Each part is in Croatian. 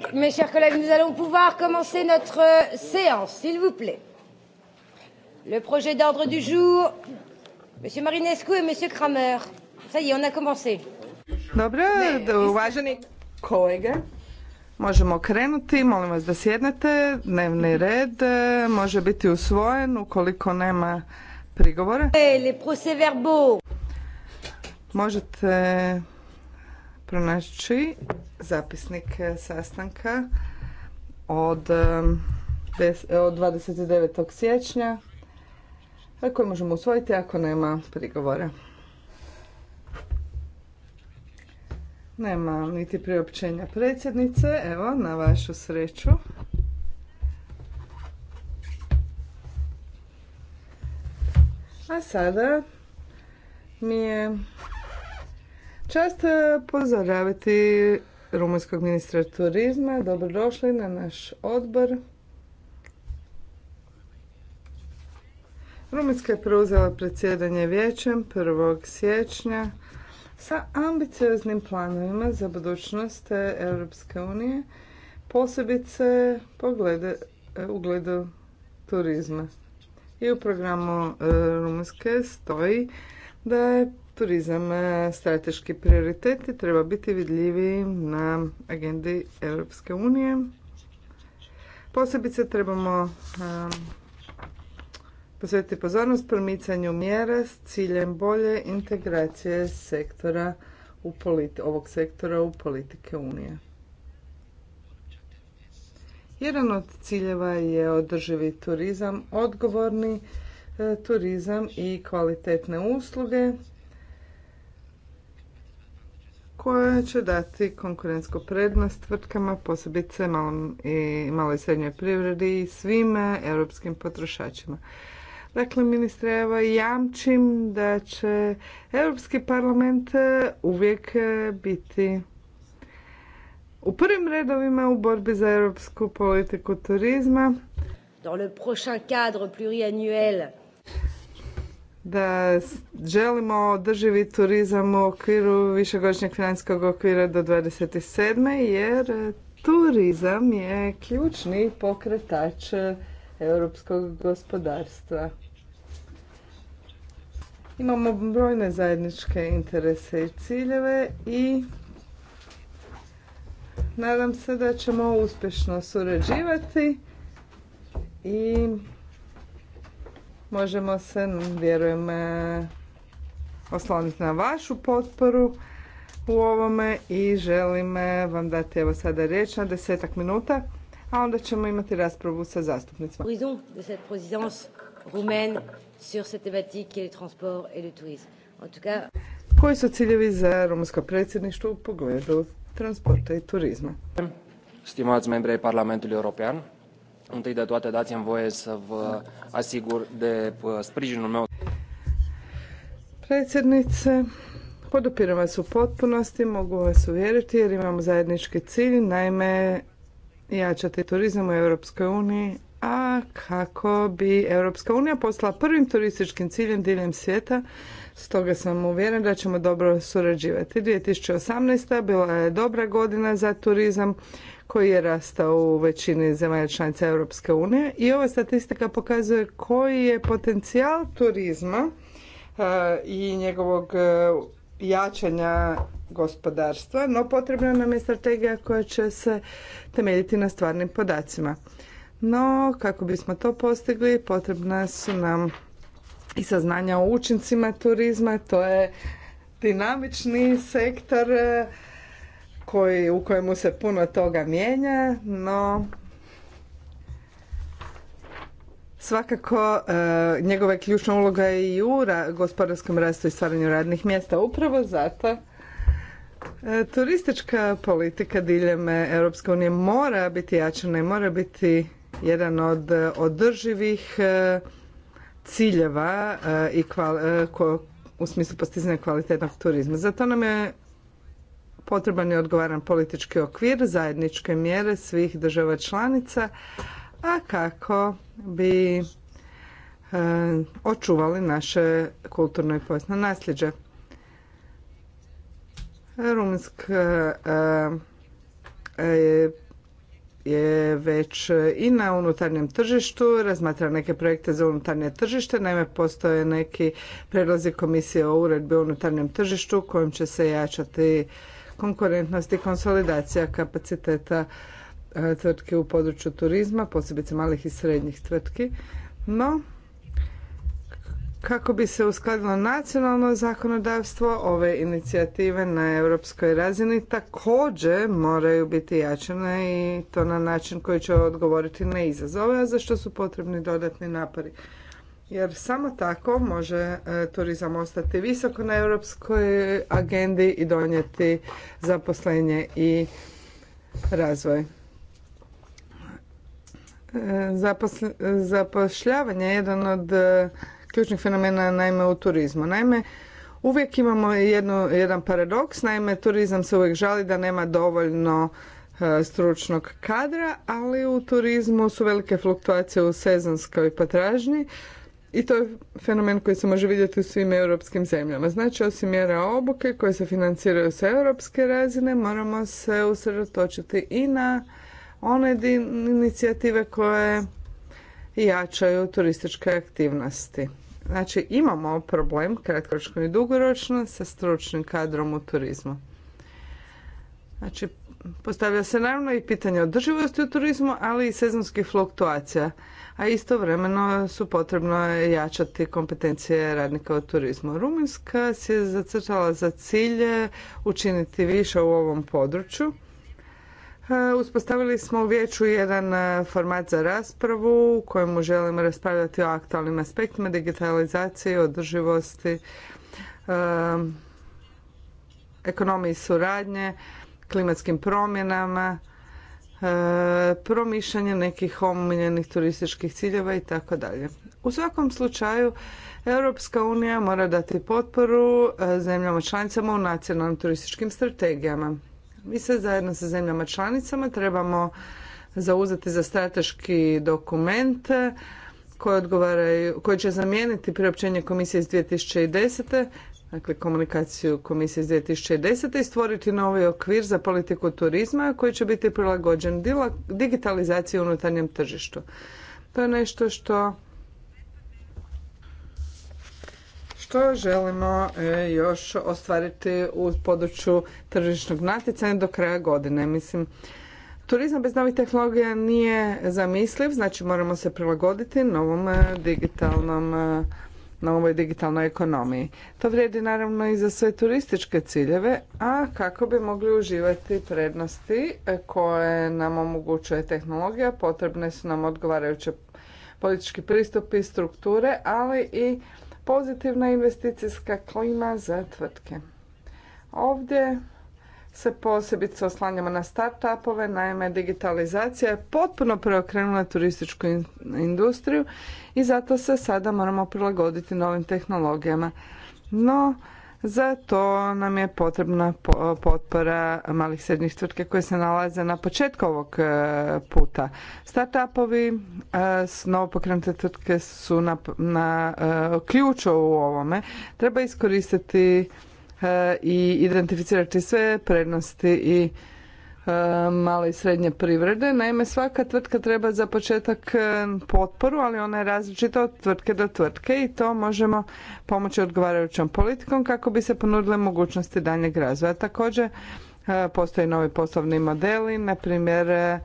collègues, mes chers collègues, nous allons pouvoir commencer notre euh, séance, s'il vous plaît. Le projet d'ordre du jour, Monsieur Marinescu et Monsieur Kramer. Ça y est, on a commencé. Dobro, uvaženi kolege, možemo krenuti, molim vas da sjednete, dnevni red e, može biti usvojen ukoliko nema prigovora. Možete pronaći zapisnik e, sastanka od, e, e, od 29. siječnja koji možemo usvojiti ako nema prigovora. Nema niti priopćenja predsjednice, evo, na vašu sreću. A sada mi je Čast e, pozdraviti rumunjskog ministra turizma. Dobrodošli na naš odbor. Rumunjska je preuzela predsjedanje vijećem 1. siječnja sa ambicioznim planovima za budućnost Europske unije, posebice poglede, e, u gledu turizma. I u programu e, Rumunjske stoji da je turizam e, strateški prioriteti treba biti vidljivi na agendi Europske unije. Posebice trebamo e, posvetiti pozornost promicanju mjera s ciljem bolje integracije sektora u ovog sektora u politike Unije. Jedan od ciljeva je održivi turizam, odgovorni e, turizam i kvalitetne usluge koje će dati konkurentsku prednost tvrtkama, posebice malom i maloj srednjoj privredi i svim europskim potrošačima. Dakle, ministre, evo jamčim da će Europski parlament uvijek biti u prvim redovima u borbi za europsku politiku turizma. Dans le prochain cadre pluriannuel da želimo održivi turizam u okviru višegodišnjeg financijskog okvira do 27. jer turizam je ključni pokretač europskog gospodarstva. Imamo brojne zajedničke interese i ciljeve i nadam se da ćemo uspješno surađivati i možemo se, vjerujem, e, osloniti na vašu potporu u ovome i želim e, vam dati evo sada riječ na desetak minuta, a onda ćemo imati raspravu sa zastupnicima. Koji su ciljevi za rumunsko predsjedništvo u pogledu transporta i turizma? Stimați membrii Parlamentului European, Întâi de toate, dați-mi voie să vă asigur de uh, sprijinul meu. Predsjednice, podupiram vas u potpunosti, mogu vas uvjeriti jer imamo zajednički cilj, naime jačati turizam u Europskoj uniji, a kako bi Europska unija postala prvim turističkim ciljem diljem svijeta, stoga sam uvjeren da ćemo dobro surađivati. 2018. bila je dobra godina za turizam, koji je rastao u većini zemalja članica Europske unije i ova statistika pokazuje koji je potencijal turizma e, i njegovog e, jačanja gospodarstva, no potrebna nam je strategija koja će se temeljiti na stvarnim podacima. No, kako bismo to postigli, potrebna su nam i saznanja o učincima turizma, to je dinamični sektor e, koji, u kojemu se puno toga mijenja, no Svakako, e, njegova ključna uloga je i u gospodarskom rastu i stvaranju radnih mjesta. Upravo zato e, turistička politika diljem Europske unije mora biti jačana i mora biti jedan od održivih e, ciljeva i u smislu postizanja kvalitetnog turizma. Zato nam je potreban je odgovaran politički okvir, zajedničke mjere svih država članica, a kako bi e, očuvali naše kulturno i povijesno nasljeđe. E, e, je već i na unutarnjem tržištu, razmatra neke projekte za unutarnje tržište, naime postoje neki prijedlozi komisije o uredbi o unutarnjem tržištu kojim će se jačati konkurentnost i konsolidacija kapaciteta e, tvrtke u području turizma, posebice malih i srednjih tvrtki. No, kako bi se uskladilo nacionalno zakonodavstvo, ove inicijative na europskoj razini također moraju biti jačene i to na način koji će odgovoriti na izazove, za što su potrebni dodatni napori jer samo tako može e, turizam ostati visoko na europskoj agendi i donijeti zaposlenje i razvoj. E, zapošljavanje je jedan od e, ključnih fenomena naime u turizmu. Naime, uvijek imamo jedan paradoks, naime turizam se uvijek žali da nema dovoljno stručnog kadra, ali u turizmu su velike fluktuacije u sezonskoj potražnji, i to je fenomen koji se može vidjeti u svim europskim zemljama. Znači, osim mjera obuke koje se financiraju sa europske razine, moramo se usredotočiti i na one inicijative koje jačaju turističke aktivnosti. Znači, imamo problem kratkoročno i dugoročno sa stručnim kadrom u turizmu. Znači, postavlja se naravno i pitanje održivosti u turizmu, ali i sezonskih fluktuacija a istovremeno su potrebno jačati kompetencije radnika u turizmu. Rumunjska se je zacrtala za cilje učiniti više u ovom području. E, uspostavili smo u vijeću jedan e, format za raspravu u kojemu želimo raspravljati o aktualnim aspektima digitalizacije, održivosti, e, ekonomiji suradnje, klimatskim promjenama, E, promišljanje nekih omiljenih turističkih ciljeva i tako dalje. U svakom slučaju Europska unija mora dati potporu e, zemljama članicama u nacionalnim turističkim strategijama. Mi se zajedno sa zemljama članicama trebamo zauzeti za strateški dokument e, koji, koji će zamijeniti priopćenje komisije iz 2010 dakle komunikaciju komisije iz 2010. i stvoriti novi okvir za politiku turizma koji će biti prilagođen digitalizaciji unutarnjem tržištu. To je nešto što što želimo e, još ostvariti u području tržišnog natjecanja do kraja godine. Mislim, turizam bez novih tehnologija nije zamisliv, znači moramo se prilagoditi novom e, digitalnom e, na ovoj digitalnoj ekonomiji. To vrijedi naravno i za sve turističke ciljeve, a kako bi mogli uživati prednosti e, koje nam omogućuje tehnologija, potrebne su nam odgovarajuće politički pristupi, strukture, ali i pozitivna investicijska klima za tvrtke. Ovdje se posebice oslanjamo na startupove, naime digitalizacija je potpuno preokrenula turističku industriju i zato se sada moramo prilagoditi novim tehnologijama. No, za to nam je potrebna potpora malih srednjih tvrtke koje se nalaze na početku ovog e, puta. Startupovi e, s novopokrenute tvrtke su na, na e, ključu u ovome. Treba iskoristiti E, i identificirati sve prednosti i e, male i srednje privrede. Naime, svaka tvrtka treba za početak e, potporu, ali ona je različita od tvrtke do tvrtke i to možemo pomoći odgovarajućom politikom kako bi se ponudile mogućnosti daljnjeg razvoja. Također, postoje novi poslovni modeli, na primjer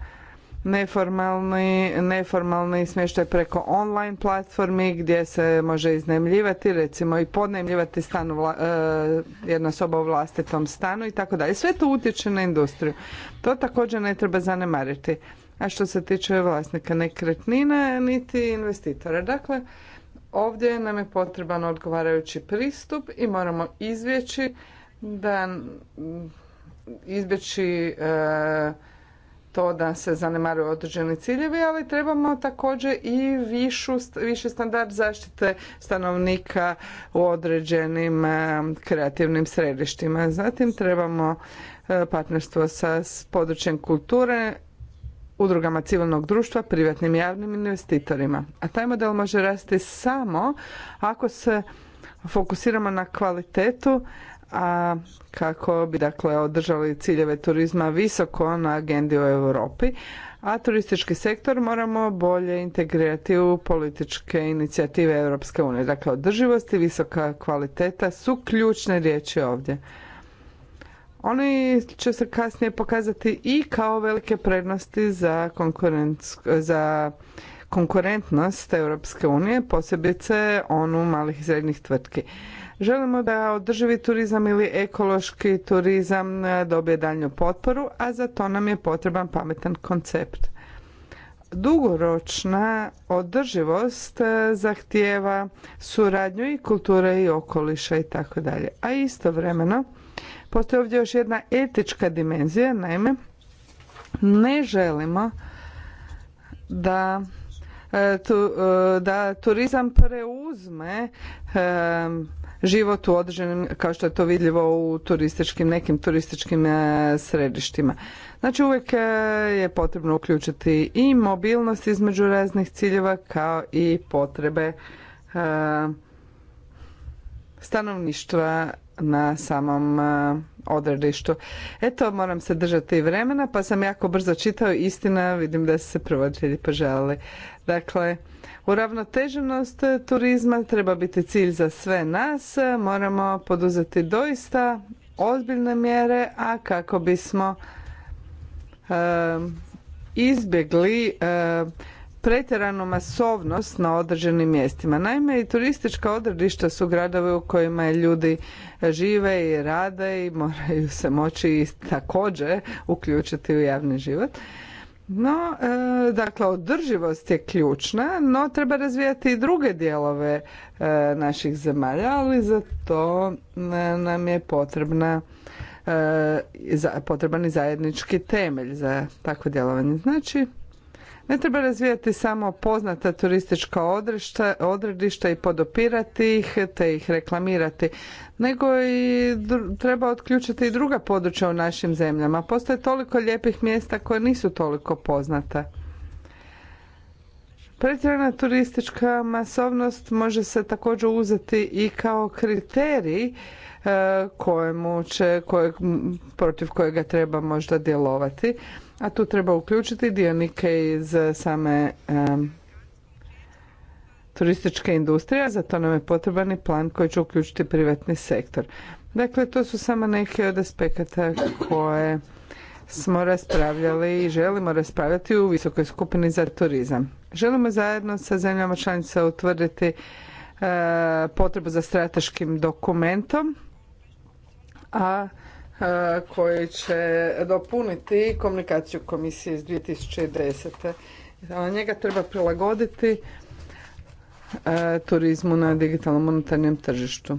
neformalni, neformalni smještaj preko online platformi gdje se može iznajmljivati, recimo i podnajmljivati stan vla, e, jedna soba u vlastitom stanu i tako dalje. Sve to utječe na industriju. To također ne treba zanemariti. A što se tiče vlasnika nekretnina, niti investitora. Dakle, ovdje nam je potreban odgovarajući pristup i moramo izvjeći da izbjeći e, to da se zanemaruju određeni ciljevi, ali trebamo također i višu, viši standard zaštite stanovnika u određenim e, kreativnim središtima. Zatim trebamo e, partnerstvo sa područjem kulture, udrugama civilnog društva, privatnim javnim investitorima. A taj model može rasti samo ako se fokusiramo na kvalitetu a kako bi dakle održali ciljeve turizma visoko na agendi u Europi, a turistički sektor moramo bolje integrirati u političke inicijative Europske unije. Dakle, održivost i visoka kvaliteta su ključne riječi ovdje. Oni će se kasnije pokazati i kao velike prednosti za, za konkurentnost Europske unije, posebice onu malih i srednjih tvrtki. Želimo da održivi turizam ili ekološki turizam e, dobije daljnju potporu, a za to nam je potreban pametan koncept. Dugoročna održivost e, zahtijeva suradnju i kulture i okoliša i tako dalje. A istovremeno postoji ovdje još jedna etička dimenzija, naime ne želimo da e, da turizam preuzme život u određenim, kao što je to vidljivo u turističkim, nekim turističkim e, središtima. Znači uvijek e, je potrebno uključiti i mobilnost između raznih ciljeva kao i potrebe e, stanovništva na samom e, odredištu. Eto, moram se držati vremena, pa sam jako brzo čitao. Istina, vidim da su se prevoditelji požalili. Dakle, uravnoteženost turizma treba biti cilj za sve nas. Moramo poduzeti doista ozbiljne mjere, a kako bismo e, izbjegli e, pretjeranu masovnost na određenim mjestima. Naime, i turistička odredišta su gradovi u kojima ljudi žive i rade i moraju se moći također uključiti u javni život. No, e, dakle, održivost je ključna, no treba razvijati i druge dijelove e, naših zemalja, ali za to e, nam je potrebna e, potreban i zajednički temelj za takvo djelovanje. Znači, ne treba razvijati samo poznata turistička odredišta, i podopirati ih te ih reklamirati, nego i treba otključiti i druga područja u našim zemljama. Postoje toliko lijepih mjesta koje nisu toliko poznata. Pretjerana turistička masovnost može se također uzeti i kao kriterij e, kojemu će, kojeg, protiv kojega treba možda djelovati a tu treba uključiti dionike iz same turističke industrije, za to nam je potreban i plan koji će uključiti privatni sektor. Dakle, to su samo neke od aspekata koje smo raspravljali i želimo raspravljati u visokoj skupini za turizam. Želimo zajedno sa zemljama članica utvrditi e, potrebu za strateškim dokumentom, a koji će dopuniti komunikaciju komisije iz 2010. Njega treba prilagoditi turizmu na digitalnom unutarnjem tržištu.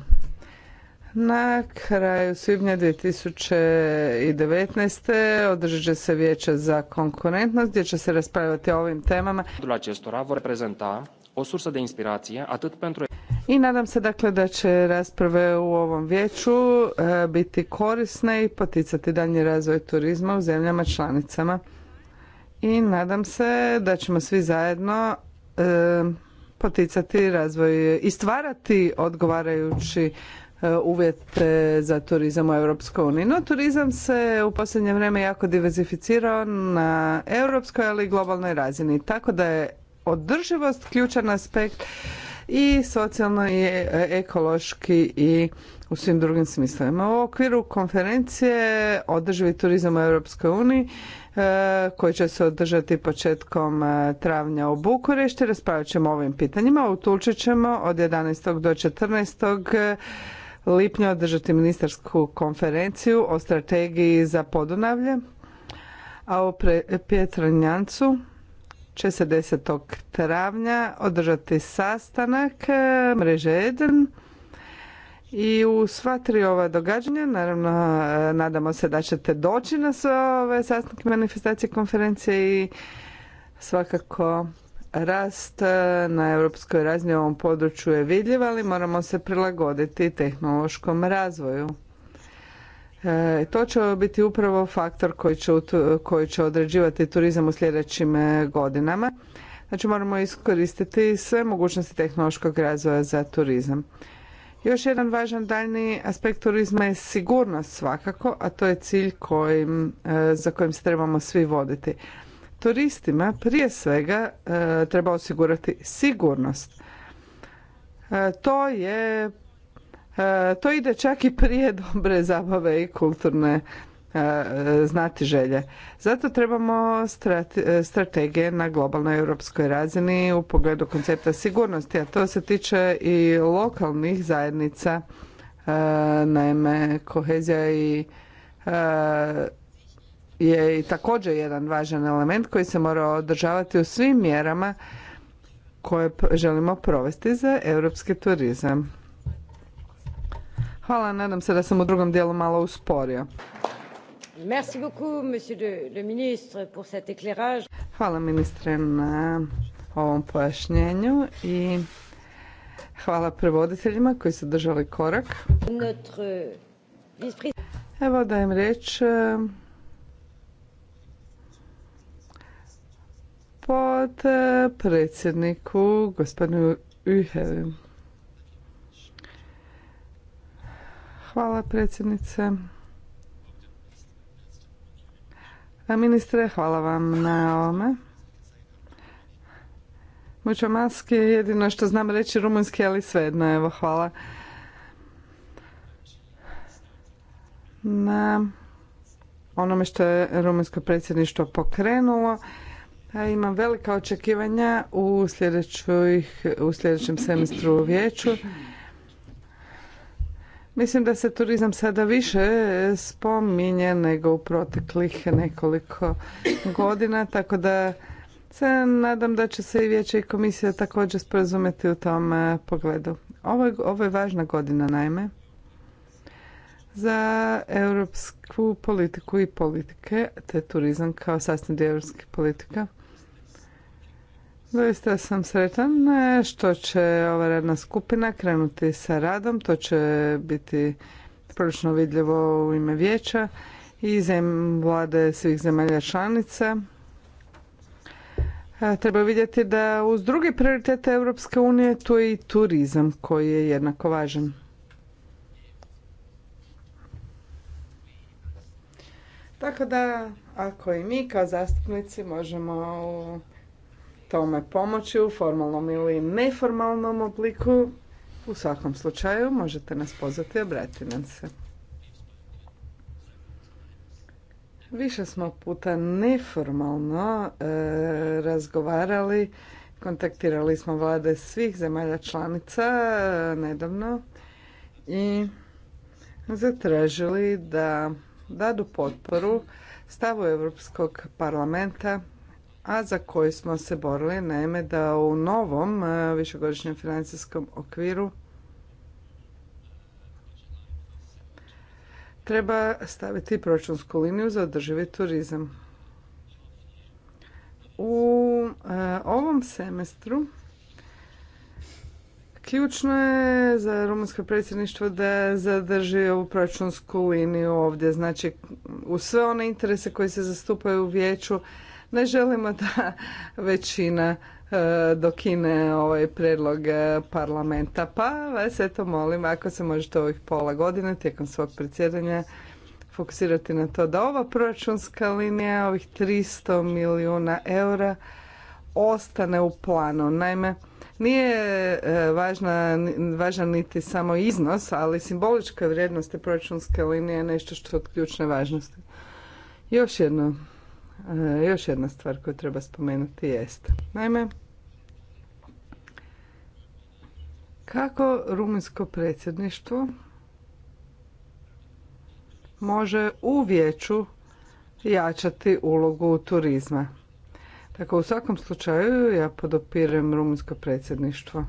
Na kraju svibnja 2019. održat će se vijeće za konkurentnost gdje će se raspravljati o ovim temama. Acestora reprezenta o sursă de inspirație atât pentru i nadam se dakle da će rasprave u ovom vijeću e, biti korisne i poticati daljnji razvoj turizma u zemljama članicama. I nadam se da ćemo svi zajedno e, poticati razvoj i stvarati odgovarajući e, uvjete za turizam u Europskoj uniji. No, turizam se u posljednje vrijeme jako diversificirao na europskoj, ali i globalnoj razini. Tako da je održivost ključan aspekt i socijalno i ekološki i u svim drugim smislovima. U okviru konferencije održivi turizam u Europskoj uniji e, koji će se održati početkom e, travnja u Bukurešti. Raspravit ćemo o ovim pitanjima. Utulčit ćemo od 11. do 14 e, lipnja održati ministarsku konferenciju o strategiji za Podunavlje, a u Pjetranjancu će se 10. travnja održati sastanak e, mreže 1 i u sva tri ova događanja, naravno e, nadamo se da ćete doći na sve ove sastanke, manifestacije, konferencije i svakako rast e, na europskoj razini u ovom području je vidljiv, ali moramo se prilagoditi tehnološkom razvoju. E, to će biti upravo faktor koji će, koji će određivati turizam u sljedećim e, godinama. Znači moramo iskoristiti sve mogućnosti tehnološkog razvoja za turizam. Još jedan važan daljni aspekt turizma je sigurnost svakako, a to je cilj kojim, e, za kojim se trebamo svi voditi. Turistima prije svega treba osigurati sigurnost. To je E, to ide čak i prije dobre zabave i kulturne e, znati želje. Zato trebamo e, strategije na globalnoj europskoj razini u pogledu koncepta sigurnosti, a to se tiče i lokalnih zajednica, naime kohezija i je i također jedan važan element koji se mora održavati u svim mjerama koje želimo provesti za europski turizam. Hvala, nadam se da sam u drugom dijelu malo usporio. Merci ministre, Hvala ministre na ovom pojašnjenju i hvala prevoditeljima koji su držali korak. Evo dajem riječ e, pod predsjedniku gospodinu Uhevi. Hvala predsjednice. Ministre, hvala vam na ovome. Maski je jedino što znam reći rumunski, ali svejedno, evo, hvala. Na onome što je rumunsko predsjedništvo pokrenulo. Imam velika očekivanja u, u sljedećem semestru u vijeću Mislim da se turizam sada više spominje nego u proteklih nekoliko godina, tako da se nadam da će se i vijeće i komisija također sporazumjeti u tom e, pogledu. Ovo je, ovo je važna godina naime za europsku politiku i politike, te turizam kao sastavni dio europskih politika. Doista sam sretan e, što će ova radna skupina krenuti sa radom. To će biti prilično vidljivo u ime vijeća i zem, vlade svih zemalja članica. E, treba vidjeti da uz druge prioritete Europske unije tu je i turizam koji je jednako važan. Tako da, ako i mi kao zastupnici možemo tome pomoći u formalnom ili neformalnom obliku. U svakom slučaju možete nas pozvati i obratiti nam se. Više smo puta neformalno e, razgovarali, kontaktirali smo vlade svih zemalja članica e, nedavno i zatražili da dadu potporu stavu Europskog parlamenta a za koji smo se borili, naime da u novom e, višegodišnjem financijskom okviru treba staviti proračunsku liniju za održivi turizam. U e, ovom semestru ključno je za rumunsko predsjedništvo da zadrži ovu proračunsku liniju ovdje. Znači, u sve one interese koji se zastupaju u vijeću, ne želimo da većina e, dokine ovaj predlog parlamenta. Pa vas eto molim, ako se možete ovih pola godine tijekom svog predsjedanja fokusirati na to da ova proračunska linija, ovih 300 milijuna eura, ostane u planu. Naime, nije e, važna, važan niti samo iznos, ali simbolička vrijednost proračunske linije je nešto što je od ključne važnosti. Još jedno E, još jedna stvar koju treba spomenuti jest. Naime, kako rumunjsko predsjedništvo može u vijeću jačati ulogu turizma. Tako u svakom slučaju ja podopirem rumunjsko predsjedništvo.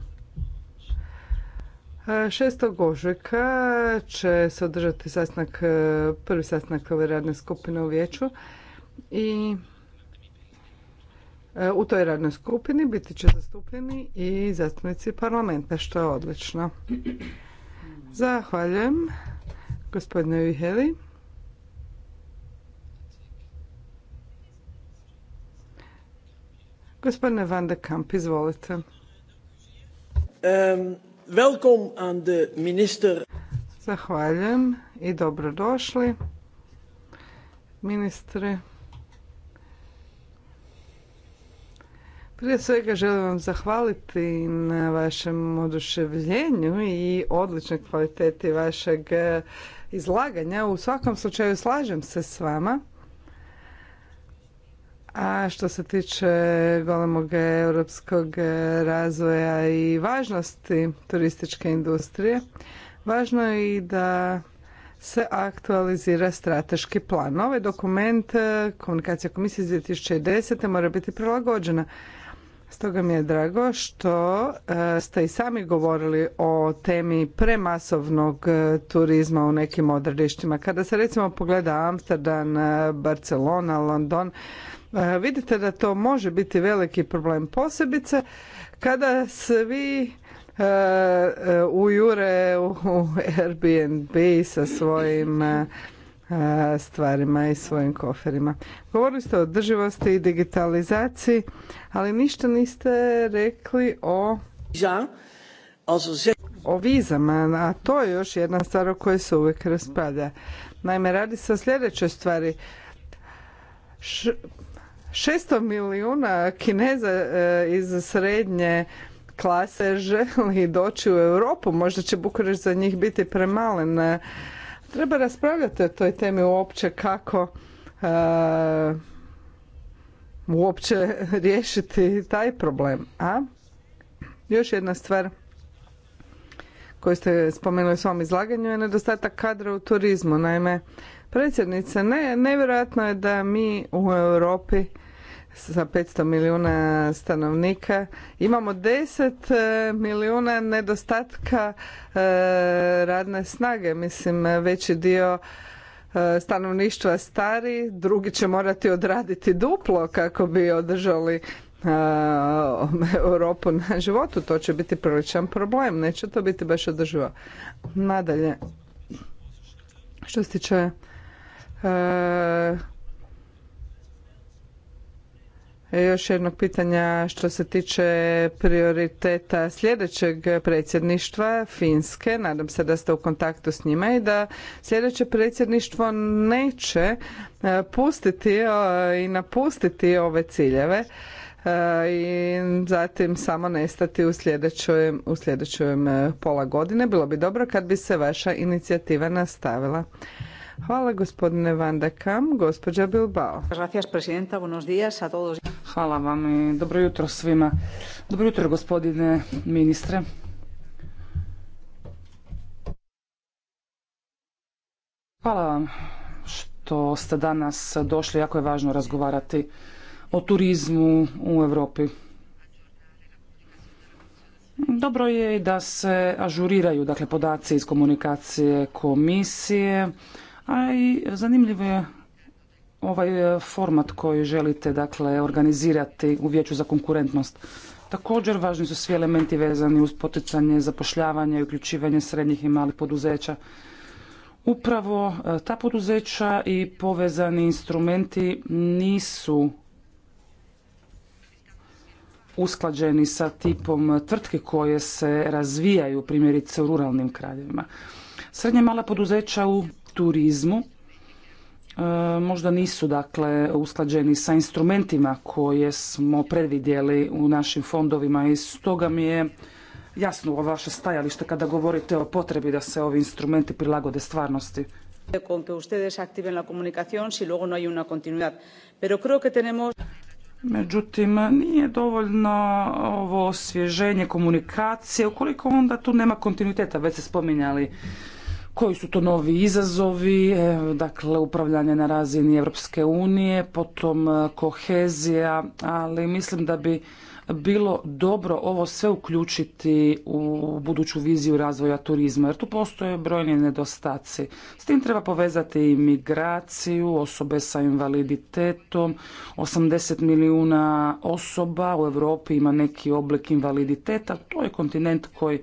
6. E, ožujka će se održati prvi sastanak ove radne skupine u vijeću i e, u toj radnoj skupini biti će zastupljeni i zastupnici parlamenta, što je odlično. Zahvaljujem gospodine Viheli. Gospodine Van de Kamp, izvolite. Um, minister. Zahvaljujem i dobrodošli. Ministre, Prije svega želim vam zahvaliti na vašem oduševljenju i odličnoj kvaliteti vašeg e, izlaganja. U svakom slučaju slažem se s vama. A što se tiče golemog europskog razvoja i važnosti turističke industrije, važno je i da se aktualizira strateški plan. Ovaj dokument e, komunikacija komisije iz 2010. mora biti prilagođena Stoga mi je drago što e, ste i sami govorili o temi premasovnog e, turizma u nekim odredištima. Kada se recimo pogleda Amsterdam, e, Barcelona, London, vidite da to može biti veliki problem posebice kada svi ujure u Airbnb sa svojim E, stvarima i svojim koferima. Govorili ste o održivosti i digitalizaciji, ali ništa niste rekli o o vizama, a to je još jedna stvar o kojoj se uvijek raspada. Naime, radi se o sljedećoj stvari. Š 600 milijuna Kineza e, iz srednje klase želi doći u Europu. Možda će Bukurešt za njih biti premalen e, Treba raspravljati o toj temi uopće kako e, uopće riješiti taj problem. A još jedna stvar koju ste spomenuli u svom izlaganju je nedostatak kadra u turizmu. Naime, predsjednice, ne, nevjerojatno je da mi u Europi sa 500 milijuna stanovnika. Imamo 10 e, milijuna nedostatka e, radne snage. Mislim, veći dio e, stanovništva stari, drugi će morati odraditi duplo kako bi održali Europu na životu. To će biti priličan problem. Neće to biti baš održivo. Nadalje, što se tiče E, još jednog pitanja što se tiče prioriteta sljedećeg predsjedništva Finske. Nadam se da ste u kontaktu s njima i da sljedeće predsjedništvo neće e, pustiti e, i napustiti ove ciljeve i zatim samo nestati u sljedećem, u sljedećem pola godine. Bilo bi dobro kad bi se vaša inicijativa nastavila. Hvala gospodine Van de Kam, gospođa Bilbao. Hvala vam i dobro jutro svima. Dobro jutro gospodine ministre. Hvala vam što ste danas došli. Jako je važno razgovarati o turizmu u Europi. Dobro je i da se ažuriraju dakle, podaci iz komunikacije komisije a i zanimljivo je ovaj e, format koji želite dakle organizirati u Vijeću za konkurentnost. Također važni su svi elementi vezani uz poticanje, zapošljavanje i uključivanje srednjih i malih poduzeća. Upravo e, ta poduzeća i povezani instrumenti nisu usklađeni sa tipom tvrtke koje se razvijaju primjerice u ruralnim krajevima. Srednje mala poduzeća u turizmu e, možda nisu dakle usklađeni sa instrumentima koje smo predvidjeli u našim fondovima i stoga mi je jasno ovo vaše stajalište kada govorite o potrebi da se ovi instrumenti prilagode stvarnosti. Međutim, nije dovoljno ovo osvježenje komunikacije ukoliko onda tu nema kontinuiteta, već ste spominjali koji su to novi izazovi, dakle upravljanje na razini Europske unije, potom e, kohezija, ali mislim da bi bilo dobro ovo sve uključiti u buduću viziju razvoja turizma, jer tu postoje brojni nedostaci. S tim treba povezati i migraciju, osobe sa invaliditetom, 80 milijuna osoba u Europi ima neki oblik invaliditeta, to je kontinent koji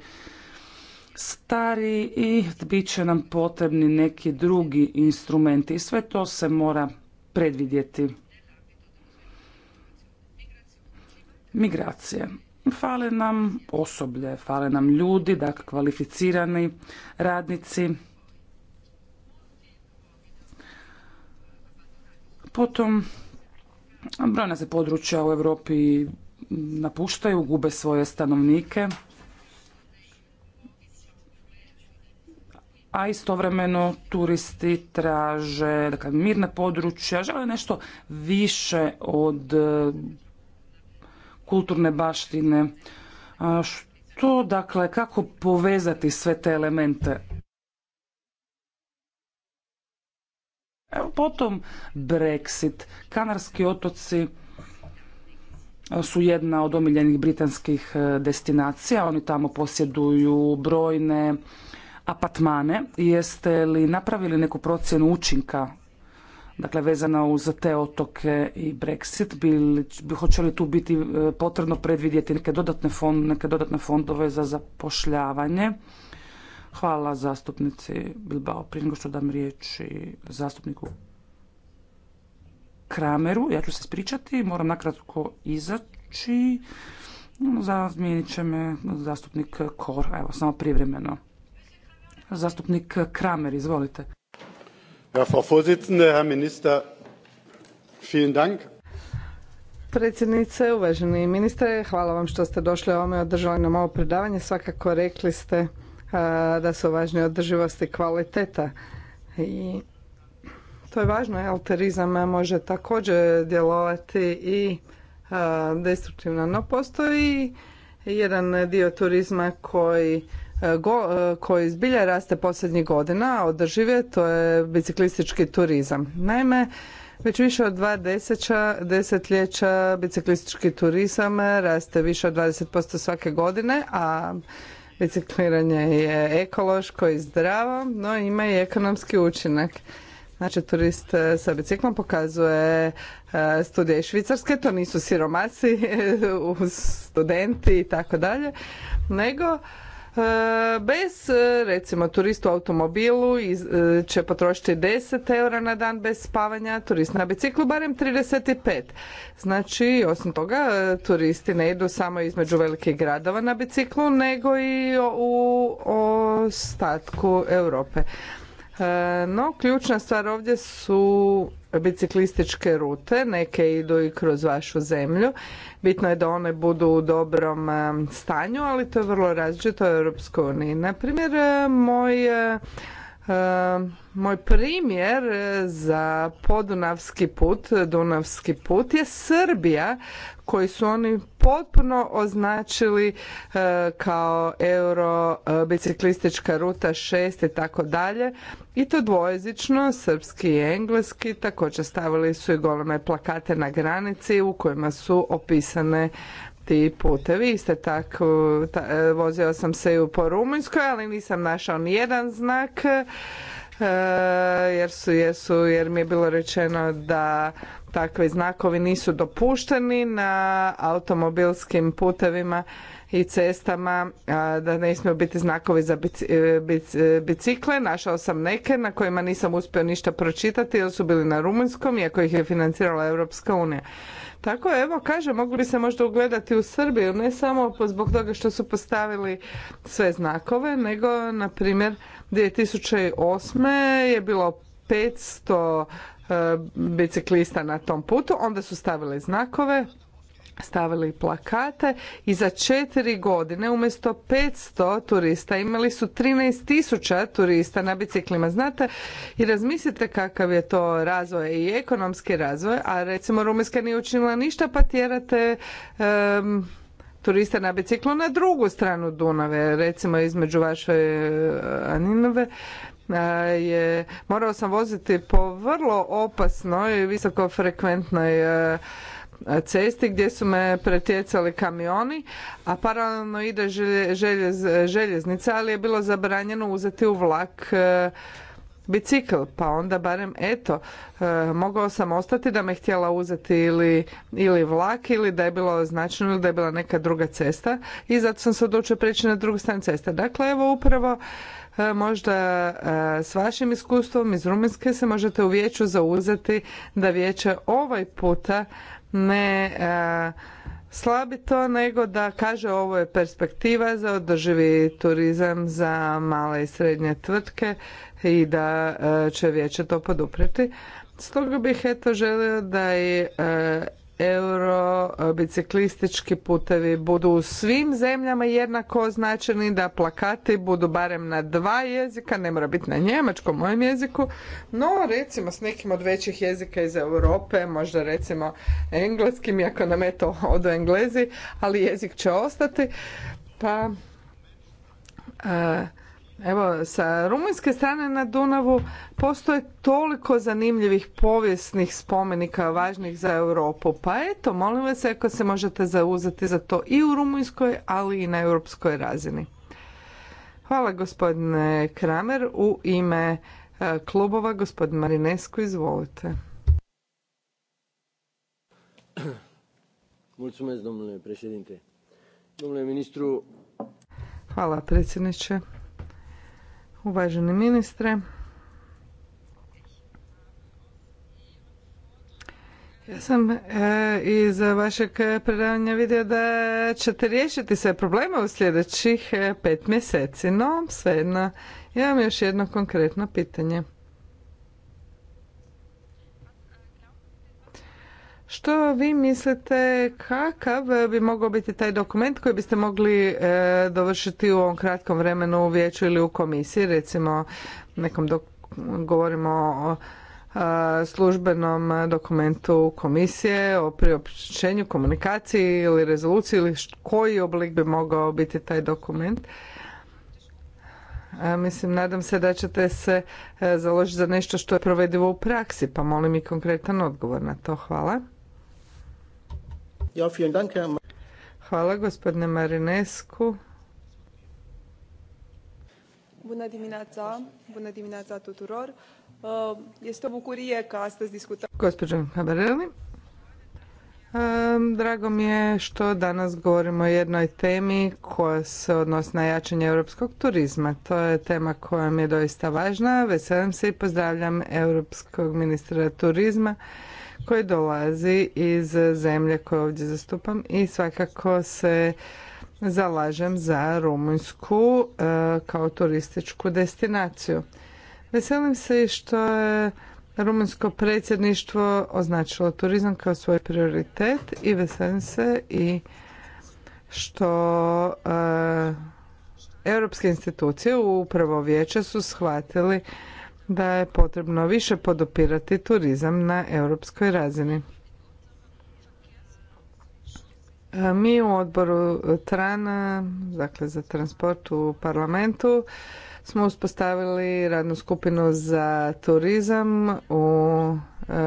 stari i bit će nam potrebni neki drugi instrumenti i sve to se mora predvidjeti. Migracije. Fale nam osoblje, fale nam ljudi, dakle kvalificirani radnici. Potom brojna se područja u Europi napuštaju, gube svoje stanovnike. a istovremeno turisti traže dakle, mirna područja, žele nešto više od e, kulturne baštine. što, dakle, kako povezati sve te elemente? potom Brexit, Kanarski otoci e, su jedna od omiljenih britanskih e, destinacija, oni tamo posjeduju brojne apatmane. Jeste li napravili neku procjenu učinka dakle vezana uz te otoke i Brexit, bi hoće li tu biti e, potrebno predvidjeti neke dodatne, fond, neke dodatne fondove za zapošljavanje? Hvala zastupnici Bilbao. Prije nego što dam riječ zastupniku Krameru, ja ću se spričati, moram nakratko izaći. Zamijenit će me zastupnik Kor, evo, samo privremeno. Zastupnik Kramer, izvolite. Ja, Frau Minister, vielen Dank. Predsjednice, uvaženi ministre, hvala vam što ste došli ovome i održali nam ovo predavanje. Svakako rekli ste da su važne održivosti kvaliteta. I to je važno, alterizam može također djelovati i destruktivno, no postoji jedan dio turizma koji E, e, koji zbilja raste posljednjih godina, a održiv je, to je biciklistički turizam. Naime, već više od dva deseća, desetljeća biciklistički turizam raste više od 20% svake godine, a bicikliranje je ekološko i zdravo, no ima i ekonomski učinak. Znači, turist e, sa biciklom pokazuje studije Švicarske, to nisu siromasi, studenti i tako dalje, nego E, bez e, recimo turistu u automobilu e, će potrošiti 10 eura na dan bez spavanja, turist na biciklu barem 35. Znači, osim toga, turisti ne idu samo između velikih gradova na biciklu, nego i u ostatku Europe. E, no, ključna stvar ovdje su biciklističke rute, neke idu i kroz vašu zemlju. Bitno je da one budu u dobrom e, stanju, ali to je vrlo različito u Europskoj uniji. Naprimjer, e, moj moj primjer e, za podunavski put, dunavski put je Srbija koji su oni potpuno označili e, kao euro e, biciklistička ruta 6 i tako dalje i to dvojezično, srpski i engleski, također stavili su i goleme plakate na granici u kojima su opisane ti putevi. isto tako, e, vozio sam se i po Rumunjskoj, ali nisam našao ni jedan znak. E, jer su, jesu, jer mi je bilo rečeno da takvi znakovi nisu dopušteni na automobilskim putevima i cestama da ne smiju biti znakovi za e, bicikle. Našao sam neke na kojima nisam uspio ništa pročitati jer su bili na rumunjskom iako ih je financirala Europska unija. Tako evo kažem, mogli bi se možda ugledati u Srbiju, ne samo zbog toga što su postavili sve znakove, nego na primjer 2008. je bilo 500 e, biciklista na tom putu, onda su stavili znakove, stavili plakate i za četiri godine umjesto 500 turista imali su 13.000 turista na biciklima. Znate i razmislite kakav je to razvoj i ekonomski razvoj, a recimo Rumunjska nije učinila ništa pa tjerate um, turiste na biciklu na drugu stranu Dunave, recimo između vaše eh, Aninove je, morao sam voziti po vrlo opasnoj i visokofrekventnoj uh, eh, cesti gdje su me pretjecali kamioni, a paralelno ide željez, željeznica, ali je bilo zabranjeno uzeti u vlak e, bicikl, pa onda barem eto, e, mogao sam ostati da me htjela uzeti ili, ili vlak ili da je bilo značajno, ili da je bila neka druga cesta i zato sam se odlučio preći na drugu stranu ceste. Dakle, evo upravo e, možda s vašim iskustvom iz Rumunjske se možete u vijeću zauzeti da vijeće ovaj puta ne e, slabi to, nego da kaže ovo je perspektiva za održivi turizam za male i srednje tvrtke i da e, će vijeće to poduprijeti. Stoga bih eto želio da i e, euro e, biciklistički putevi budu u svim zemljama jednako označeni, da plakati budu barem na dva jezika, ne mora biti na njemačkom, mojem jeziku, no recimo s nekim od većih jezika iz Europe, možda recimo engleskim, iako nam je to od englezi, ali jezik će ostati, pa... E, Evo, sa rumunjske strane na Dunavu postoje toliko zanimljivih povijesnih spomenika važnih za Europu. Pa eto, molim vas ako se možete zauzeti za to i u rumunjskoj, ali i na europskoj razini. Hvala gospodine Kramer. U ime e, klubova gospodin Marinesku, izvolite. ministru... Hvala predsjedniče uvaženi ministre. Ja sam e, iz vašeg predavanja vidio da ćete riješiti sve probleme u sljedećih e, pet mjeseci, no svejedno imam još jedno konkretno pitanje. Što vi mislite kakav bi mogao biti taj dokument koji biste mogli e, dovršiti u ovom kratkom vremenu u vijeću ili u komisiji, recimo nekom govorimo o službenom dokumentu komisije, o priopćenju, komunikaciji ili rezoluciji ili koji oblik bi mogao biti taj dokument. mislim, nadam se da ćete se e, založiti za nešto što je provedivo u praksi, pa molim i konkretan odgovor na to. Hvala. Ja, vielen Dank, Herr... Hvala gospodine Marinescu. Bună dimineața, bună dimineața tuturor. Uh, este o bucurie că astăzi discutăm. Gospođo um, drago mi je što danas govorimo o jednoj temi koja se odnosi na jačanje europskog turizma. To je tema koja mi je doista važna. Veselim se i pozdravljam europskog ministra turizma koji dolazi iz zemlje koje ovdje zastupam i svakako se zalažem za Rumunjsku e, kao turističku destinaciju. Veselim se i što je rumunjsko predsjedništvo označilo turizam kao svoj prioritet i veselim se i što e, europske institucije upravo vijeće su shvatili da je potrebno više podopirati turizam na europskoj razini. E, mi u odboru Trana, dakle za transport u parlamentu, smo uspostavili radnu skupinu za turizam u e,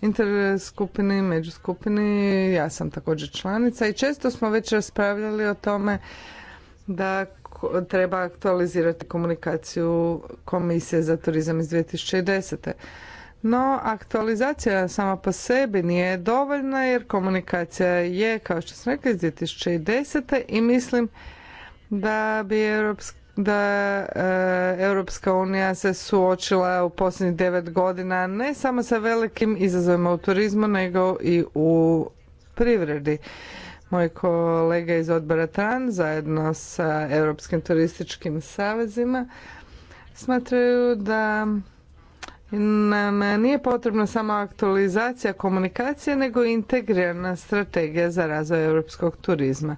interskupini, međuskupini, ja sam također članica i često smo već raspravljali o tome da treba aktualizirati komunikaciju Komisije za turizam iz 2010. No, aktualizacija sama po sebi nije dovoljna jer komunikacija je, kao što sam rekla, iz 2010. i mislim da bi Europska da Europska unija se suočila u posljednjih devet godina ne samo sa velikim izazovima u turizmu nego i u privredi moji kolege iz odbora TRAN zajedno sa Europskim turističkim savezima smatraju da nam nije potrebna samo aktualizacija komunikacije nego integrirana strategija za razvoj europskog turizma.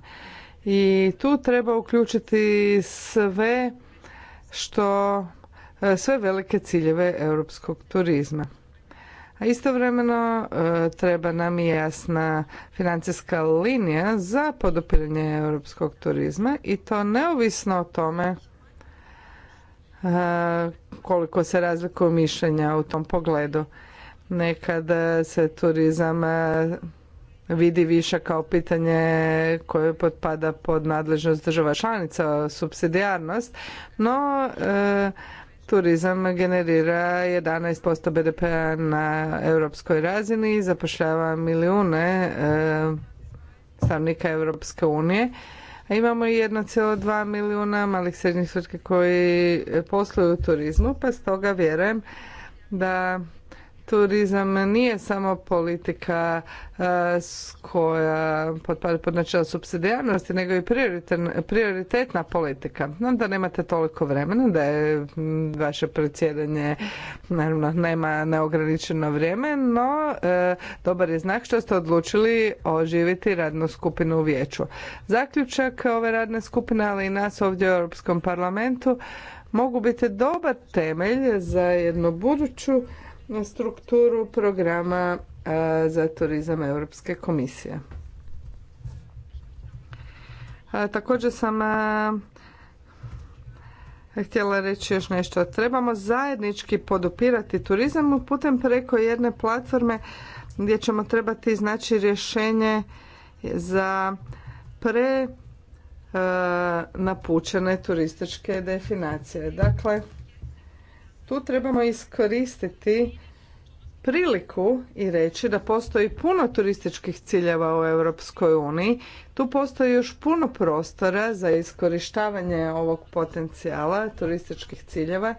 I tu treba uključiti sve što sve velike ciljeve europskog turizma. A istovremeno e, treba nam i jasna financijska linija za podupiranje europskog turizma i to neovisno o tome e, koliko se razlikuju mišljenja u tom pogledu. Nekada se turizam e, vidi više kao pitanje koje potpada pod nadležnost država članica, subsidijarnost, no Turizam generira 11% BDP-a na europskoj razini i zapošljava milijune eh, stavnika Europske unije. A imamo i 1,2 milijuna malih srednjih tvrtki koji posluju u turizmu, pa stoga vjerujem da turizam nije samo politika e, koja potpada pod načelo subsidijarnosti, nego i prioritetna politika. Znam da nemate toliko vremena, da je mm, vaše predsjedanje, naravno nema neograničeno vrijeme, no e, dobar je znak što ste odlučili oživiti radnu skupinu u vijeću. Zaključak ove radne skupine, ali i nas ovdje u Europskom parlamentu, mogu biti dobar temelj za jednu buduću strukturu programa za turizam Europske komisije. Također sam htjela reći još nešto. Trebamo zajednički podupirati turizam putem preko jedne platforme gdje ćemo trebati znači rješenje za pre napučene turističke definacije. Dakle, tu trebamo iskoristiti priliku i reći da postoji puno turističkih ciljeva u Europskoj uniji. Tu postoji još puno prostora za iskorištavanje ovog potencijala turističkih ciljeva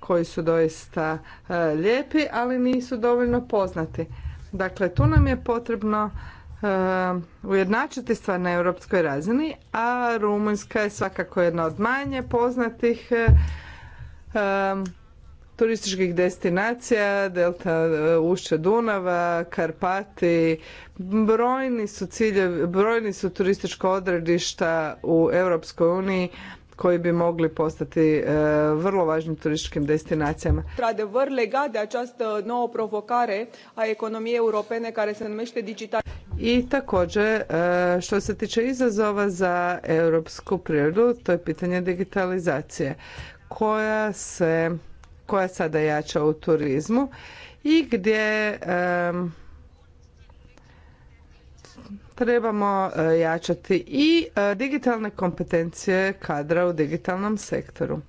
koji su doista e, lijepi, ali nisu dovoljno poznati. Dakle, tu nam je potrebno e, ujednačiti stvar na europskoj razini, a Rumunjska je svakako jedna od manje poznatih e, turističkih destinacija, delta e, ušće Dunava, Karpati, brojni su ciljevi, brojni su turistička odredišta u Europskoj uniji koji bi mogli postati e, vrlo važnim turističkim destinacijama. Trade de această nouă provocare a economiei europene care se numește digital. I također, e, što se tiče izazova za europsku prirodu, to je pitanje digitalizacije koja se koja sada jača u turizmu i gdje trebamo e, jačati i e, digitalne kompetencije kadra u digitalnom sektoru.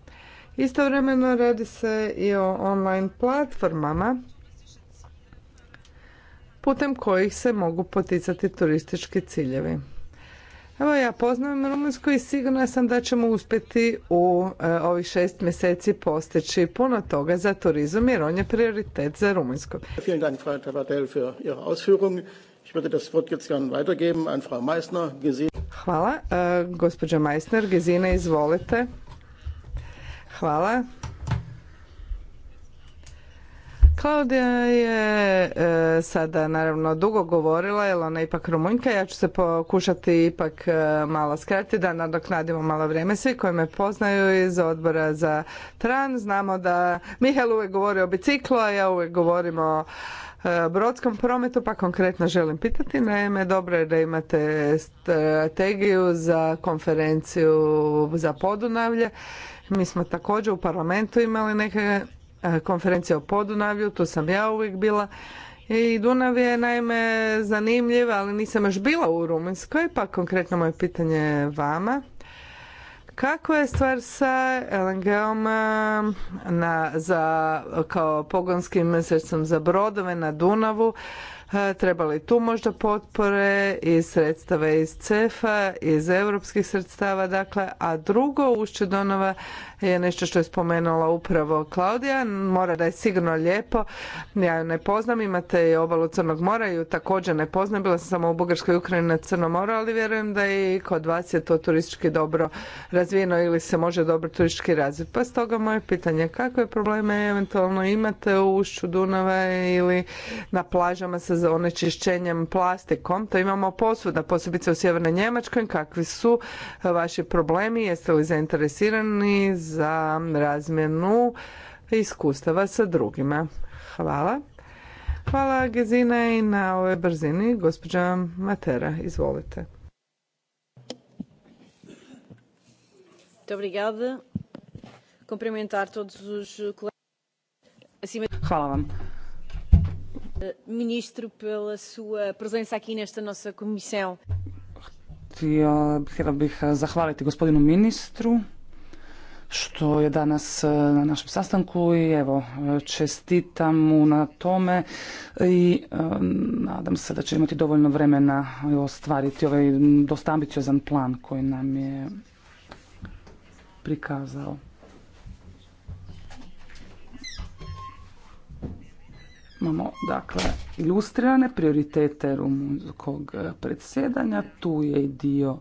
Istovremeno radi se i o online platformama putem kojih se mogu poticati turistički ciljevi. Evo ja poznajem Rumunjsku i sigurna sam da ćemo uspjeti u e, ovih šest mjeseci postići puno toga za turizam jer on je prioritet za Rumunjsku. Hvala. Gospođa Majsner, Gezina, izvolite. Hvala. Klaudija je e, sada naravno dugo govorila, jer ona je ipak Rumunjka, ja ću se pokušati ipak e, malo skratiti da nadoknadimo malo vrijeme. Svi koji me poznaju iz odbora za tran, znamo da Mihael uvijek govori o biciklu, a ja uvijek govorim o e, brodskom prometu, pa konkretno želim pitati. Naime, dobro je da imate strategiju za konferenciju za podunavlje. Mi smo također u parlamentu imali neke E, konferencija o Podunavlju, tu sam ja uvijek bila. I Dunav je naime zanimljiv, ali nisam još bila u Rumunjskoj, pa konkretno moje pitanje vama. Kako je stvar sa LNG-om e, na, za, kao pogonskim sredstvom za brodove na Dunavu? E, treba li tu možda potpore i sredstava iz CEFA, iz europskih sredstava, dakle, a drugo ušće Donova je nešto što je spomenula upravo Klaudija. Mora da je sigurno lijepo. Ja ju ne poznam, imate i obalu Crnog mora, ju također ne poznam. Bila sam samo u Bugarskoj Ukrajini na Crnom moru, ali vjerujem da i kod vas je to turistički dobro razvijeno ili se može dobro turistički razviti. Pa stoga moje pitanje, kakve probleme eventualno imate u ušću Dunava ili na plažama sa onečišćenjem plastikom? To imamo posvuda, posebice u Sjevernoj Njemačkoj. Kakvi su vaši problemi? Jeste li zainteresirani za razmjenu iskustava sa drugima. Hvala. Hvala Gezina i na ovoj brzini. Gospođa Matera, izvolite. Hvala vam. Ministru, pela sua presença aqui nesta nossa Htjela bih zahvaliti gospodinu ministru što je danas e, na našem sastanku i evo čestitam mu na tome i e, nadam se da će imati dovoljno vremena ostvariti ovaj dosta ambiciozan plan koji nam je prikazao. Imamo dakle ilustrirane prioritete rumunjskog e, predsjedanja, tu je i dio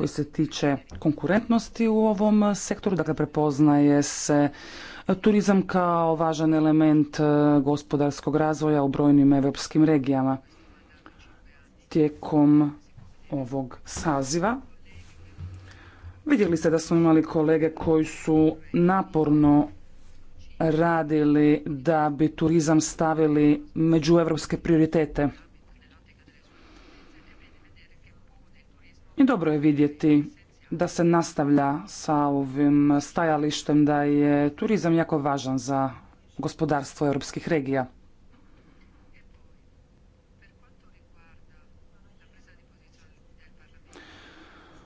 koji se tiče konkurentnosti u ovom sektoru, dakle prepoznaje se turizam kao važan element e, gospodarskog razvoja u brojnim europskim regijama. Tijekom ovog saziva vidjeli ste da smo imali kolege koji su naporno radili da bi turizam stavili među europske prioritete. I dobro je vidjeti da se nastavlja sa ovim stajalištem da je turizam jako važan za gospodarstvo europskih regija.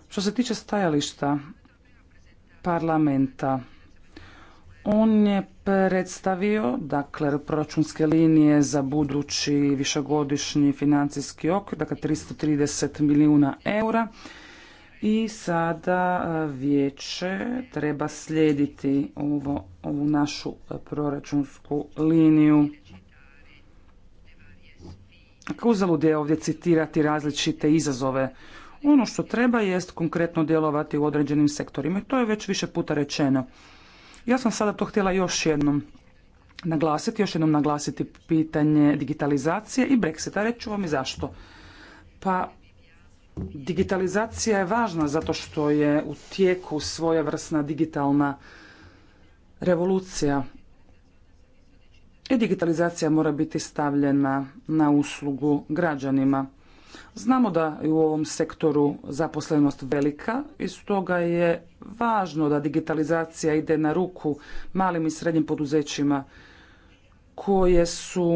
Što se tiče stajališta parlamenta, on je predstavio dakle, proračunske linije za budući višegodišnji financijski okvir, dakle 330 milijuna eura. I sada e, vijeće treba slijediti ovo, ovu našu e, proračunsku liniju. Uzalud je ovdje citirati različite izazove. Ono što treba jest konkretno djelovati u određenim sektorima i to je već više puta rečeno. Ja sam sada to htjela još jednom naglasiti, još jednom naglasiti pitanje digitalizacije i Brexita. ću vam i zašto. Pa digitalizacija je važna zato što je u tijeku svojevrsna digitalna revolucija. I digitalizacija mora biti stavljena na uslugu građanima. Znamo da je u ovom sektoru zaposlenost velika i stoga je važno da digitalizacija ide na ruku malim i srednjim poduzećima koje su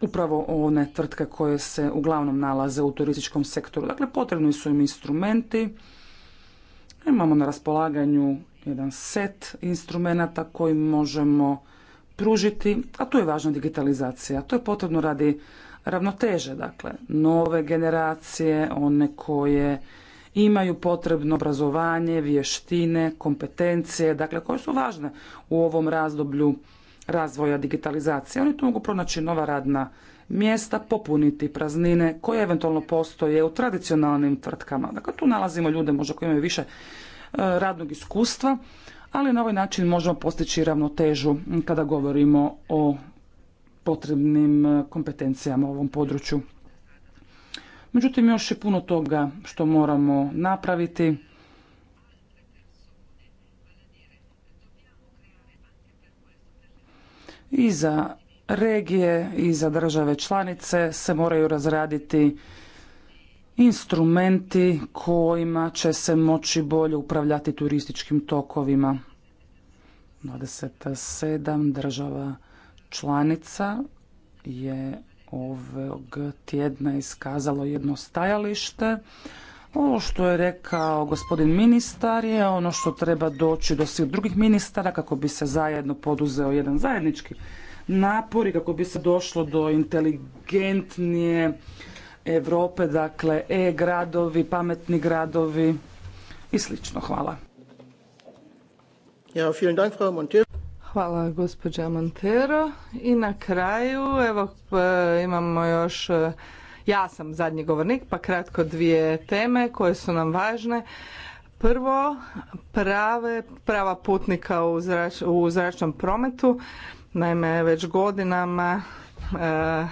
upravo one tvrtke koje se uglavnom nalaze u turističkom sektoru. Dakle, potrebni su im instrumenti. Imamo na raspolaganju jedan set instrumenata koji možemo pružiti, a tu je važna digitalizacija. To je potrebno radi ravnoteže, dakle, nove generacije, one koje imaju potrebno obrazovanje, vještine, kompetencije, dakle, koje su važne u ovom razdoblju razvoja digitalizacije. Oni tu mogu pronaći nova radna mjesta, popuniti praznine koje eventualno postoje u tradicionalnim tvrtkama. Dakle, tu nalazimo ljude možda koji imaju više e, radnog iskustva, ali na ovaj način možemo postići ravnotežu kada govorimo o potrebnim e, kompetencijama u ovom području. Međutim, još je puno toga što moramo napraviti. I za regije i za države članice se moraju razraditi instrumenti kojima će se moći bolje upravljati turističkim tokovima. 27 država članica je ovog tjedna iskazalo jedno stajalište. Ovo što je rekao gospodin ministar je ono što treba doći do svih drugih ministara kako bi se zajedno poduzeo jedan zajednički napor i kako bi se došlo do inteligentnije Europe, dakle e-gradovi, pametni gradovi i slično. Hvala. Ja, vielen Dank, Frau Montero. Hvala gospođa Montero. I na kraju, evo imamo još, e, ja sam zadnji govornik, pa kratko dvije teme koje su nam važne. Prvo, prava putnika u, u zračnom prometu. Naime, već godinama e,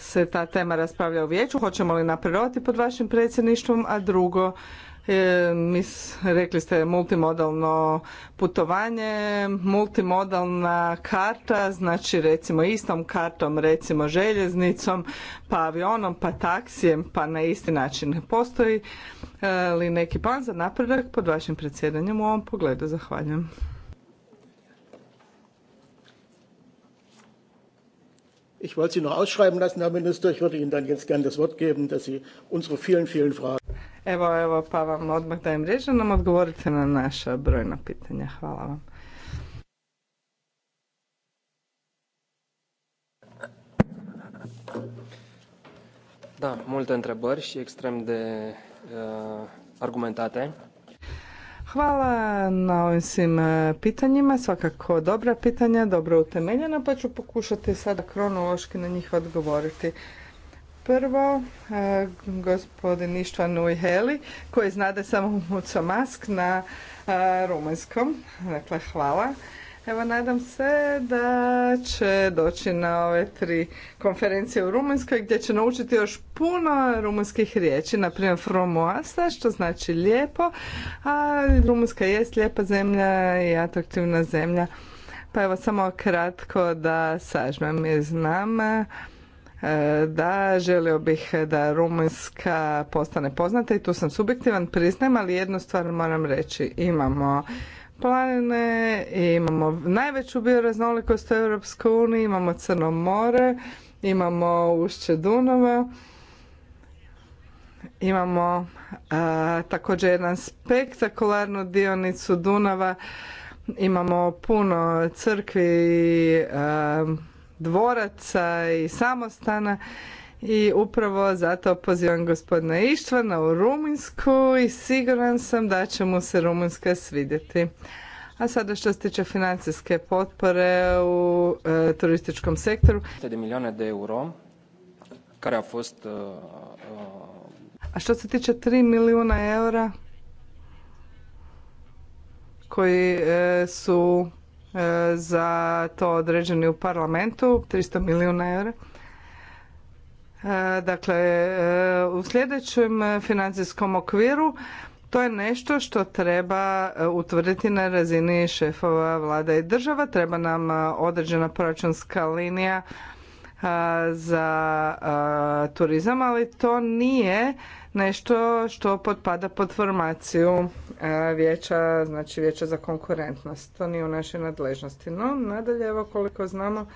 se ta tema raspravlja u vijeću, hoćemo li napredovati pod vašim predsjedništvom, a drugo, e, mis, rekli ste multimodalno putovanje, multimodalna karta, znači recimo istom kartom, recimo željeznicom, pa avionom, pa taksijem, pa na isti način. Postoji e, li neki plan za napredak pod vašim predsjedanjem u ovom pogledu? Zahvaljujem. Ich wollte Sie noch ausschreiben lassen, Herr Minister. Ich würde Ihnen dann jetzt gerne das Wort geben, dass Sie unsere vielen, vielen Fragen... Evo, evo, pa vam odmah dajem riječ da nam odgovorite na naša brojna pitanja. Hvala vam. Da, multe întrebări și extrem de uh, argumentate. Hvala na ovim svim e, pitanjima, svakako dobra pitanja, dobro utemeljena, pa ću pokušati sada kronološki na njih odgovoriti. Prvo, e, gospodin Ištvan Ujheli, koji znade samo Mucomask na e, rumunjskom. Dakle, hvala. Evo, nadam se da će doći na ove tri konferencije u Rumunjskoj gdje će naučiti još puno rumunskih riječi, primjer fromoasa, što znači lijepo, a Rumunjska jest lijepa zemlja i atraktivna zemlja. Pa evo, samo kratko da sažmem iz znam e, da želio bih da Rumunjska postane poznata i tu sam subjektivan, priznajem, ali jednu stvar moram reći. Imamo planine, imamo najveću bioraznolikost u Europskoj uniji, imamo Crno more, imamo ušće Dunava, imamo a, također jedan spektakularnu dionicu Dunava, imamo puno crkvi, a, dvoraca i samostana i upravo zato pozivam gospodina Ištvana u Rumunjsku i siguran sam da će mu se Rumunjska svidjeti. A sada što se tiče financijske potpore u e, turističkom sektoru. milijuna euro, a fost... E, e, a što se tiče 3 milijuna eura koji su za to određeni u parlamentu, 300 milijuna eura, E, dakle, e, u sljedećem financijskom okviru to je nešto što treba e, utvrditi na razini šefova vlada i država. Treba nam određena proračunska linija za turizam, ali to nije nešto što potpada pod formaciju vijeća, znači vijeća za konkurentnost. To nije u našoj nadležnosti. No, nadalje, evo koliko znamo,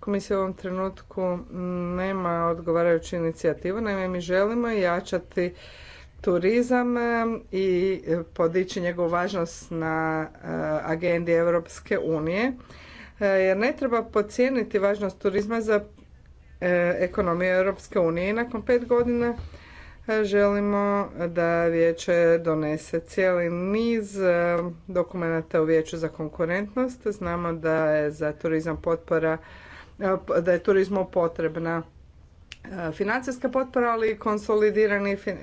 Komisija u ovom trenutku nema odgovarajuću inicijativu, naime mi želimo jačati turizam e, i podići njegovu važnost na e, agendi Europske unije. E, jer ne treba pocijeniti važnost turizma za ekonomiju Europske unije i nakon pet godina želimo da vijeće donese cijeli niz dokumenata u vijeću za konkurentnost. Znamo da je za turizam potpora E, da je turizmu potrebna e, financijska potpora, ali i konsolidirani e,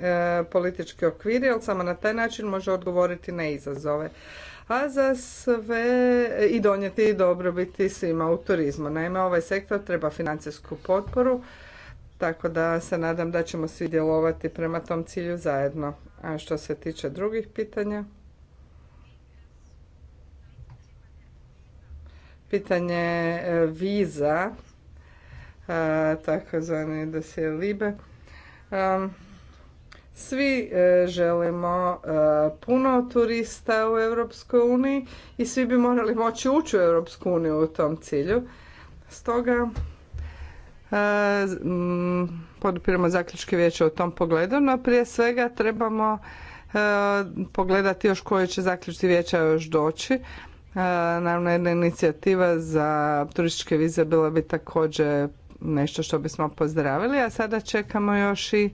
politički okvir, jer samo na taj način može odgovoriti na izazove a za sve i donijeti dobrobiti svima u turizmu. Naime, ovaj sektor treba financijsku potporu, tako da se nadam da ćemo svi djelovati prema tom cilju zajedno. A što se tiče drugih pitanja, pitanje e, viza, e, takozvani dosije Libe. E, svi želimo puno turista u Europskoj uniji i svi bi morali moći ući u Europsku uniju u tom cilju. Stoga podupiramo zaključke vijeća u tom pogledu, no prije svega trebamo pogledati još koje će zaključci vijeća još doći Naravno, jedna inicijativa za turističke vize bila bi također nešto što bismo pozdravili, a sada čekamo još i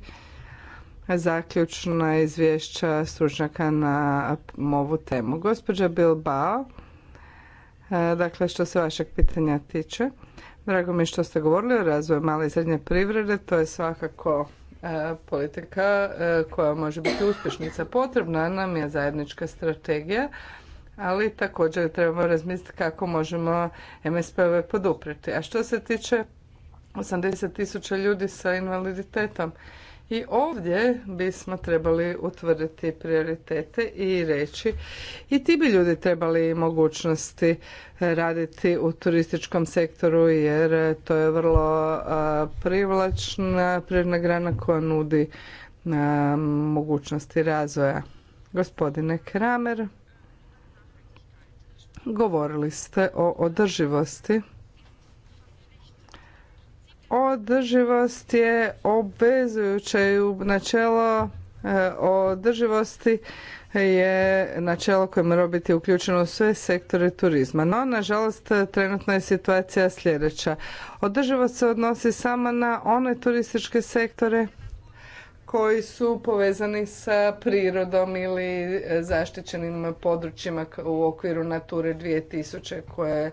zaključna izvješća stručnjaka na ovu temu. Gospođa Bilbao, dakle što se vašeg pitanja tiče, drago mi je što ste govorili o razvoju male i srednje privrede, to je svakako politika koja može biti uspješnica. Potrebna nam je zajednička strategija ali također trebamo razmisliti kako možemo MSP-ove podupriti. A što se tiče 80 tisuća ljudi sa invaliditetom, i ovdje bismo trebali utvrditi prioritete i reći i ti bi ljudi trebali mogućnosti raditi u turističkom sektoru jer to je vrlo privlačna privredna grana koja nudi mogućnosti razvoja. Gospodine Kramer govorili ste o održivosti. Održivost je obvezujuće i načelo e, održivosti je načelo koje mora biti uključeno u sve sektore turizma. No, nažalost, trenutna je situacija sljedeća. Održivost se odnosi samo na one turističke sektore koji su povezani sa prirodom ili e, zaštićenim područjima u okviru Nature 2000 koje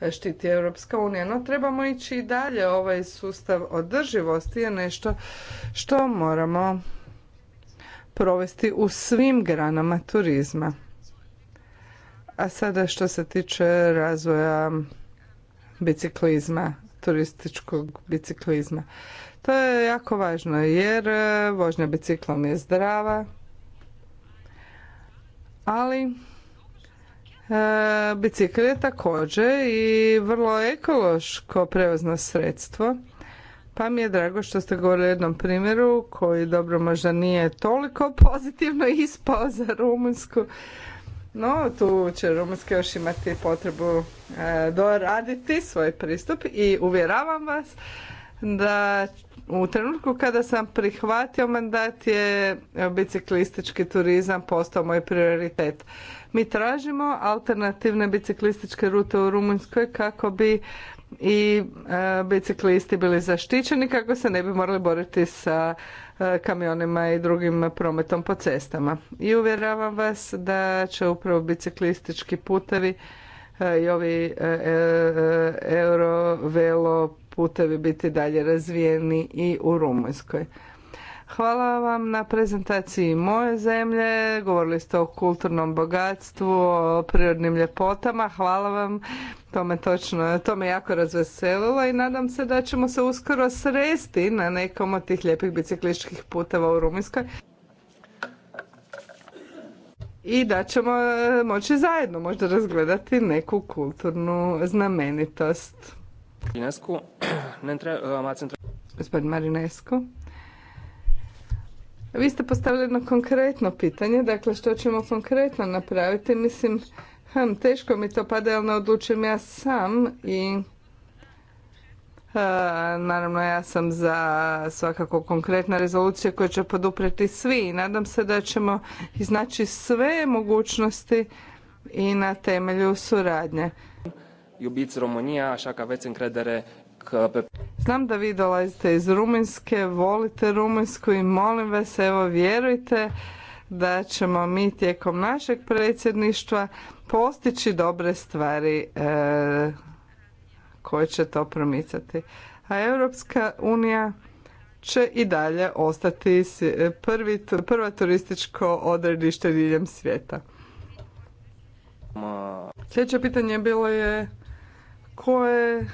e, štiti Europska unija. No trebamo ići i dalje. Ovaj sustav održivosti je nešto što moramo provesti u svim granama turizma. A sada što se tiče razvoja biciklizma, turističkog biciklizma. To je jako važno jer e, vožnja biciklom je zdrava, ali e, bicikl je također i vrlo ekološko prevozno sredstvo. Pa mi je drago što ste govorili o jednom primjeru koji dobro možda nije toliko pozitivno ispao za Rumunsku. No, tu će Rumunjska još imati potrebu e, doraditi svoj pristup i uvjeravam vas da u trenutku kada sam prihvatio mandat je biciklistički turizam postao moj prioritet. Mi tražimo alternativne biciklističke rute u Rumunjskoj kako bi i e, biciklisti bili zaštićeni kako se ne bi morali boriti sa e, kamionima i drugim prometom po cestama. I uvjeravam vas da će upravo biciklistički putevi e, i ovi Eurovelo putevi biti dalje razvijeni i u Rumunjskoj. Hvala vam na prezentaciji moje zemlje, govorili ste o kulturnom bogatstvu, o prirodnim ljepotama, hvala vam, to me točno, to me jako razveselilo i nadam se da ćemo se uskoro sresti na nekom od tih lijepih biciklističkih puteva u Rumunjskoj i da ćemo moći zajedno možda razgledati neku kulturnu znamenitost. Gospodin Marinesko. Vi ste postavili jedno konkretno pitanje, dakle što ćemo konkretno napraviti. Mislim, hm, teško mi to pada ali ne odlučim ja sam i naravno ja sam za svakako konkretne rezolucije koje će poduprijeti svi i nadam se da ćemo iznaći sve mogućnosti i na temelju suradnje iubiți România, așa că aveți încredere că pe... Znam da vi dolazite iz Rumunjske, volite Rumunjsku i molim vas, evo vjerujte da ćemo mi tijekom našeg predsjedništva postići dobre stvari e, koje će to promicati. A Europska unija će i dalje ostati e, prvi, prva turističko odredište diljem svijeta. Sljedeće pitanje bilo je koje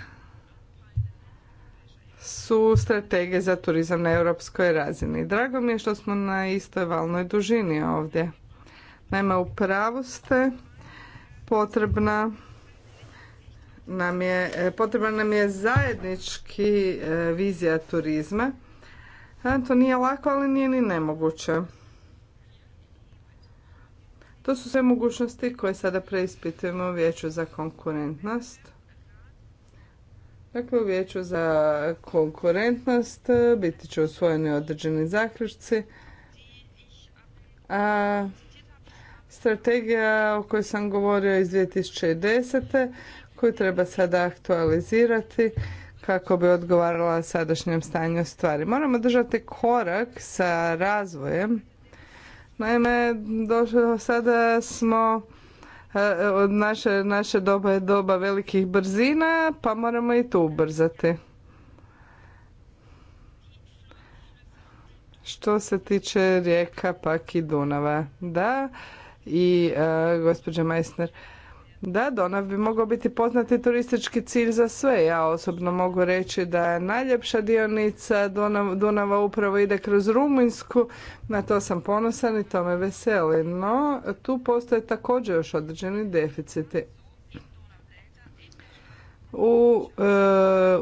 su strategije za turizam na europskoj razini. Drago mi je što smo na istoj valnoj dužini ovdje. Naime, u pravu ste, potrebna nam je, nam je zajednički e, vizija turizma. To nije lako, ali nije ni nemoguće. To su sve mogućnosti koje sada preispitujemo u Vijeću za konkurentnost. Dakle, u vijeću za konkurentnost e, biti će usvojeni određeni zaključci. A strategija o kojoj sam govorio iz 2010. koju treba sada aktualizirati kako bi odgovarala sadašnjem stanju stvari. Moramo držati korak sa razvojem. Naime, do sada smo E, e, naše, naše doba je doba velikih brzina, pa moramo i tu ubrzati. Što se tiče rijeka, pak i Dunava. Da, i uh, gospođa Meissner, da, Donav bi mogao biti poznati turistički cilj za sve. Ja osobno mogu reći da je najljepša dionica Dunava upravo ide kroz Rumunjsku. Na to sam ponosan i to me veseli. No, tu postoje također još određeni deficiti. U e,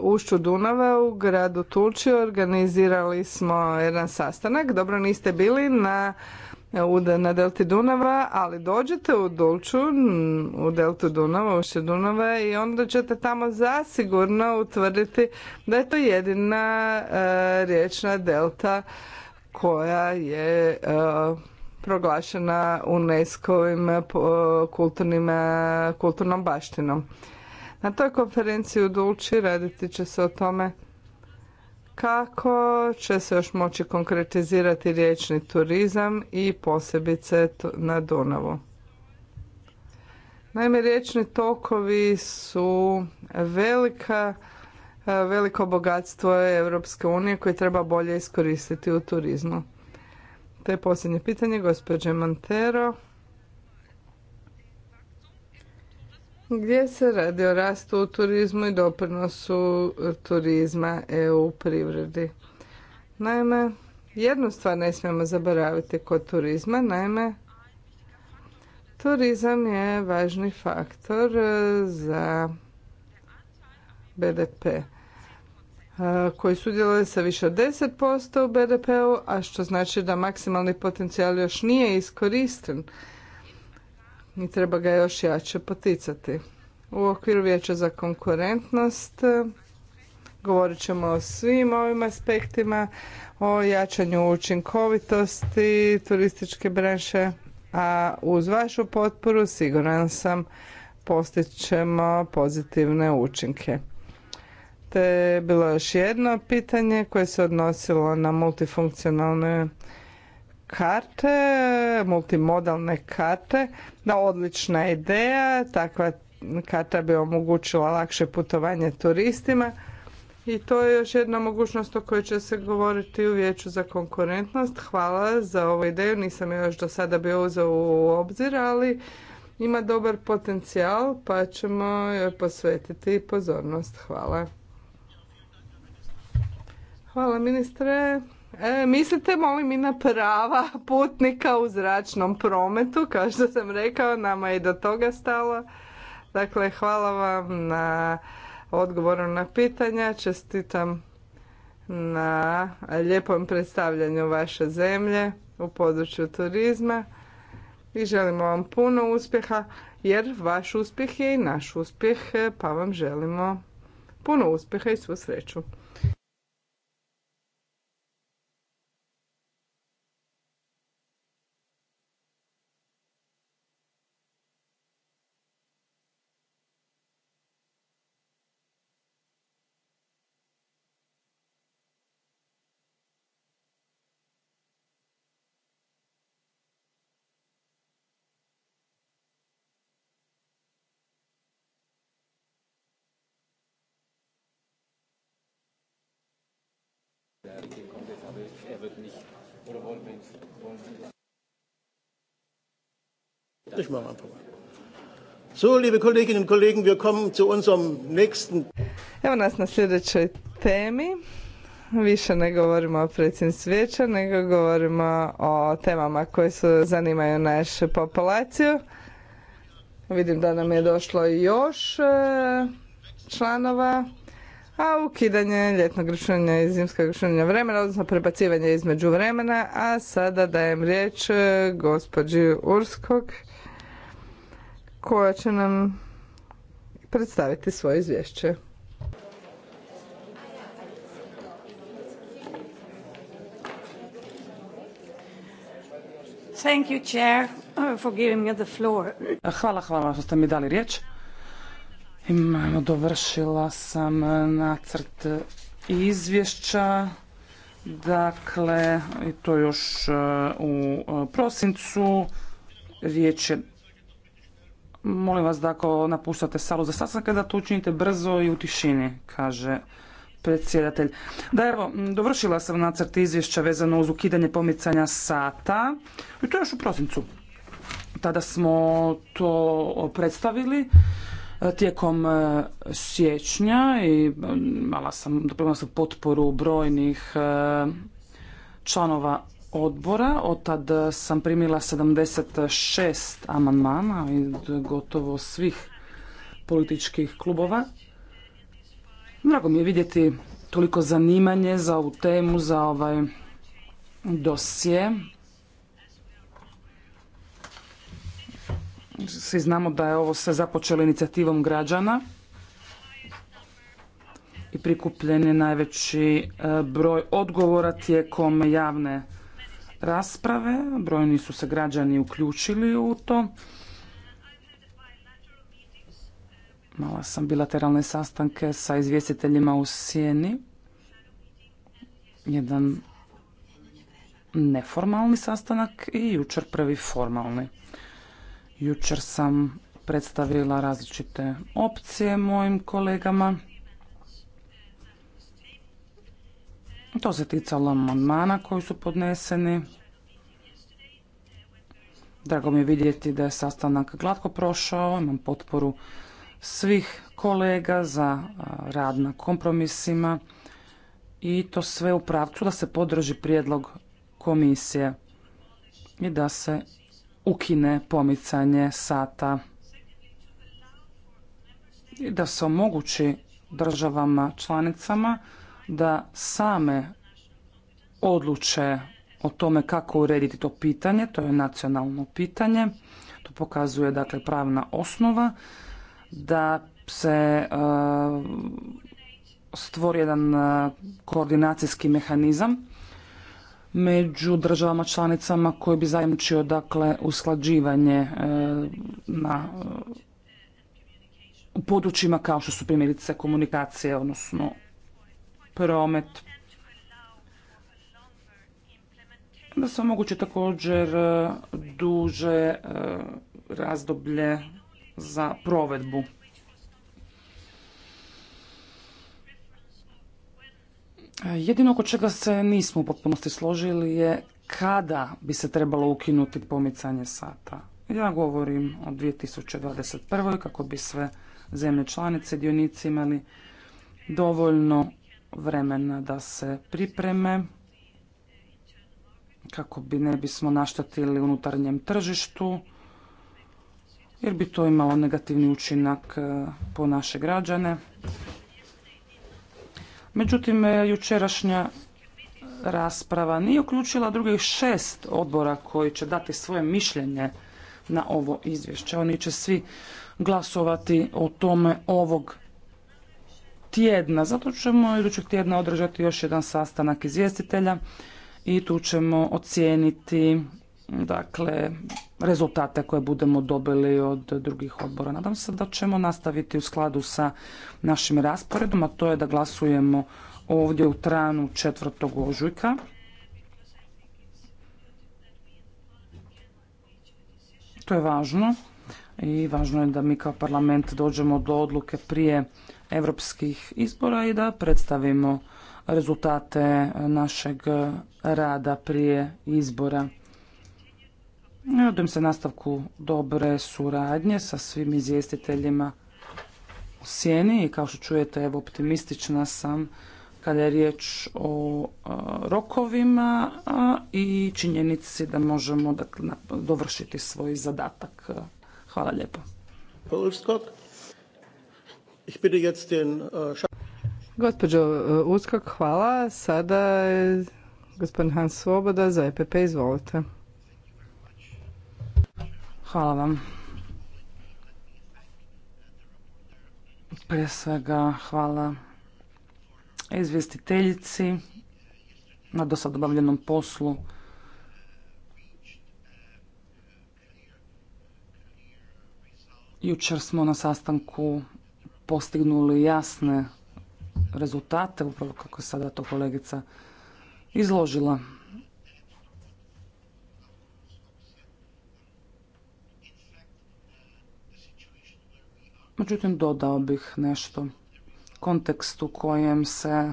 ušću Dunava u gradu Tuči organizirali smo jedan sastanak. Dobro niste bili na na delti Dunava, ali dođete u Dulču, u deltu Dunava, u Dunava i onda ćete tamo zasigurno utvrditi da je to jedina e, riječna delta koja je e, proglašena UNESCO-ovim e, kulturnom baštinom. Na toj konferenciji u Dulči raditi će se o tome kako će se još moći konkretizirati riječni turizam i posebice na Dunavu. Naime, riječni tokovi su velika, e, veliko bogatstvo Europske unije koje treba bolje iskoristiti u turizmu. To je posljednje pitanje, gospođe Montero. gdje se radi o rastu u turizmu i doprinosu turizma EU privredi. Naime, jednu stvar ne smijemo zaboraviti kod turizma, naime, turizam je važni faktor e, za BDP e, koji sudjeluje sa više od 10% u BDP-u, a što znači da maksimalni potencijal još nije iskoristen i treba ga još jače poticati. U okviru vijeća za konkurentnost e, govorit ćemo o svim ovim aspektima, o jačanju učinkovitosti turističke branše, a uz vašu potporu siguran sam postićemo pozitivne učinke. Te je bilo još jedno pitanje koje se odnosilo na multifunkcionalne karte, multimodalne karte. Da, odlična ideja, takva karta bi omogućila lakše putovanje turistima. I to je još jedna mogućnost o kojoj će se govoriti u vijeću za konkurentnost. Hvala za ovu ideju, nisam je još do sada bio uzeo u obzir, ali ima dobar potencijal pa ćemo joj posvetiti pozornost. Hvala. Hvala ministre. E, mislite molim i na prava putnika u zračnom prometu, kao što sam rekao, nama je do toga stalo. Dakle, hvala vam na odgovoru na pitanja, čestitam na lijepom predstavljanju vaše zemlje u području turizma i želimo vam puno uspjeha jer vaš uspjeh je i naš uspjeh pa vam želimo puno uspjeha i svu sreću. Nicht mal einfach mal. So, liebe Kolleginnen und Kollegen, wir kommen zu unserem nächsten. Evo nas na sljedećoj temi. Više ne govorimo o predsjednici vijeća, nego govorimo o temama koje su, zanimaju našu populaciju. Vidim da nam je došlo još e, članova, a ukidanje ljetnog rušenja i zimskog rušenja vremena, odnosno prebacivanje između vremena, a sada dajem riječ e, gospođi Urskog koja će nam predstaviti svoje izvješće. Thank you, Chair, for giving me the floor. Hvala, hvala što ste mi dali riječ. dovršila sam nacrt izvješća. Dakle, i to još e, u e, prosincu. Riječ je Molim vas da ako napuštate salu za sastanke da to učinite brzo i u tišini, kaže predsjedatelj. Da evo, dovršila sam nacrt izvješća vezano uz ukidanje pomicanja sata i to još u prosincu. Tada smo to predstavili e, tijekom e, siječnja i imala sam, sam potporu brojnih e, članova odbora. tad sam primila 76 amandmana od gotovo svih političkih klubova. Drago mi je vidjeti toliko zanimanje za ovu temu, za ovaj dosje. Svi znamo da je ovo se započelo inicijativom građana i prikupljen je najveći e, broj odgovora tijekom javne rasprave, brojni su se građani uključili u to. Mala sam bilateralne sastanke sa izvjestiteljima u Sijeni. Jedan neformalni sastanak i jučer prvi formalni. Jučer sam predstavila različite opcije mojim kolegama. To se ticalo amandmana koji su podneseni. Drago mi je vidjeti da je sastanak glatko prošao. Imam potporu svih kolega za rad na kompromisima i to sve u pravcu da se podrži prijedlog komisije i da se ukine pomicanje sata i da se omogući državama članicama da same odluče o tome kako urediti to pitanje, to je nacionalno pitanje, to pokazuje dakle pravna osnova, da se e, stvori jedan e, koordinacijski mehanizam među državama članicama koji bi zajamčio dakle usklađivanje e, na u područjima kao što su primjerice komunikacije odnosno promet. Da se omogući također e, duže e, razdoblje za provedbu. Jedino oko čega se nismo u potpunosti složili je kada bi se trebalo ukinuti pomicanje sata. Ja govorim o 2021. kako bi sve zemlje članice dionici imali dovoljno vremena da se pripreme kako bi ne bismo naštetili unutarnjem tržištu jer bi to imalo negativni učinak e, po naše građane. Međutim, e, jučerašnja rasprava nije uključila drugih šest odbora koji će dati svoje mišljenje na ovo izvješće. Oni će svi glasovati o tome ovog tjedna. Zato ćemo idućeg tjedna održati još jedan sastanak izvjestitelja i tu ćemo ocijeniti dakle rezultate koje budemo dobili od drugih odbora. Nadam se da ćemo nastaviti u skladu sa našim rasporedom, a to je da glasujemo ovdje u tranu 4. ožujka. To je važno i važno je da mi kao parlament dođemo do odluke prije europskih izbora i da predstavimo rezultate našeg rada prije izbora. Radujem se nastavku dobre suradnje sa svim izvjestiteljima u sjeni i kao što čujete evo optimistična sam kada je riječ o rokovima i činjenici da možemo dakle, dovršiti svoj zadatak. Hvala lijepo. Ich bitte äh, Gospođo e, Uskok, hvala. Sada je gospodin Hans Svoboda za EPP, izvolite. Hvala vam. Prije svega hvala izvjestiteljici na dosad obavljenom poslu. Jučer smo na sastanku postignuli jasne rezultate, upravo kako je sada to kolegica izložila. Međutim, dodao bih nešto. Kontekst u kojem se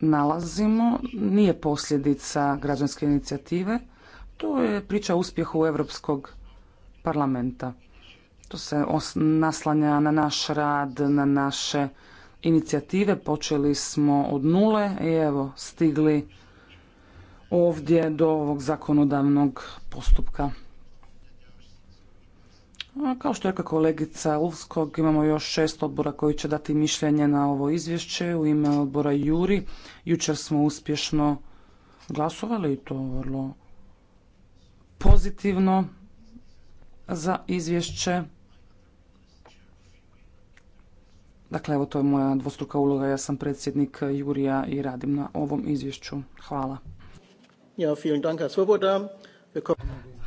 nalazimo nije posljedica građanske inicijative, to je priča o uspjehu Europskog parlamenta se naslanja na naš rad, na naše inicijative. Počeli smo od nule i evo stigli ovdje do ovog zakonodavnog postupka. Kao što je rekao kolegica Ulskog, imamo još šest odbora koji će dati mišljenje na ovo izvješće u ime odbora Juri. Jučer smo uspješno glasovali i to vrlo pozitivno za izvješće. Dakle, evo to je moja dvostruka uloga. Ja sam predsjednik Jurija i radim na ovom izvješću. Hvala. Ja, vielen Dank, Svoboda.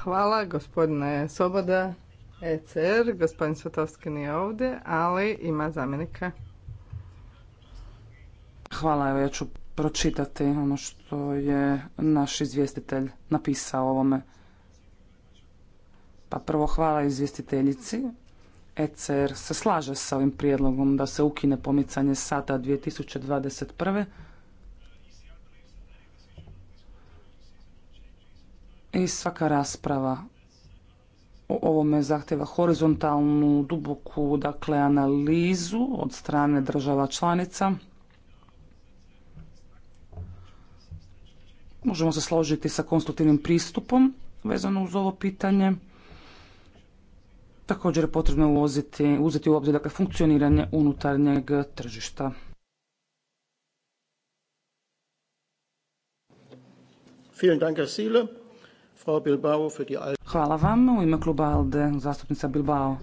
Hvala, gospodine Soboda. ECR, gospodin Svatovski nije ovdje, ali ima zamjenika. Hvala, evo ja ću pročitati ono što je naš izvjestitelj napisao ovome. Pa prvo hvala izvjestiteljici ECR se slaže sa ovim prijedlogom da se ukine pomicanje sata 2021. I svaka rasprava o ovome zahtjeva horizontalnu, duboku, dakle, analizu od strane država članica. Možemo se složiti sa konstruktivnim pristupom vezano uz ovo pitanje. Također je potrebno uzeti u obzir dakle, funkcioniranje unutarnjeg tržišta. Hvala vam. U ime kluba ALDE, zastupnica Bilbao.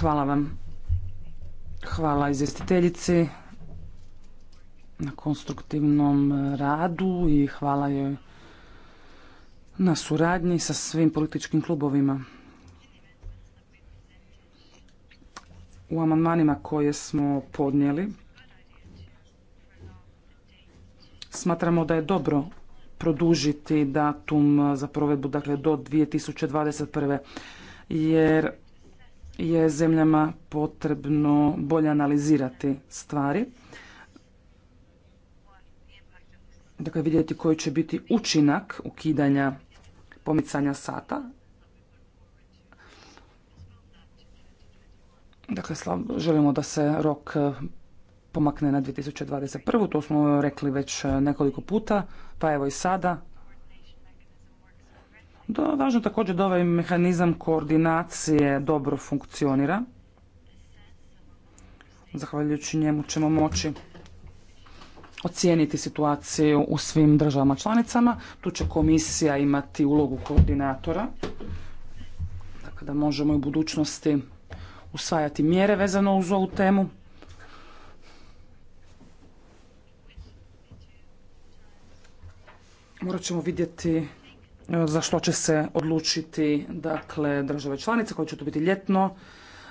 Hvala vam. Hvala izvjestiteljici na konstruktivnom radu i hvala joj na suradnji sa svim političkim klubovima. U amandmanima koje smo podnijeli smatramo da je dobro produžiti datum za provedbu dakle do 2021. jer je zemljama potrebno bolje analizirati stvari dakle vidjeti koji će biti učinak ukidanja pomicanja sata. Dakle, želimo da se rok e, pomakne na 2021. To smo rekli već e, nekoliko puta, pa evo i sada. Do, važno također da ovaj mehanizam koordinacije dobro funkcionira. Zahvaljujući njemu ćemo moći ocijeniti situaciju u svim državama članicama. Tu će komisija imati ulogu koordinatora, tako da možemo i u budućnosti usvajati mjere vezano uz ovu temu. Morat ćemo vidjeti e, za što će se odlučiti dakle, države članice, koje će to biti ljetno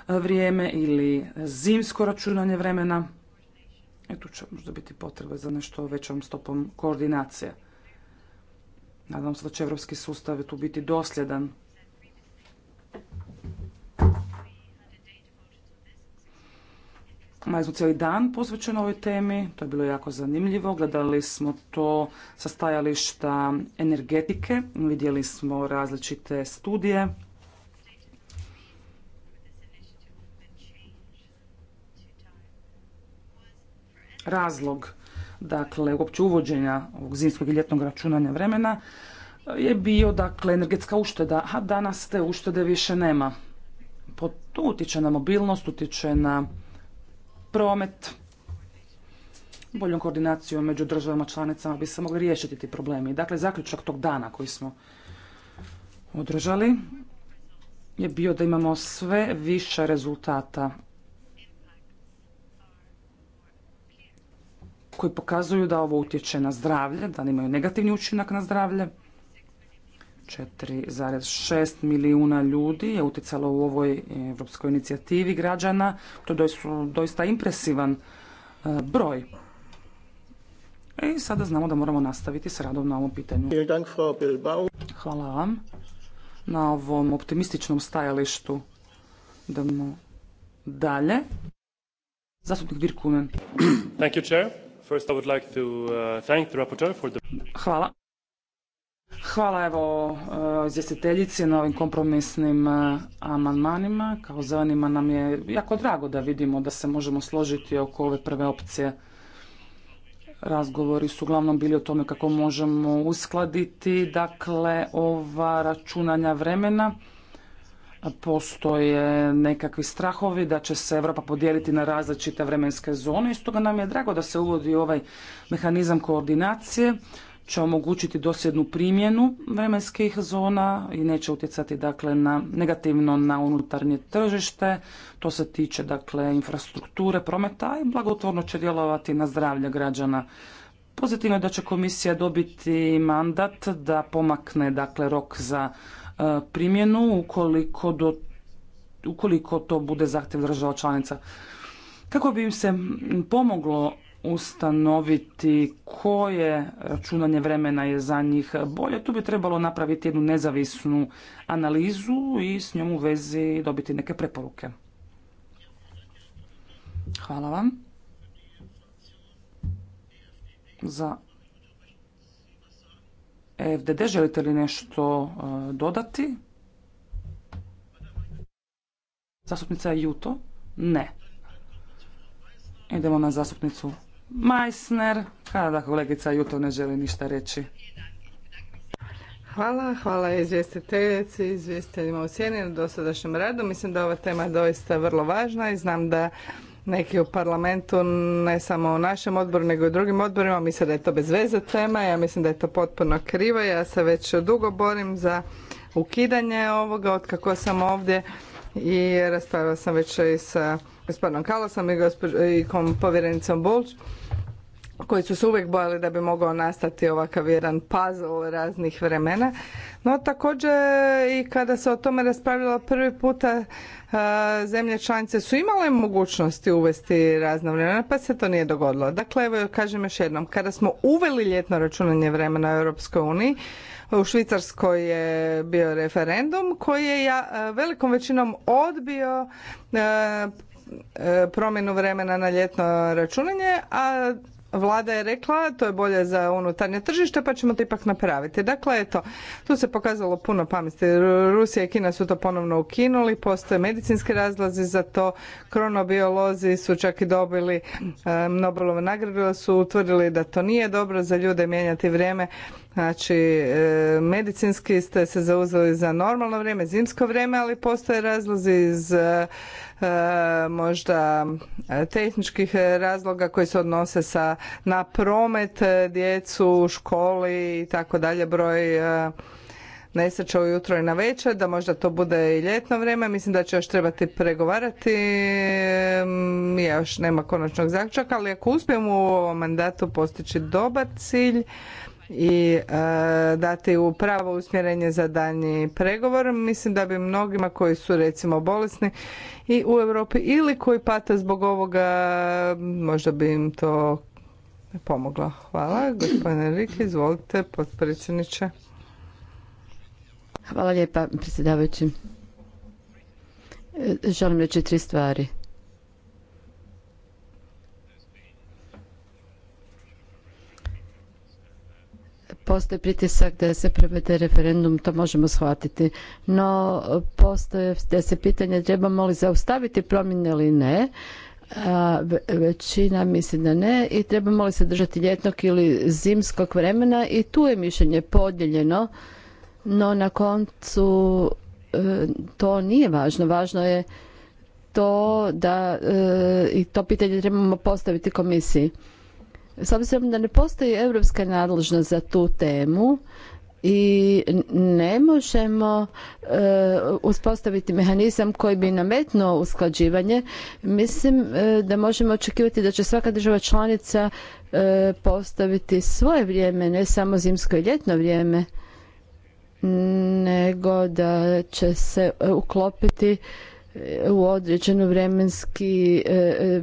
e, vrijeme ili zimsko računanje vremena. E tu će možda biti potrebe za nešto većom stopom koordinacije. Nadam se da će evropski sustav tu biti dosljedan. Imali smo cijeli dan posvećen ovoj temi, to je bilo jako zanimljivo. Gledali smo to sa stajališta energetike, vidjeli smo različite studije. razlog dakle uopće uvođenja ovog zimskog i ljetnog računanja vremena je bio dakle energetska ušteda, a danas te uštede više nema. To utiče na mobilnost, utiče na promet, boljom koordinacijom među državama članicama bi se mogli riješiti ti problemi. Dakle, zaključak tog dana koji smo održali je bio da imamo sve više rezultata koji pokazuju da ovo utječe na zdravlje, da imaju negativni učinak na zdravlje. 4,6 milijuna ljudi je utjecalo u ovoj evropskoj inicijativi građana. To je doista impresivan e, broj. E, I sada znamo da moramo nastaviti s radom na ovom pitanju. Hvala vam na ovom optimističnom stajalištu. Idemo dalje. Zastupnik Virkunen. Thank you, First I uh, Hvala. Hvala evo uh, izvjestiteljici na ovim kompromisnim uh, amandmanima. Kao zanima nam je jako drago da vidimo da se možemo složiti oko ove prve opcije. Razgovori su uglavnom bili o tome kako možemo uskladiti dakle ova računanja vremena postoje nekakvi strahovi da će se Europa podijeliti na različite vremenske zone i stoga nam je drago da se uvodi ovaj mehanizam koordinacije će omogućiti dosljednu primjenu vremenskih zona i neće utjecati dakle na negativno na unutarnje tržište. To se tiče dakle infrastrukture, prometa i blagotvorno će djelovati na zdravlje građana. Pozitivno je da će komisija dobiti mandat da pomakne dakle rok za E, primjenu ukoliko, to bude zahtjev država članica. Kako bi im se pomoglo ustanoviti koje računanje vremena je za njih bolje, tu bi trebalo napraviti jednu nezavisnu analizu i s njom u vezi dobiti neke preporuke. Hvala vam. Za FDD, želite li nešto e, dodati? Zastupnica Juto? Ne. Idemo na zastupnicu Majsner. Kada kolegica Juto ne želi ništa reći. Hvala, hvala izvjestiteljici, izvjestiteljima u sjeni na dosadašnjem radu. Mislim da ova tema doista vrlo važna i znam da neki u parlamentu, ne samo u našem odboru, nego i u drugim odborima, misle da je to bez veze tema, ja mislim da je to potpuno krivo, ja se već dugo borim za ukidanje ovoga, otkako sam ovdje i raspravila sam već i sa gospodinom Kalosom i, povjerenicom Bulč koji su se uvijek bojali da bi mogao nastati ovakav jedan puzzle raznih vremena. No također i kada se o tome raspravljalo prvi puta zemlje članice su imale mogućnosti uvesti razna vremena pa se to nije dogodilo. Dakle, evo kažem još jednom, kada smo uveli ljetno računanje vremena u Europskoj uniji, u Švicarskoj je bio referendum koji je ja, velikom većinom odbio promjenu vremena na ljetno računanje, a Vlada je rekla to je bolje za unutarnje tržište pa ćemo to ipak napraviti. Dakle, eto, tu se pokazalo puno pameti. Rusija i Kina su to ponovno ukinuli, postoje medicinski razlazi za to, kronobiolozi su čak i dobili eh, Nobelovu nagradu, su utvrdili da to nije dobro za ljude mijenjati vrijeme. Znači, eh, medicinski ste se zauzeli za normalno vrijeme, zimsko vrijeme, ali postoje razlozi iz eh, E, možda e, tehničkih razloga koji se odnose sa, na promet, e, djecu, školi i tako dalje, broj nesreća ujutro i na večer, da možda to bude i ljetno vrijeme. Mislim da će još trebati pregovarati. Ja još nema konačnog zaključaka, ali ako uspijemo u ovom mandatu postići dobar cilj, i e, dati u pravo usmjerenje za daljnji pregovor. Mislim da bi mnogima koji su recimo bolesni i u Europi ili koji pate zbog ovoga, možda bi im to pomoglo. Hvala. Gospodine Rik, izvolite, potpredsjedniče. Hvala lijepa, predsjedavajući. E, želim reći tri stvari. postoji pritisak da se prevede referendum, to možemo shvatiti. No, postoje da se pitanje trebamo li zaustaviti promjene ili ne, a većina misli da ne i trebamo li se držati ljetnog ili zimskog vremena i tu je mišljenje podijeljeno, no na koncu e, to nije važno. Važno je to da e, i to pitanje trebamo postaviti komisiji. S obzirom da ne postoji europska nadležnost za tu temu, i ne možemo e, uspostaviti mehanizam koji bi nametnuo usklađivanje mislim e, da možemo očekivati da će svaka država članica e, postaviti svoje vrijeme ne samo zimsko i ljetno vrijeme nego da će se uklopiti u određeno vremenski e, e,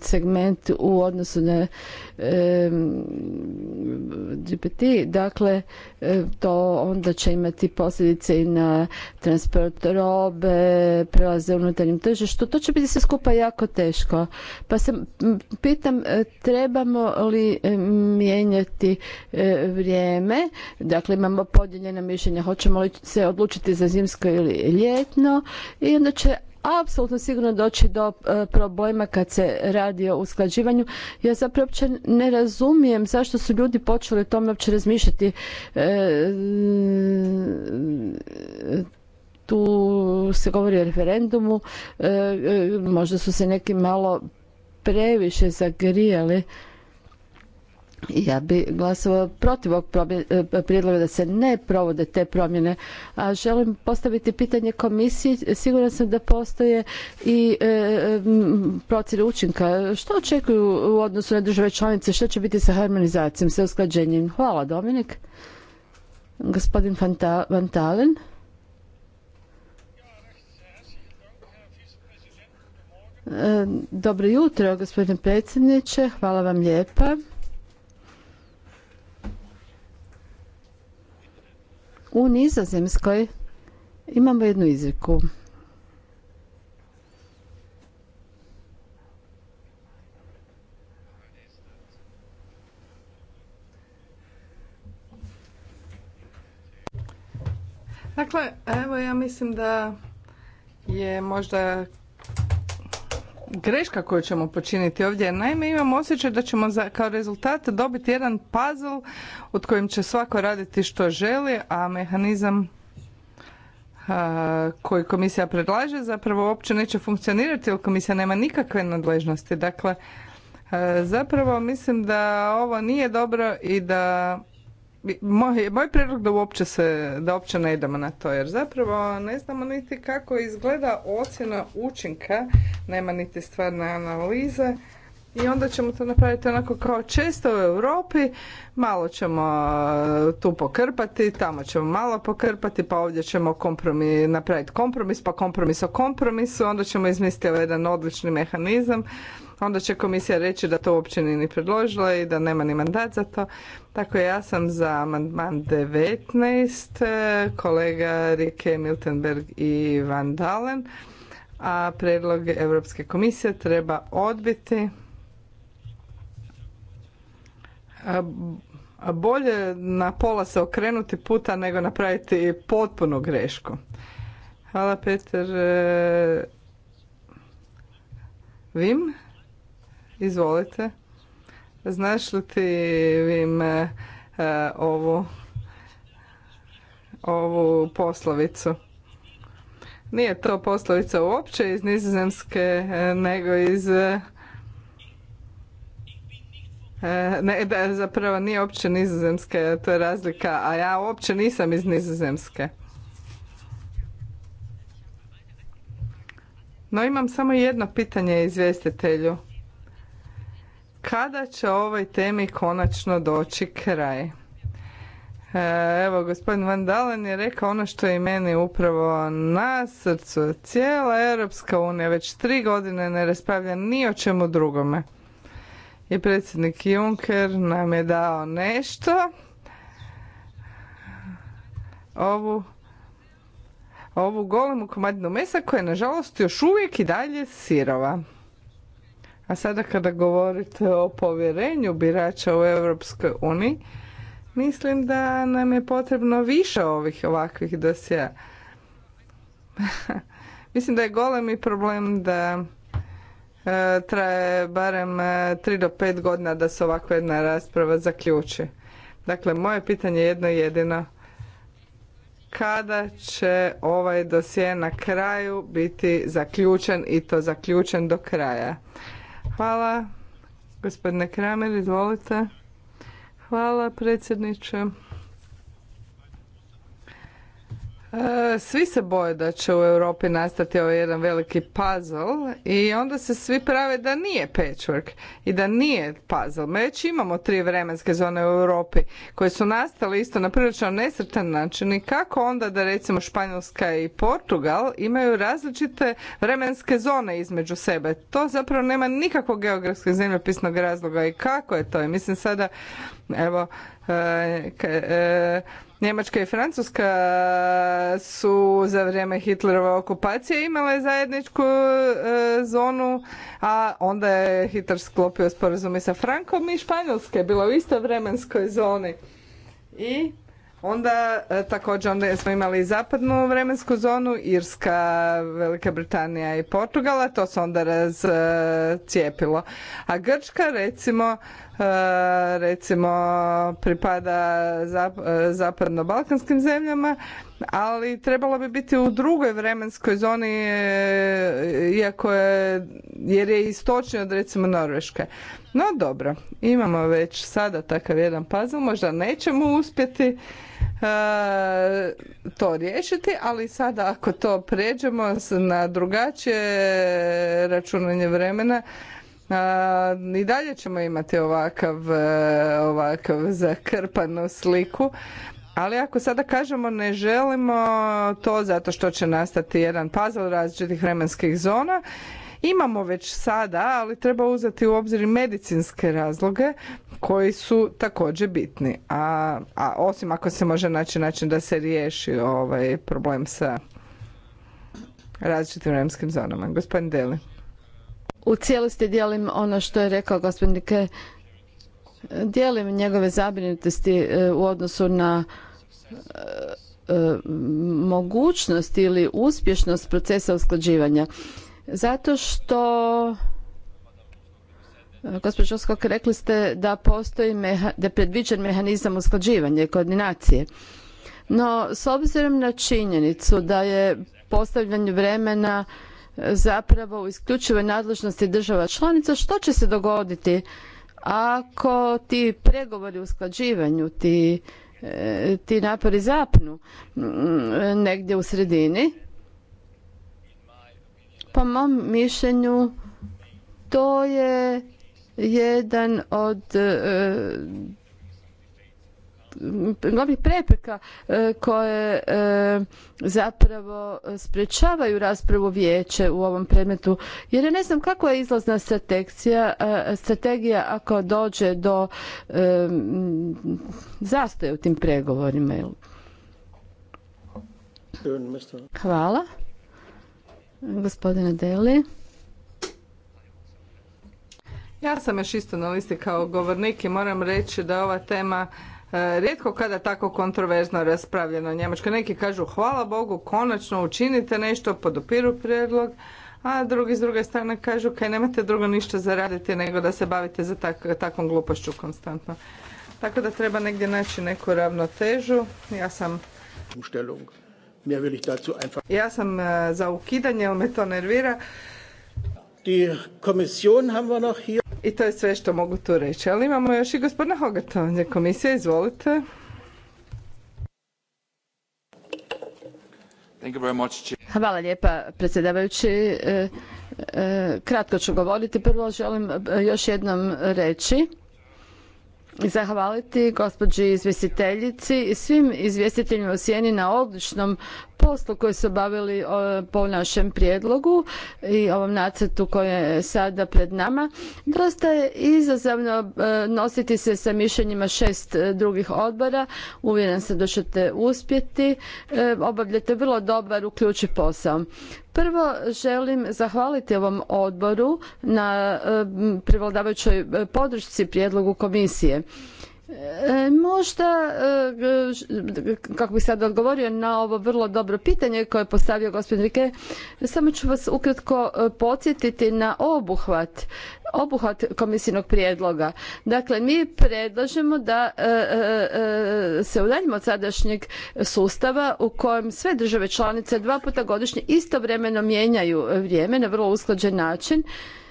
segment u odnosu na e, GPT. Dakle, to onda će imati posljedice i na transport robe, prelaze u unutarnjem tržištu. To će biti sve skupa jako teško. Pa se pitam trebamo li mijenjati vrijeme. Dakle, imamo podijeljena mišljenja. Hoćemo li se odlučiti za zimsko ili ljetno i onda će apsolutno sigurno doći do e, problema kad se radi o usklađivanju. Ja zapravo uopće ne razumijem zašto su ljudi počeli o tome uopće razmišljati. E, tu se govori o referendumu, e, možda su se neki malo previše zagrijali ja bi glasovao protiv ovog e, prijedloga da se ne provode te promjene. A želim postaviti pitanje komisiji. Siguran sam da postoje i e, e, procjene učinka. Što očekuju u odnosu na države članice? Što će biti sa harmonizacijom, sa usklađenjem? Hvala, Dominik. Gospodin Van Talen. dobro jutro, gospodine predsjedniče. Hvala vam lijepa. U Nizozemskoj imamo jednu izreku. Dakle, evo ja mislim da je možda greška koju ćemo počiniti ovdje. Naime, imam osjećaj da ćemo za, kao rezultat dobiti jedan puzzle od kojim će svako raditi što želi, a mehanizam koji komisija predlaže zapravo uopće neće funkcionirati jer komisija nema nikakve nadležnosti. Dakle, zapravo mislim da ovo nije dobro i da moj, moj prijedlog da uopće se, da uopće ne idemo na to, jer zapravo ne znamo niti kako izgleda ocjena učinka, nema niti stvarne analize i onda ćemo to napraviti onako kao često u Europi, malo ćemo e, tu pokrpati, tamo ćemo malo pokrpati, pa ovdje ćemo kompromis, napraviti kompromis, pa kompromis o kompromisu, onda ćemo izmisliti jedan odlični mehanizam onda će komisija reći da to uopće nije ni predložila i da nema ni mandat za to. Tako ja sam za amandman 19, e, kolega Rike Miltenberg i Van Dalen, a predlog Europske komisije treba odbiti. E, bolje na pola se okrenuti puta nego napraviti potpunu grešku. Hvala Peter. E, Vim? Izvolite. Znaš li ti e, ovu, ovu poslovicu? Nije to poslovica uopće iz nizozemske, e, nego iz... E, ne, da, zapravo nije uopće nizozemske, to je razlika, a ja uopće nisam iz nizozemske. No imam samo jedno pitanje izvjestitelju kada će ovoj temi konačno doći kraj. E, evo, gospodin Van Dalen je rekao ono što je i meni upravo na srcu. Cijela Europska unija već tri godine ne raspravlja ni o čemu drugome. I predsjednik Juncker nam je dao nešto. Ovu ovu golemu komadinu mesa koja je nažalost još uvijek i dalje sirova. A sada kada govorite o povjerenju birača u Europskoj uniji, mislim da nam je potrebno više ovih ovakvih dosija. mislim da je golemi problem da e, traje barem 3 e, do 5 godina da se ovakva jedna rasprava zaključi. Dakle, moje pitanje je jedno jedino. Kada će ovaj dosje na kraju biti zaključen i to zaključen do kraja? Hvala. Gospodine Kramer, izvolite. Hvala predsjedniče. E, svi se boje da će u Europi nastati ovaj jedan veliki puzzle i onda se svi prave da nije patchwork i da nije puzzle. Me već imamo tri vremenske zone u Europi koje su nastale isto na prilično nesretan način i kako onda da recimo Španjolska i Portugal imaju različite vremenske zone između sebe. To zapravo nema nikakvog geografskog zemljopisnog razloga i kako je to. I mislim sada evo e, e Njemačka i Francuska su za vrijeme Hitlerove okupacije imale zajedničku e, zonu, a onda je Hitler sklopio sporazum i sa Frankom i Španjolske, bilo u isto vremenskoj zoni. I Onda e, također onda smo imali zapadnu vremensku zonu, Irska, Velika Britanija i Portugala, to se onda razcijepilo. A Grčka recimo e, recimo pripada e, zapadno-balkanskim zemljama, ali trebalo bi biti u drugoj vremenskoj zoni iako je, jer je istočnije od recimo Norveške. No dobro, imamo već sada takav jedan puzzle, možda nećemo uspjeti e, to riješiti, ali sada ako to pređemo na drugačije računanje vremena, e, i dalje ćemo imati ovakav, e, ovakav zakrpanu sliku. Ali ako sada kažemo ne želimo to zato što će nastati jedan puzzle različitih vremenskih zona Imamo već sada, ali treba uzeti u obzir medicinske razloge koji su također bitni. A, osim ako se može naći način da se riješi ovaj problem sa različitim vremenskim zonama. Gospodin Deli. U cijelosti dijelim ono što je rekao gospodin Dijelim njegove zabrinutosti e, u odnosu na e, e, mogućnost ili uspješnost procesa usklađivanja. Zato što e, Gospođo Skok, rekli ste da postoji da je predviđen mehanizam usklađivanja i koordinacije. No, s obzirom na činjenicu da je postavljanje vremena e, zapravo u isključivoj nadležnosti država članica, što će se dogoditi ako ti pregovori u usklađivanju, ti, e, ti napori zapnu negdje u sredini? Po mom mišljenju to je jedan od e, glavnih prepreka e, koje e, zapravo sprečavaju raspravu vijeće u ovom predmetu jer ja ne znam kakva je izlazna strategija, strategija ako dođe do zastoja u tim pregovorima. Hvala. Gospodine Dele. Ja sam još isto na listi kao govornik i moram reći da ova tema e, rijetko kada tako kontroverzno raspravljena u Njemačkoj. Neki kažu hvala Bogu, konačno učinite nešto, podupiru prijedlog, a drugi s druge strane kažu kaj nemate drugo ništa zaraditi nego da se bavite za tak, takvom glupošću konstantno. Tako da treba negdje naći neku ravnotežu. Ja sam... Uštelung ja sam e, za ukidanje, jer me to nervira. I to je sve što mogu tu reći. Ali imamo još i gospodina Hogata komisije, Komisija, izvolite. Hvala lijepa predsjedavajući. E, e, kratko ću govoriti. Prvo želim još jednom reći zahvaliti gospođi izvjestiteljici i svim izvjestiteljima u sjeni na odličnom poslu koji su bavili po našem prijedlogu i ovom nacrtu koji je sada pred nama. Dosta je izazovno e, nositi se sa mišljenjima šest e, drugih odbora. Uvjeren sam da ćete uspjeti. E, obavljate vrlo dobar uključiv posao. Prvo želim zahvaliti ovom odboru na prevladavajućoj podršci prijedlogu komisije. E, možda, e, kako bih sad odgovorio na ovo vrlo dobro pitanje koje je postavio gospodin Rike, samo ću vas ukratko e, podsjetiti na obuhvat obuhvat komisijnog prijedloga. Dakle, mi predlažemo da se udaljimo od sadašnjeg sustava u kojem sve države članice dva puta godišnje istovremeno mijenjaju vrijeme na vrlo usklađen način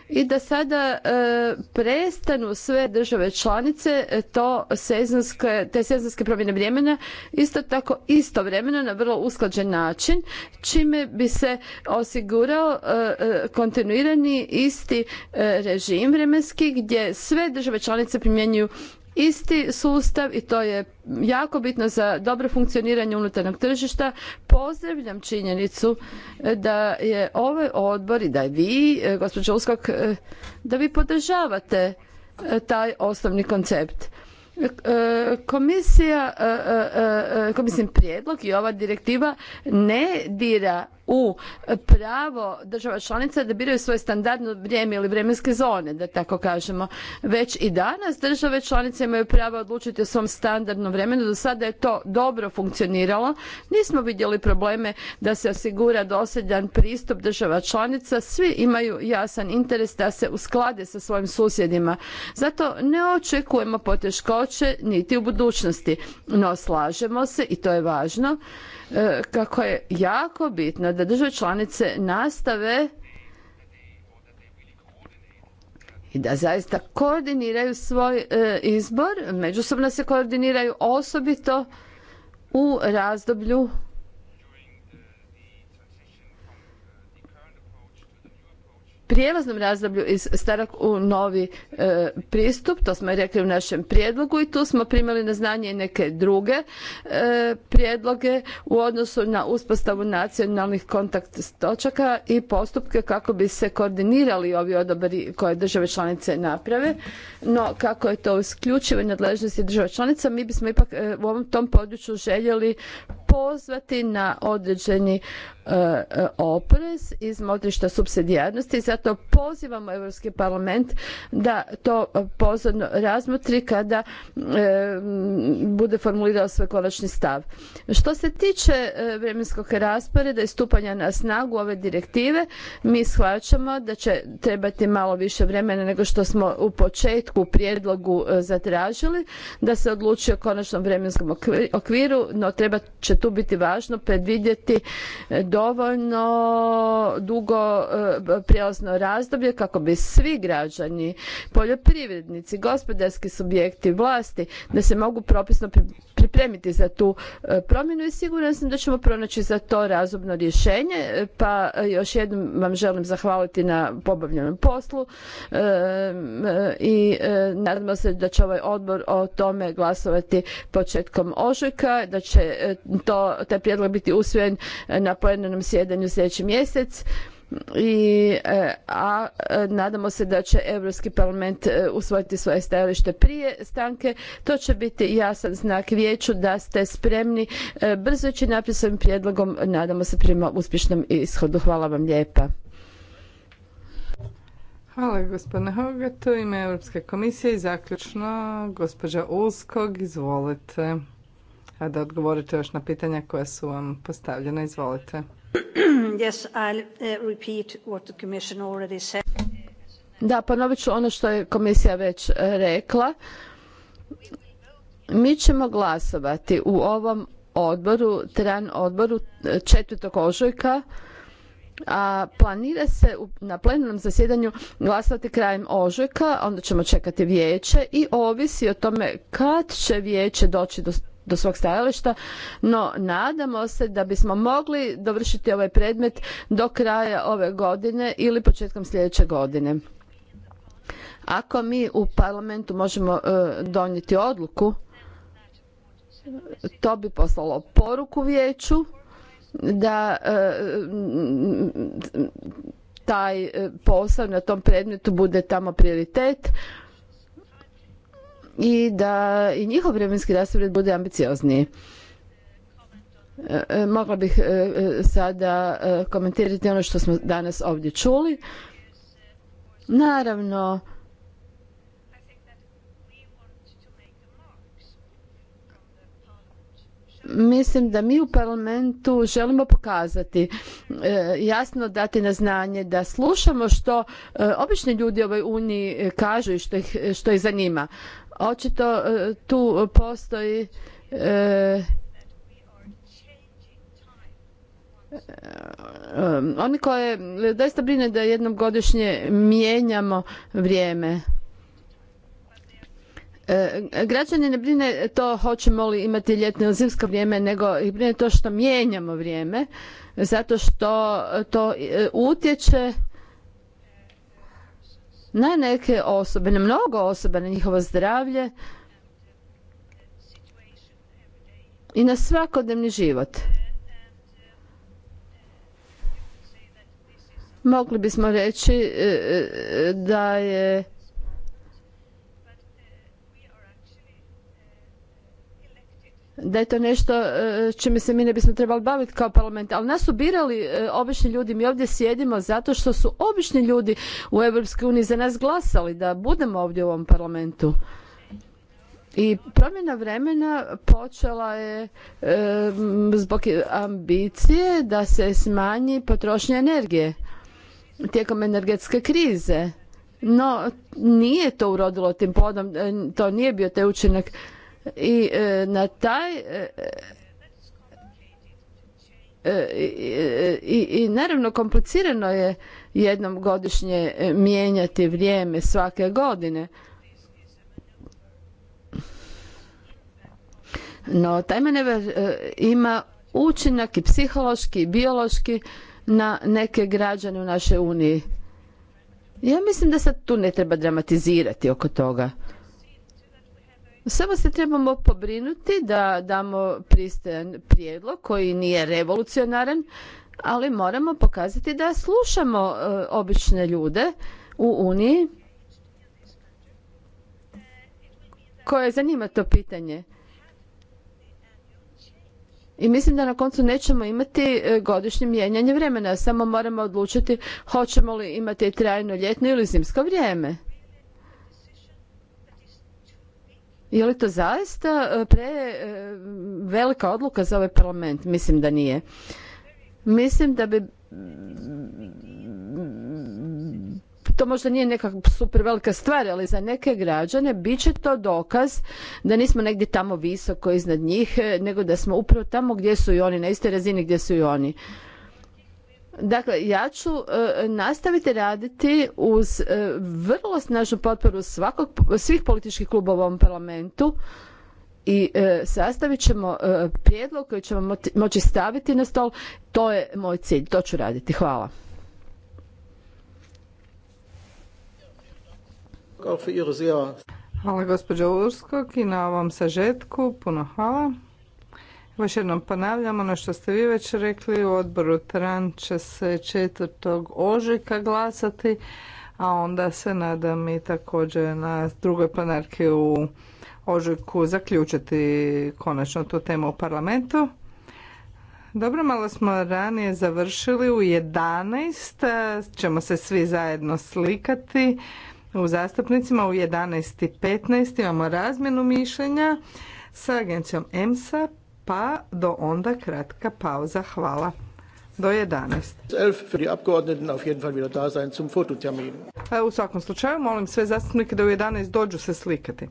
i da sada e, prestanu sve države članice e, to sezonske, te sezonske promjene vremena isto tako istovremeno na vrlo usklađen način čime bi se osigurao e, kontinuirani isti režim vremenski gdje sve države članice primjenjuju isti sustav i to je jako bitno za dobro funkcioniranje unutarnjeg tržišta. Pozdravljam činjenicu e, da je ovaj odbor i da je vi, e, gospođo Uskok, e, da vi podržavate taj osnovni koncept. Komisija, mislim prijedlog i ova direktiva ne dira u pravo država članica da biraju svoje standardno vrijeme ili vremenske zone, da tako kažemo. Već i danas države članice imaju pravo odlučiti o svom standardnom vremenu. Do sada je to dobro funkcioniralo. Nismo vidjeli probleme da se osigura dosljedan pristup država članica. Svi imaju jasan interes da se usklade sa svojim susjedima. Zato ne očekujemo poteškoće niti u budućnosti. No slažemo se, i to je važno, E, kako je jako bitno da države članice nastave i da zaista koordiniraju svoj e, izbor, međusobno se koordiniraju osobito u razdoblju prijelaznom razdoblju iz starog u novi e, pristup, to smo rekli u našem prijedlogu i tu smo primali na znanje i neke druge e, prijedloge u odnosu na uspostavu nacionalnih kontakt točaka i postupke kako bi se koordinirali ovi odobri koje države članice naprave, no kako je to isključivo nadležnosti država članica, mi bismo ipak e, u ovom tom području željeli pozvati na određeni e, oprez iz motrišta subsidijarnosti. Zato pozivamo Europski parlament da to pozorno razmotri kada e, bude formulirao svoj konačni stav. Što se tiče e, vremenskog rasporeda i stupanja na snagu ove direktive, mi shvaćamo da će trebati malo više vremena nego što smo u početku prijedlogu zatražili, da se odluči o konačnom vremenskom okviru, no treba će tu tu biti važno predvidjeti e, dovoljno dugo e, prijelazno razdoblje kako bi svi građani, poljoprivrednici, gospodarski subjekti, vlasti da se mogu propisno pripremiti za tu e, promjenu i siguran sam da ćemo pronaći za to razumno rješenje. Pa još jednom vam želim zahvaliti na pobavljenom poslu i nadamo se da će ovaj odbor o tome glasovati početkom ožujka, da će taj prijedlog biti usvojen e, na plenarnom sjedanju sljedeći mjesec i e, a e, nadamo se da će Europski parlament usvojiti svoje stajalište prije stanke. To će biti jasan znak vijeću da ste spremni brzo ići naprijed prijedlogom. Nadamo se prema uspješnom ishodu. Hvala vam lijepa. Hvala gospodine ime Europske komisije zaključno da odgovorite još na pitanja koja su vam postavljena. Izvolite. Eh, da, ponovit ću ono što je komisija već eh, rekla. Mi ćemo glasovati u ovom odboru, tran odboru eh, četvrtog ožujka, a planira se na plenarnom zasjedanju glasovati krajem ožujka, onda ćemo čekati vijeće i ovisi o tome kad će vijeće doći do do svog stajališta, no nadamo se da bismo mogli dovršiti ovaj predmet do kraja ove godine ili početkom sljedeće godine. Ako mi u parlamentu možemo e, donijeti odluku, to bi poslalo poruku vijeću da e, taj e, posao na tom predmetu bude tamo prioritet i da i njihov vremenski raspored bude ambiciozniji. E, e, mogla bih e, sada komentirati ono što smo danas ovdje čuli. Naravno, mislim da mi u parlamentu želimo pokazati jasno dati na znanje da slušamo što obični ljudi u ovoj uniji kažu i što ih zanima Očito e, tu postoji e, e, oni koje daista brine da jednom godišnje mijenjamo vrijeme. Građani ne brine to hoćemo li imati ljetno ili zimsko vrijeme, nego ih brine to što mijenjamo vrijeme, zato što to utječe na neke osobe, na mnogo osoba, na njihovo zdravlje i na svakodnevni život. Mogli bismo reći e, e, da je da je to nešto e, čime se mi ne bismo trebali baviti kao parlament, ali nas su birali e, obični ljudi, mi ovdje sjedimo zato što su obični ljudi u EU za nas glasali da budemo ovdje u ovom parlamentu. I promjena vremena počela je e, zbog ambicije da se smanji potrošnja energije tijekom energetske krize. No, nije to urodilo tim plodom, to nije bio taj učinak i e, na taj e, e, i, naravno komplicirano je jednom godišnje mijenjati vrijeme svake godine. No, taj manevar ima učinak i psihološki i biološki na neke građane u našoj Uniji. Ja mislim da sad tu ne treba dramatizirati oko toga. Samo se trebamo pobrinuti da damo pristojan prijedlog koji nije revolucionaran, ali moramo pokazati da slušamo e, obične ljude u Uniji koje zanima to pitanje. I mislim da na koncu nećemo imati e, godišnje mijenjanje vremena, samo moramo odlučiti hoćemo li imati trajno ljetno ili zimsko vrijeme. Je li to zaista e, pre e, velika odluka za ovaj parlament? Mislim da nije. Mislim da bi to možda nije neka super velika stvar, ali za neke građane bit će to dokaz da nismo negdje tamo visoko iznad njih, e, nego da smo upravo tamo gdje su i oni, na istoj razini gdje su i oni. Dakle, ja ću e, nastaviti raditi uz e, vrlo snažnu potporu svakog, svih političkih klubova u ovom parlamentu i e, sastavit ćemo prijedlog koji ćemo moći staviti na stol. To je moj cilj, to ću raditi. Hvala. Hvala gospođo Urskog i na ovom sažetku. Puno hvala. Još jednom ponavljam ono što ste vi već rekli, u odboru TRAN će se 4. ožujka glasati, a onda se nadam i također na drugoj plenarki u ožujku zaključiti konačno tu temu u parlamentu. Dobro, malo smo ranije završili u 11. ćemo se svi zajedno slikati u zastupnicima u 11.15. imamo razmjenu mišljenja sa agencijom EMSA pa do onda kratka pauza. Hvala. Do 11. 11 für die Abgeordneten auf jeden Fall wieder da sein zum Fototermin. E, u svakom slučaju molim sve zastupnike da u 11 dođu se slikati.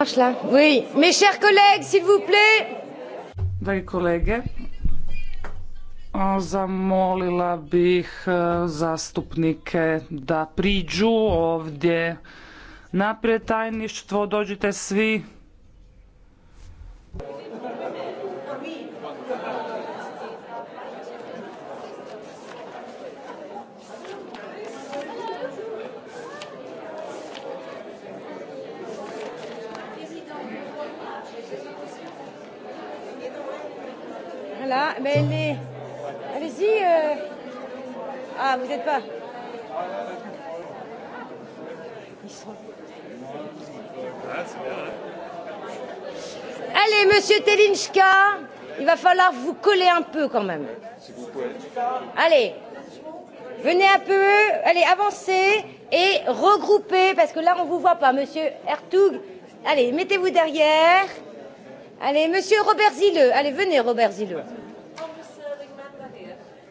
Oui, mes chers collègues, s'il vous plaît. Dragi kolege, zamolila bih zastupnike da priđu ovdje na tajništvo, dođite svi là, mais elle est. Allez-y. Euh... Ah, vous n'êtes pas. Ils sont. Allez, monsieur Telinchka, il va falloir vous coller un peu quand même. Allez, venez un peu, allez, avancez et regroupez, parce que là, on ne vous voit pas, monsieur Hertoug. Allez, mettez-vous derrière. Allez, monsieur Robert Zilleux. Allez, venez, Robert Zilleux.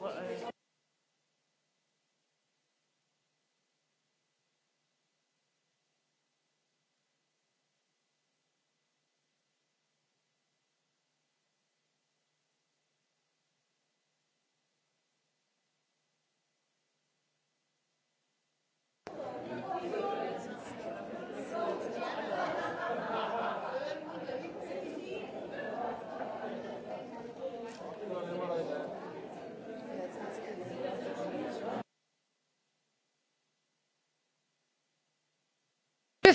Well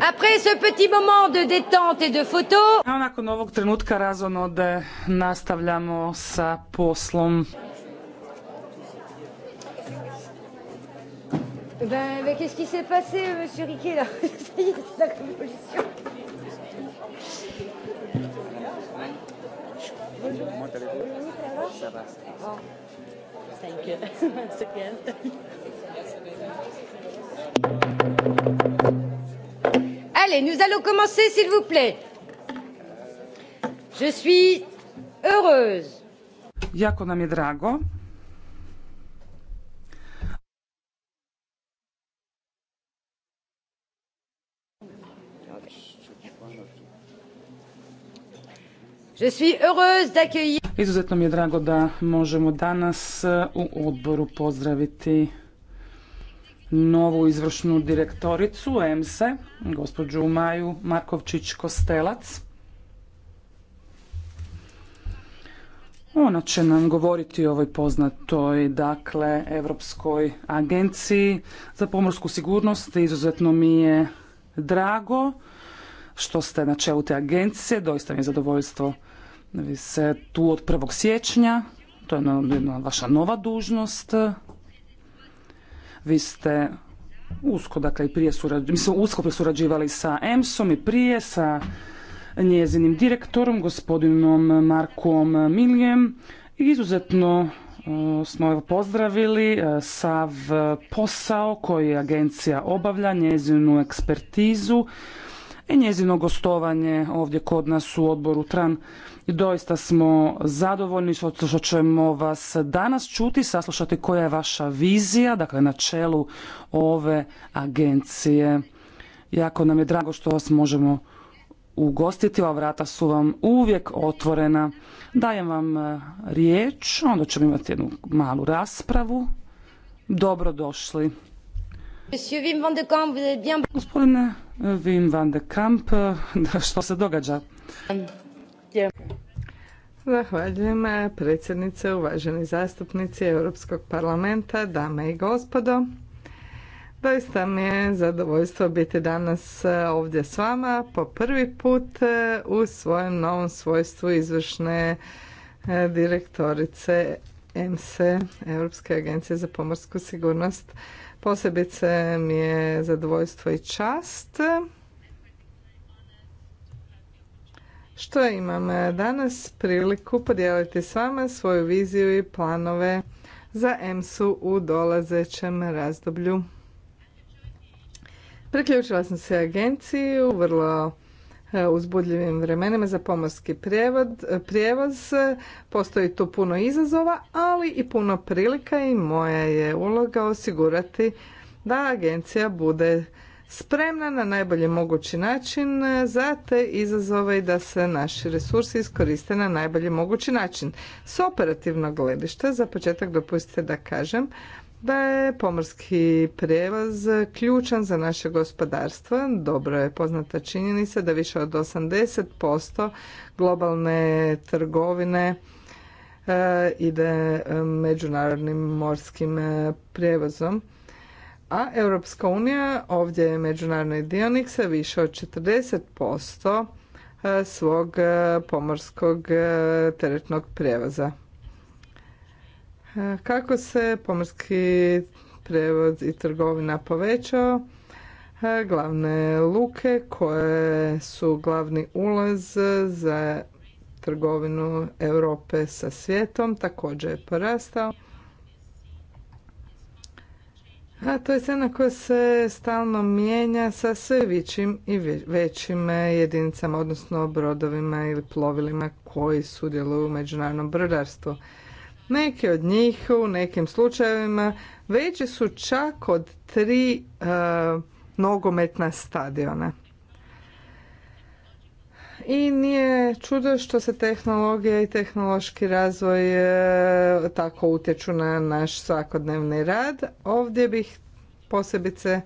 Après ce petit moment de détente et de photo... A nakon ovog trenutka razonode nastavljamo sa poslom. Ben, mais qu'est-ce qui s'est passé, monsieur Riquet, là Ça y est, c'est la révolution. Thank you. Ça Thank you. Allez, nous allons commencer, s'il vous plaît. Je suis heureuse. Jako nam je drago Je suis heureuse d'accueillir. Izuzetno mi je drago da možemo danas eh, u odboru pozdraviti novu izvršnu direktoricu EMSE, e, gospođu Maju Markovčić-Kostelac. Ona će nam govoriti o ovoj poznatoj, dakle, Europskoj agenciji za pomorsku sigurnost. Izuzetno mi je drago što ste na čelu te agencije. Doista mi je zadovoljstvo da vi se tu od 1. siječnja. To je jedna vaša nova dužnost. Vi ste usko, dakle i prije surađivali, mislim usko surađivali sa EMS-om i prije, sa njezinim direktorom, gospodinom Markom Miljem. Izuzetno e, smo pozdravili e, sav posao koji agencija obavlja, njezinu ekspertizu i njezino gostovanje ovdje kod nas u odboru TRAN. I doista smo zadovoljni što ćemo vas danas čuti, saslušati koja je vaša vizija, dakle na čelu ove agencije. Jako nam je drago što vas možemo ugostiti, ova vrata su vam uvijek otvorena. Dajem vam e, riječ, onda ćemo imati jednu malu raspravu. Dobrodošli. Wim van Gospodine Wim van de Kamp, što se događa? Zahvaljujem eh, predsjednice, uvaženi zastupnici Europskog parlamenta, dame i gospodo. Doista mi je zadovoljstvo biti danas eh, ovdje s vama po prvi put eh, u svojem novom svojstvu izvršne direktorice EMSE, Europske agencije za pomorsku sigurnost. Posebice mi je zadovoljstvo i čast što imam danas priliku podijeliti s vama svoju viziju i planove za EMSU u dolazećem razdoblju. Priključila sam se agenciji vrlo E, uzbudljivim vremenima za pomorski e, prijevoz. E, postoji tu puno izazova, ali i puno prilika i moja je uloga osigurati da agencija bude spremna na najbolji mogući način za te izazove i da se naši resursi iskoriste na najbolji mogući način. S operativnog gledišta, za početak dopustite da kažem da je pomorski prijevoz ključan za naše gospodarstvo. Dobro je poznata činjenica da više od 80% globalne trgovine e, ide e, međunarodnim morskim e, prijevozom. A Europska unija ovdje je međunarodni dionik sa više od 40% svog pomorskog teretnog prijevoza. E, kako se pomorski prevoz i trgovina povećao? E, glavne luke koje su glavni ulaz za trgovinu Europe sa svijetom također je porastao. A to je cena koja se stalno mijenja sa sve većim i većim jedinicama, odnosno brodovima ili plovilima koji sudjeluju u međunarodnom brodarstvu. Neki od njih u nekim slučajevima veći su čak od tri e, nogometna stadiona. I nije čudo što se tehnologija i tehnološki razvoj e, tako utječu na naš svakodnevni rad. Ovdje bih posebice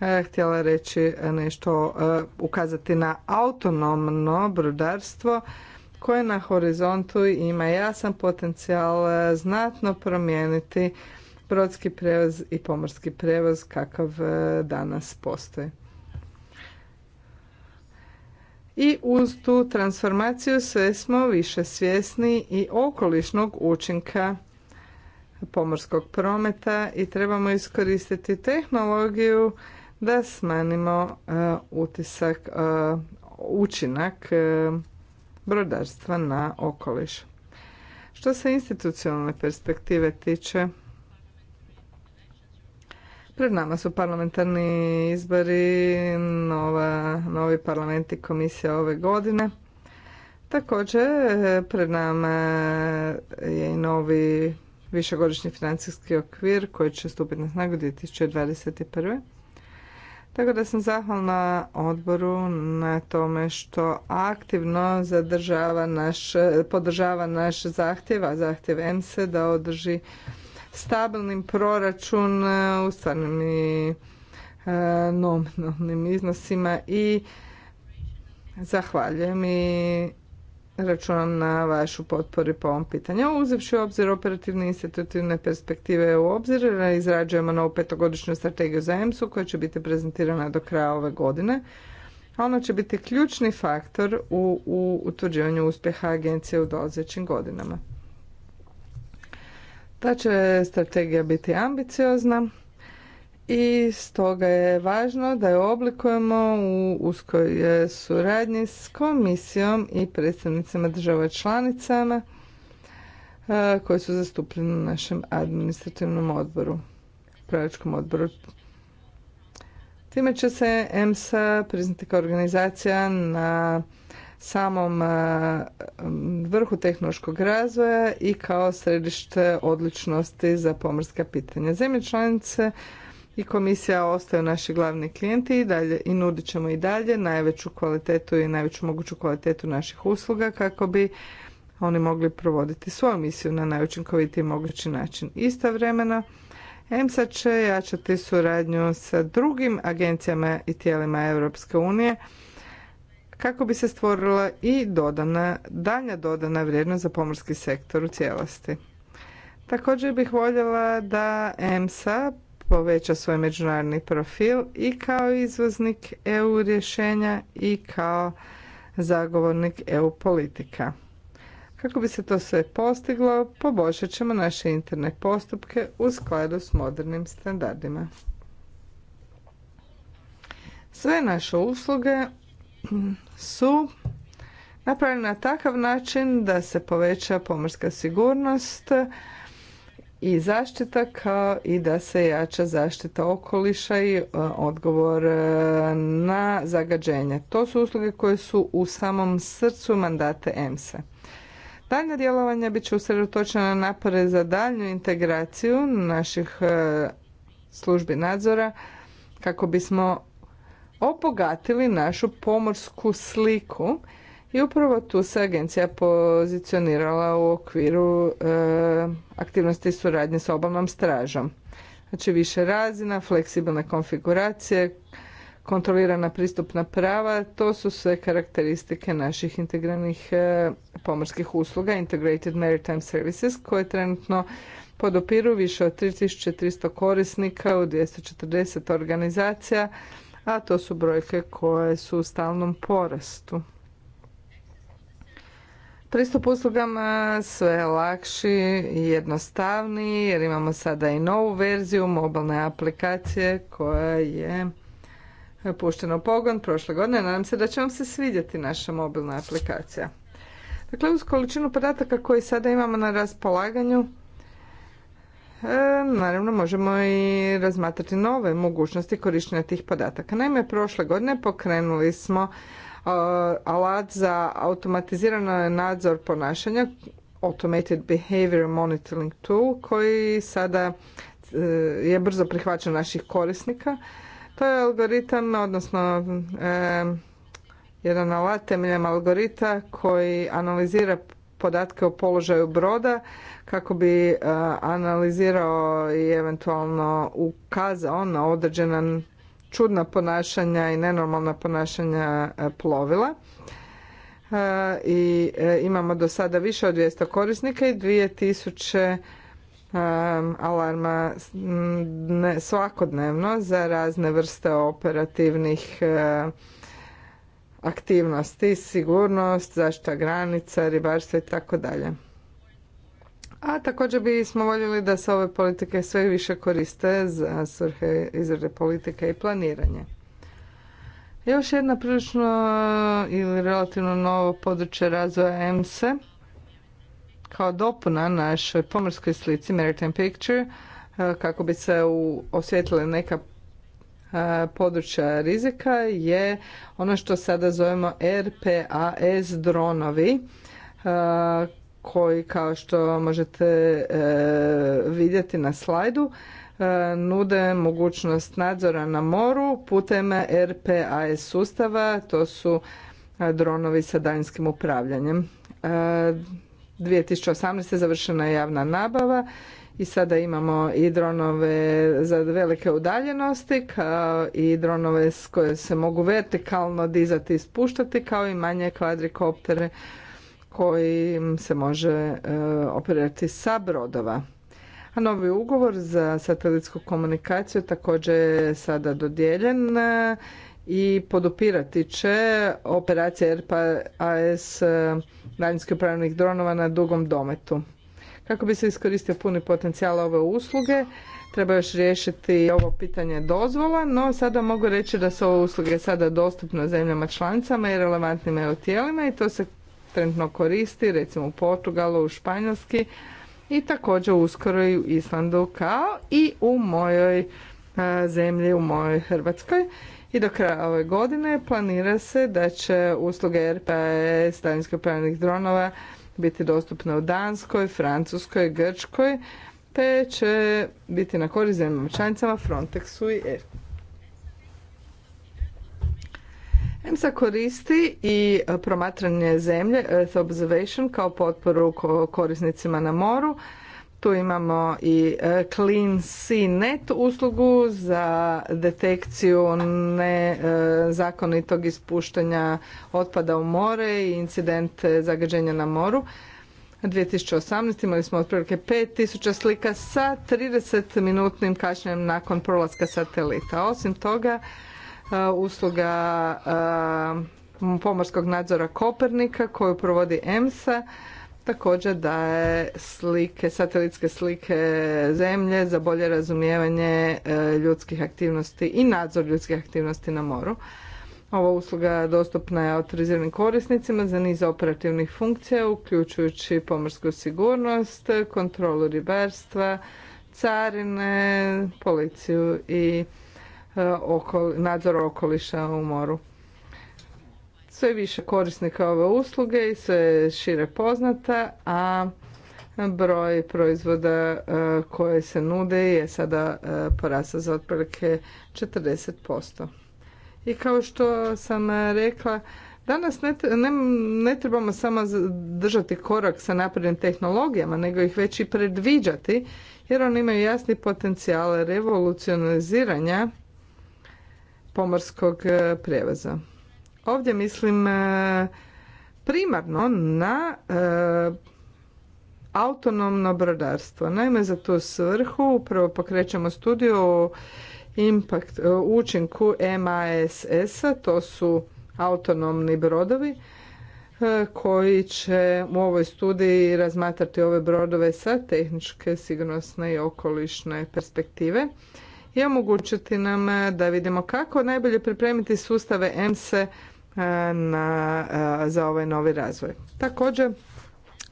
e, htjela reći nešto, ukazati na autonomno brodarstvo koje na horizontu ima jasan potencijal e, znatno promijeniti brodski prevoz i pomorski prevoz kakav e, danas postoji. I uz tu transformaciju sve smo više svjesni i okolišnog učinka pomorskog prometa i trebamo iskoristiti tehnologiju da smanimo e, utisak, učinak brodarstva na okoliš. Što se institucionalne perspektive tiče, Pred nama su parlamentarni izbori, nova, novi parlament i komisija ove godine. Također, pred nama je i novi višegodišnji financijski okvir koji će stupiti na snagu 2021. Tako da sam zahvalna odboru na tome što aktivno zadržava naš, podržava naš zahtjev, a zahtjev e da održi stabilnim proračun u stvarnim i e, nominalnim iznosima i zahvaljujem i računam na vašu potporu po ovom pitanju. Uzevši u obzir operativne i institutivne perspektive u obzir, izrađujemo novu petogodišnju strategiju za EMS-u koja će biti prezentirana do kraja ove godine. Ona će biti ključni faktor u, u utvrđivanju uspjeha agencije u dolazećim godinama. Ta će strategija biti ambiciozna, i stoga je važno da je oblikujemo u uskoj e, suradnji s komisijom i predstavnicama država članicama e, koje su zastupljene na našem administrativnom odboru, upravljačkom odboru. Time će se EMSA priznati kao organizacija na samom e, vrhu tehnološkog razvoja i kao središte odličnosti za pomorska pitanja. Zemlje članice i komisija ostaju naši glavni klijenti i dalje i nudit ćemo i dalje najveću kvalitetu i najveću moguću kvalitetu naših usluga kako bi oni mogli provoditi svoju misiju na najučinkovitiji mogući način. Istovremeno, EMSA će jačati suradnju sa drugim agencijama i tijelima Europske unije kako bi se stvorila i dodana, dalja dodana vrijednost za pomorski sektor u cijelosti. Također bih voljela da EMSA poveća svoj međunarodni profil i kao izvoznik EU rješenja i kao zagovornik EU politika. Kako bi se to sve postiglo, poboljšat ćemo naše interne postupke u skladu s modernim standardima. Sve naše usluge su napravljene na takav način da se poveća pomorska sigurnost, i zaštita kao i da se jača zaštita okoliša i e, odgovor e, na zagađenje. To su usluge koje su u samom srcu mandate EMSA. Daljna djelovanja bit će usredotočena na napore za daljnju integraciju naših e, službi nadzora kako bismo obogatili našu pomorsku sliku i upravo tu se agencija pozicionirala u okviru e, aktivnosti suradnje s obalnom stražom. Znači više razina, fleksibilne konfiguracije, kontrolirana pristupna prava, to su sve karakteristike naših integriranih e, pomorskih usluga, Integrated Maritime Services, koje trenutno podopiru više od 3300 korisnika u 240 organizacija, a to su brojke koje su u stalnom porastu. Pristup uslugama sve lakši i jednostavniji jer imamo sada i novu verziju mobilne aplikacije koja je puštena u pogon prošle godine. Nadam se da će vam se svidjeti naša mobilna aplikacija. Dakle, uz količinu podataka koje sada imamo na raspolaganju, e, naravno možemo i razmatrati nove mogućnosti korištenja tih podataka. Naime, prošle godine pokrenuli smo Uh, alat za automatiziran nadzor ponašanja, Automated Behavior Monitoring Tool, koji sada uh, je brzo prihvaćen naših korisnika. To je algoritam, odnosno um, jedan alat temeljem algorita koji analizira podatke o položaju broda kako bi uh, analizirao i eventualno ukazao na određena čudna ponašanja i nenormalna ponašanja e, plovila. E, I e, imamo do sada više od 200 korisnika i 2000 alarma svakodnevno za razne vrste operativnih aktivnosti, sigurnost, zaštita granica, ribarstvo i tako dalje. A također bismo voljeli da se ove politike sve više koriste za svrhe izrade politike i planiranje. Još jedna prilično ili relativno novo područje razvoja EMSE kao dopuna našoj pomorskoj slici Maritime Picture e, kako bi se osvjetile neka e, područja rizika je ono što sada zovemo RPAS dronovi e, koji kao što možete e, vidjeti na slajdu e, nude mogućnost nadzora na moru putem RPAS sustava, to su e, dronovi sa daljinskim upravljanjem. 2018. završena je javna nabava i sada imamo i dronove za velike udaljenosti kao i dronove koje se mogu vertikalno dizati i spuštati kao i manje kvadrikoptere kojim se može e, operirati sa brodova. A novi ugovor za satelitsku komunikaciju također je sada dodijeljen e, i podupirati će operacija RPA AS e, daljinski upravljenih dronova na dugom dometu. Kako bi se iskoristio puni potencijal ove usluge, treba još riješiti ovo pitanje dozvola, no sada mogu reći da su ove usluge sada dostupne zemljama članicama i relevantnim EU tijelima i to se trenutno koristi, recimo u Portugalu, u Španjolski i također uskoro i u Islandu kao i u mojoj e, zemlji, u mojoj Hrvatskoj. I do kraja ove godine planira se da će usluge Rpa daljinsko pravnih dronova, biti dostupne u Danskoj, Francuskoj, Grčkoj, te će biti na korist zemljama članicama Frontexu i EMSA koristi i e, promatranje zemlje, Earth Observation, kao potporu korisnicima na moru. Tu imamo i e, Clean Sea Net uslugu za detekciju nezakonitog e, ispuštanja otpada u more i incident zagađenja na moru. 2018. imali smo otprilike 5000 slika sa 30-minutnim kašnjenjem nakon prolaska satelita. Osim toga, usluga pomorskog nadzora Kopernika koju provodi EMSA također daje slike, satelitske slike zemlje za bolje razumijevanje e, ljudskih aktivnosti i nadzor ljudskih aktivnosti na moru. Ova usluga dostupna je autoriziranim korisnicima za niz operativnih funkcija, uključujući pomorsku sigurnost, kontrolu ribarstva, carine, policiju i E, nadzor okoliša u moru. Sve više korisnika ove usluge i sve šire poznata, a broj proizvoda e, koje se nude je sada e, porasa za otprilike 40%. I kao što sam rekla, Danas ne, ne trebamo samo držati korak sa naprednim tehnologijama, nego ih već i predviđati, jer oni imaju jasni potencijal revolucioniziranja pomorskog e, prijevoza. Ovdje mislim e, primarno na e, autonomno brodarstvo. Naime, za tu svrhu upravo pokrećemo studiju impact, učinku MASS-a, to su autonomni brodovi koji će u ovoj studiji razmatrati ove brodove sa tehničke, sigurnosne i okolišne perspektive i omogućiti nam e, da vidimo kako najbolje pripremiti sustave EMSE na, e, za ovaj novi razvoj. Također,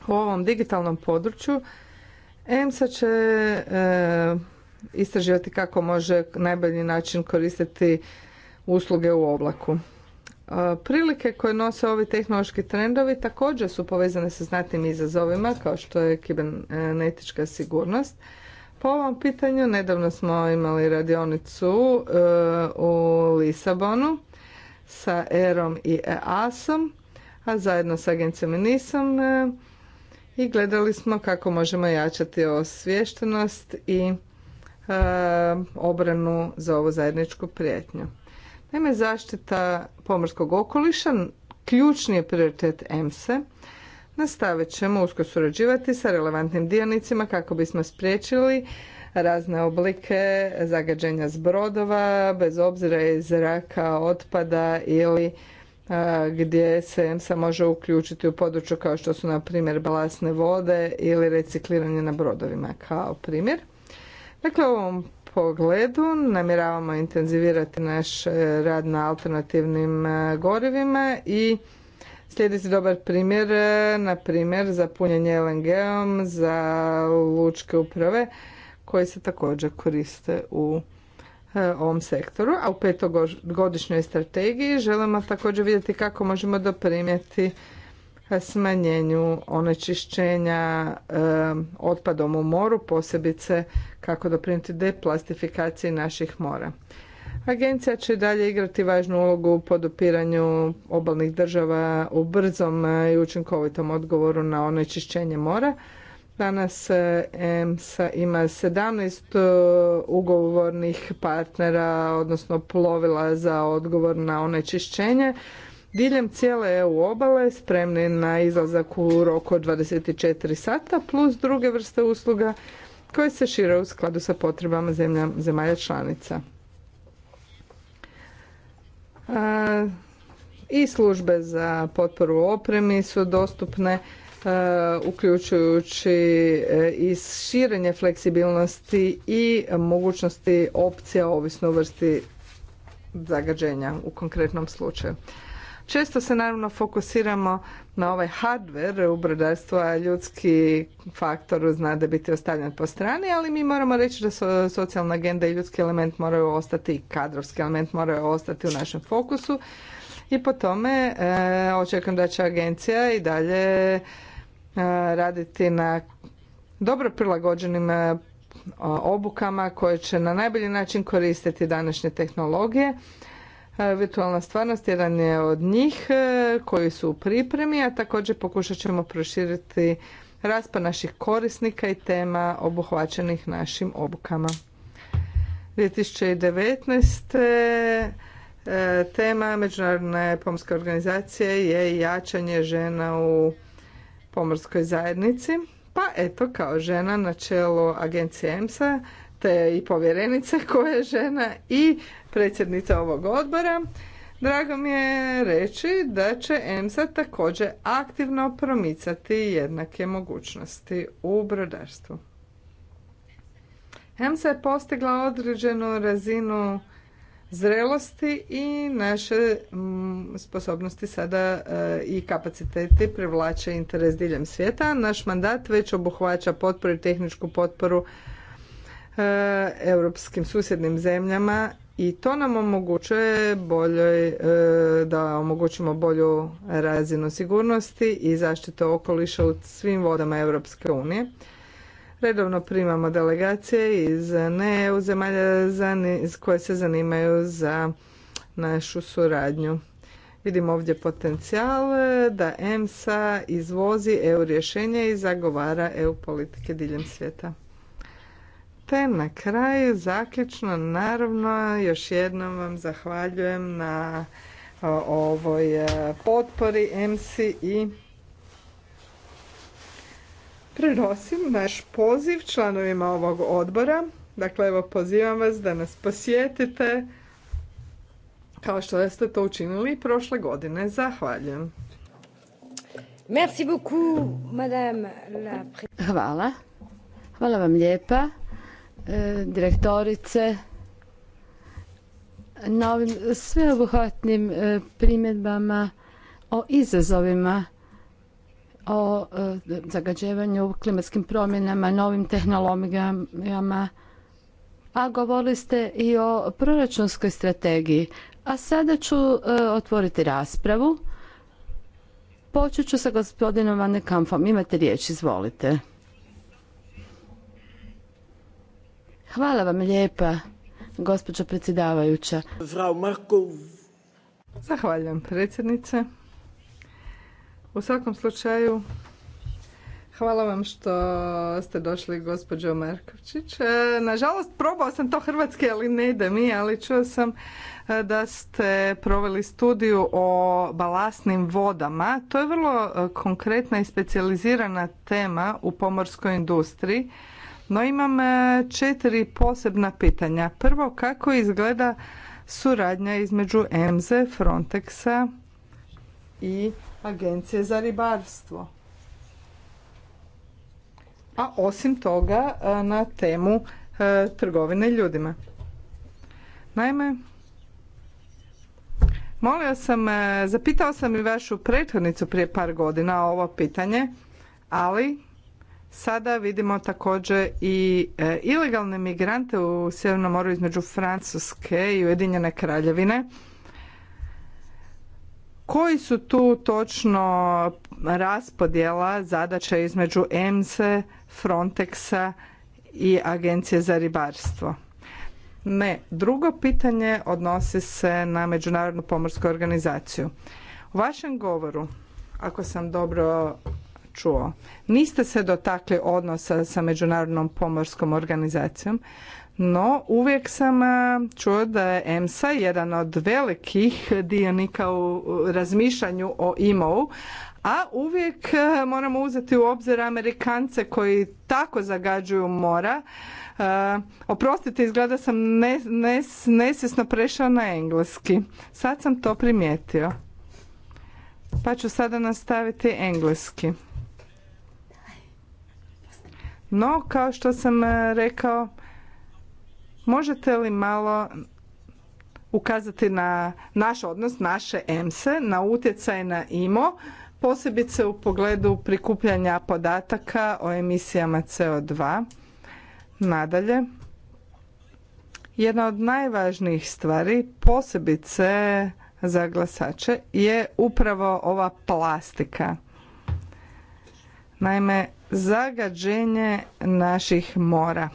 u ovom digitalnom području EMSA će e, istraživati kako može najbolji način koristiti usluge u oblaku. Prilike koje nose ovi tehnološki trendovi također su povezane sa znatnim izazovima kao što je kibernetička sigurnost po ovom pitanju nedavno smo imali radionicu e, u Lisabonu sa EROM i EASom, a zajedno sa agencijom NISom e, i gledali smo kako možemo jačati osviještenost i e, obranu za ovu zajedničku prijetnju. Naime, zaštita pomorskog okoliša ključni je prioritet EMSE, Nastavit ćemo usko surađivati sa relevantnim dionicima kako bismo spriječili razne oblike zagađenja s brodova, bez obzira iz zraka, otpada ili gdje se EMSA može uključiti u području kao što su na primjer balasne vode ili recikliranje na brodovima kao primjer. Dakle, u ovom pogledu namjeravamo intenzivirati naš rad na alternativnim gorivima i Slijedi dobar primjer, e, na primjer za punjenje LNG-om, za lučke uprave koje se također koriste u e, ovom sektoru, a u petogodišnjoj strategiji želimo također vidjeti kako možemo doprimjeti e, smanjenju onečišćenja otpadom u moru, posebice kako doprinijeti deplastifikaciji naših mora. Agencija će dalje igrati važnu ulogu u podupiranju obalnih država u brzom e, i učinkovitom odgovoru na onečišćenje mora. Danas e, EMSA ima 17 e, ugovornih partnera, odnosno plovila za odgovor na onečišćenje. Diljem cijele EU obale spremni na izlazak u roku od 24 sata plus druge vrste usluga koje se šire u skladu sa potrebama zemlja, zemalja članica i službe za potporu opremi su dostupne uključujući e, i širenje fleksibilnosti i mogućnosti opcija ovisno o vrsti zagađenja u konkretnom slučaju. Često se naravno fokusiramo na ovaj hardware u brodarstvu, a ljudski faktor zna da biti ostavljen po strani, ali mi moramo reći da socijalna agenda i ljudski element moraju ostati i kadrovski element moraju ostati u našem fokusu. I po tome e, očekujem da će agencija i dalje e, raditi na dobro prilagođenim e, obukama koje će na najbolji način koristiti današnje tehnologije virtualna stvarnost jedan je od njih e, koji su u pripremi, a također pokušat ćemo proširiti raspad naših korisnika i tema obuhvaćenih našim obukama. 2019. E, tema Međunarodne pomorske organizacije je jačanje žena u pomorskoj zajednici. Pa eto, kao žena na čelu agencije EMSA i povjerenice koja je žena i predsjednica ovog odbora. Drago mi je reći da će EMSA također aktivno promicati jednake mogućnosti u brodarstvu. EMSA je postigla određenu razinu zrelosti i naše mm, sposobnosti sada e, i kapaciteti privlače interes diljem svijeta. Naš mandat već obuhvaća potporu i tehničku potporu E, europskim susjednim zemljama i to nam omogućuje boljoj, e, da omogućimo bolju razinu sigurnosti i zaštitu okoliša u svim vodama Europske unije. Redovno primamo delegacije iz ne EU zemalja koje se zanimaju za našu suradnju. Vidimo ovdje potencijal da EMSA izvozi EU rješenje i zagovara EU politike diljem svijeta. Te na kraju, zaključno, naravno, još jednom vam zahvaljujem na ovoj e, potpori MC i prenosim naš poziv članovima ovog odbora. Dakle, evo, pozivam vas da nas posjetite kao što ste to učinili prošle godine. Zahvaljujem. Merci Hvala. Hvala vam lijepa. E, direktorice na ovim sveobuhvatnim e, primjedbama o izazovima o e, zagađivanju, klimatskim promjenama, novim tehnologijama, a govorili ste i o proračunskoj strategiji. A sada ću otvoriti raspravu. Počet ću sa gospodinom Van Kampfom. Imate riječ, izvolite. Hvala vam lijepa, gospođo predsjedavajuća. Zahvaljujem predsjednice. U svakom slučaju, hvala vam što ste došli gospođo Markovčić. E, nažalost, probao sam to hrvatski, ali ne ide mi, ali čuo sam e, da ste proveli studiju o balasnim vodama. To je vrlo e, konkretna i specijalizirana tema u pomorskoj industriji no imam e, četiri posebna pitanja. Prvo, kako izgleda suradnja između MZ Frontexa i Agencije za ribarstvo? A osim toga e, na temu e, trgovine ljudima. Naime, molio sam, zapitao sam i vašu prethodnicu prije par godina ovo pitanje, ali Sada vidimo također i e, ilegalne migrante u Sjevernom moru između Francuske i Ujedinjene kraljevine. Koji su tu točno raspodjela zadaća između EMSE, Frontexa i Agencije za ribarstvo? Ne. Drugo pitanje odnosi se na Međunarodnu pomorsku organizaciju. U vašem govoru, ako sam dobro čuo. Niste se dotakli odnosa sa Međunarodnom pomorskom organizacijom, no uvijek sam e, čuo da je EMSA jedan od velikih dionika u razmišljanju o IMO-u, a uvijek e, moramo uzeti u obzir Amerikance koji tako zagađuju mora. E, oprostite, izgleda sam nesjesno nesvjesno prešao na engleski. Sad sam to primijetio. Pa ću sada nastaviti engleski. No, kao što sam e, rekao, možete li malo ukazati na naš odnos, naše EMSE, na utjecaj na IMO, posebice u pogledu prikupljanja podataka o emisijama CO2. Nadalje, jedna od najvažnijih stvari, posebice za glasače, je upravo ova plastika. Naime, zagađenje naših mora.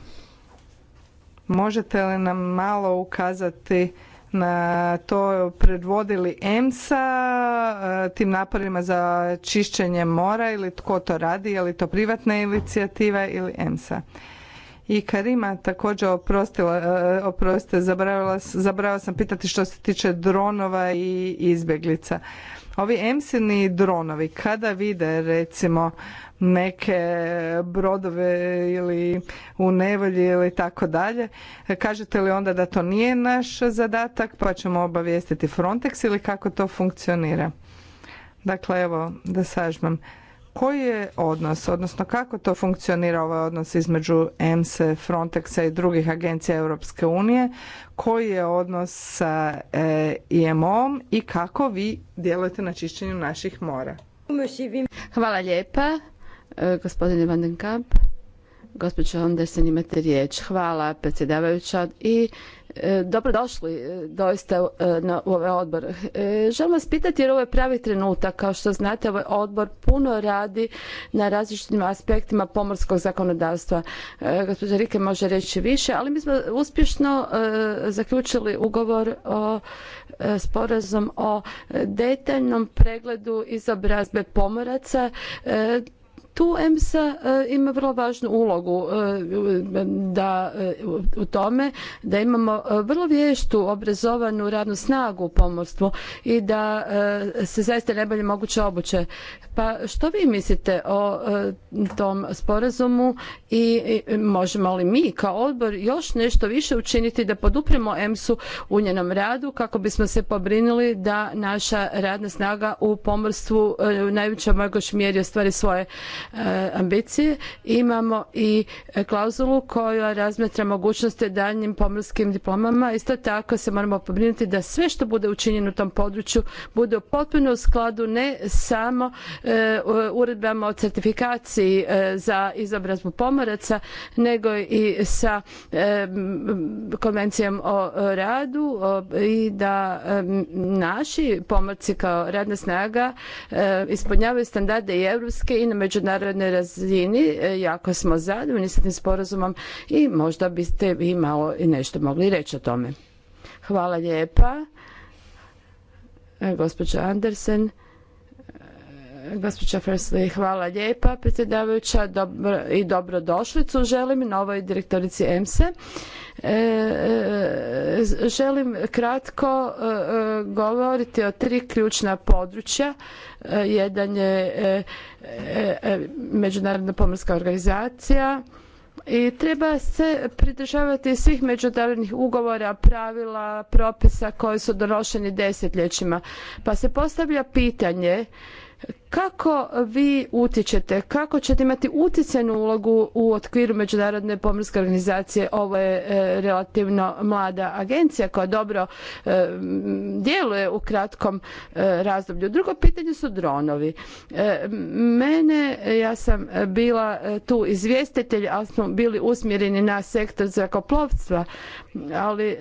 Možete li nam malo ukazati na to predvodili EMSA eh, tim naporima za čišćenje mora ili tko to radi, je li to privatna inicijativa ili EMSA? I Karima također oprostila, eh, oprostite, zaboravila, zaboravila sam pitati što se tiče dronova i izbjeglica. Ovi emsini dronovi, kada vide recimo neke brodove ili u nevolji ili tako dalje, kažete li onda da to nije naš zadatak pa ćemo obavijestiti Frontex ili kako to funkcionira? Dakle, evo, da sažmem koji je odnos, odnosno kako to funkcionira ovaj odnos između EMSE, Frontexa i drugih agencija Europske unije, koji je odnos sa eh, IMO-om i kako vi djelujete na čišćenju naših mora. Hvala lijepa, eh, gospodine Van den Kamp. Gospođo Andersen, imate riječ. Hvala, predsjedavajuća. I E, Dobrodošli e, doista e, u ovaj odbor. Želim vas pitati jer ovo je pravi trenutak. Kao što znate, ovaj odbor puno radi na različitim aspektima pomorskog zakonodavstva. Gospođa Rike može reći više, ali mi smo uspješno zaključili ugovor o sporazum o detaljnom pregledu izobrazbe pomoraca. Tu EMSA e, ima vrlo važnu ulogu e, da e, u tome da imamo vrlo vještu obrazovanu radnu snagu u pomorstvu i da se zaista najbolje moguće obuće. Pa što vi mislite o tom sporazumu i možemo li mi kao odbor još nešto više učiniti da podupremo EMSU u njenom radu kako bismo se pobrinuli da naša radna snaga u pomorstvu u najvećoj mogućoj mjeri ostvari svoje E, ambicije. Imamo i klauzulu koja razmetra mogućnosti daljnjim pomorskim diplomama. Isto tako se moramo pobrinuti da sve što bude učinjeno u tom području bude potpuno u skladu ne samo e, uredbama o certifikaciji e, za izobrazbu pomoraca, nego i sa konvencijom o radu i da naši pomorci kao radna snaga ispunjavaju standarde i europske i na međunarodnoj međunarodnoj razini. E, jako smo zadovoljni s tim sporazumom i možda biste vi malo i nešto mogli reći o tome. Hvala lijepa. E, Gospođa Andersen. E, Gospođa Fersley, hvala lijepa predsjedavajuća dobro, i dobrodošlicu želim novoj direktorici EMSE. E, e, želim kratko e, govoriti o tri ključna područja. Jedan je Međunarodna pomorska organizacija i treba se pridržavati svih međunarodnih ugovora, pravila, propisa koji su donošeni desetljećima. Pa se postavlja pitanje kako vi utječete, kako ćete imati utjecajnu ulogu u okviru Međunarodne pomorske organizacije? Ovo je e, relativno mlada agencija koja dobro e, djeluje u kratkom e, razdoblju. Drugo pitanje su dronovi. Mene, ja sam bila tu izvjestitelj, ali smo bili usmjereni na sektor zrakoplovstva, ali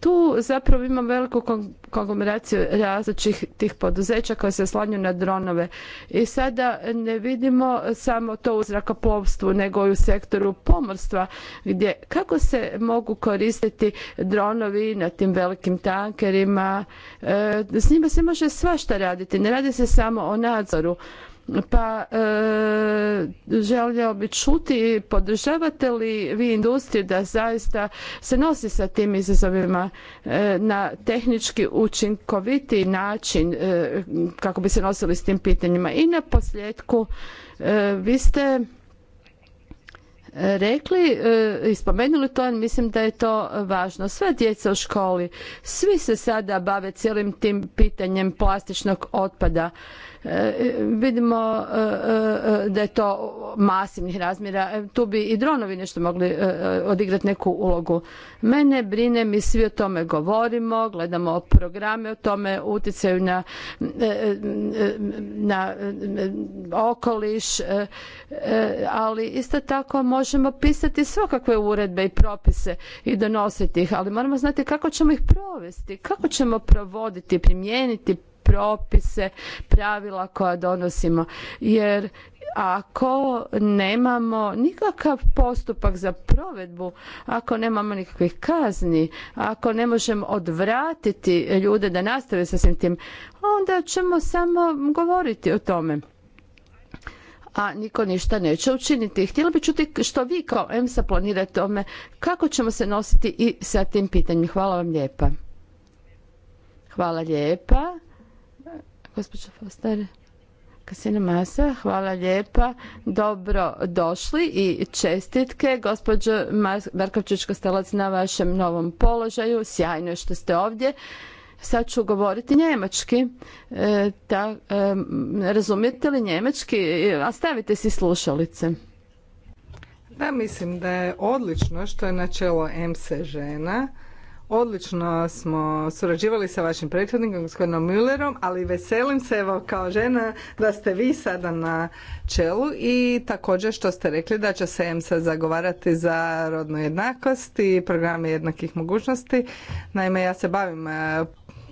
tu zapravo imam veliku konglomeraciju različitih tih poduzeća koja se slanju na dronove. I sada ne vidimo samo to u zrakoplovstvu nego i u sektoru pomorstva gdje kako se mogu koristiti dronovi na tim velikim tankerima. E, s njima se može svašta raditi, ne radi se samo o nadzoru pa e, želio bi čuti podržavate li vi industriju da zaista se nosi sa tim izazovima e, na tehnički učinkoviti način e, kako bi se nosili s tim pitanjima i na posljedku e, vi ste rekli i spomenuli to, mislim da je to važno. Sva djeca u školi, svi se sada bave cijelim tim pitanjem plastičnog otpada. E, vidimo e, e, da je to masivnih razmjera. Tu bi i dronovi nešto mogli odigrati neku ulogu. Mene brine, mi svi o tome govorimo, gledamo programe o tome, utjecaju na, na okoliš, ali isto tako možemo pisati svakakve uredbe i propise i donositi ih, ali moramo znati kako ćemo ih provesti, kako ćemo provoditi, primijeniti, propise, pravila koja donosimo. Jer ako nemamo nikakav postupak za provedbu, ako nemamo nikakvih kazni, ako ne možemo odvratiti ljude da nastave sa svim tim, onda ćemo samo govoriti o tome a niko ništa neće učiniti. Htjela bi čuti što vi kao EMSA planirate tome, kako ćemo se nositi i sa tim pitanjem. Hvala vam lijepa. Hvala lijepa gospođo Foster. Kasina Masa, hvala lijepa. Dobro došli i čestitke. Gospođo Markovčić-Kostelac na vašem novom položaju. Sjajno je što ste ovdje. Sad ću govoriti njemački. E, e, razumijete li njemački? A stavite si slušalice. Da, mislim da je odlično što je na čelo MC žena Odlično smo surađivali sa vašim prethodnikom, gospodinom Müllerom, ali veselim se evo kao žena da ste vi sada na čelu i također što ste rekli da će se EMSA zagovarati za rodnu jednakost i programe jednakih mogućnosti. Naime, ja se bavim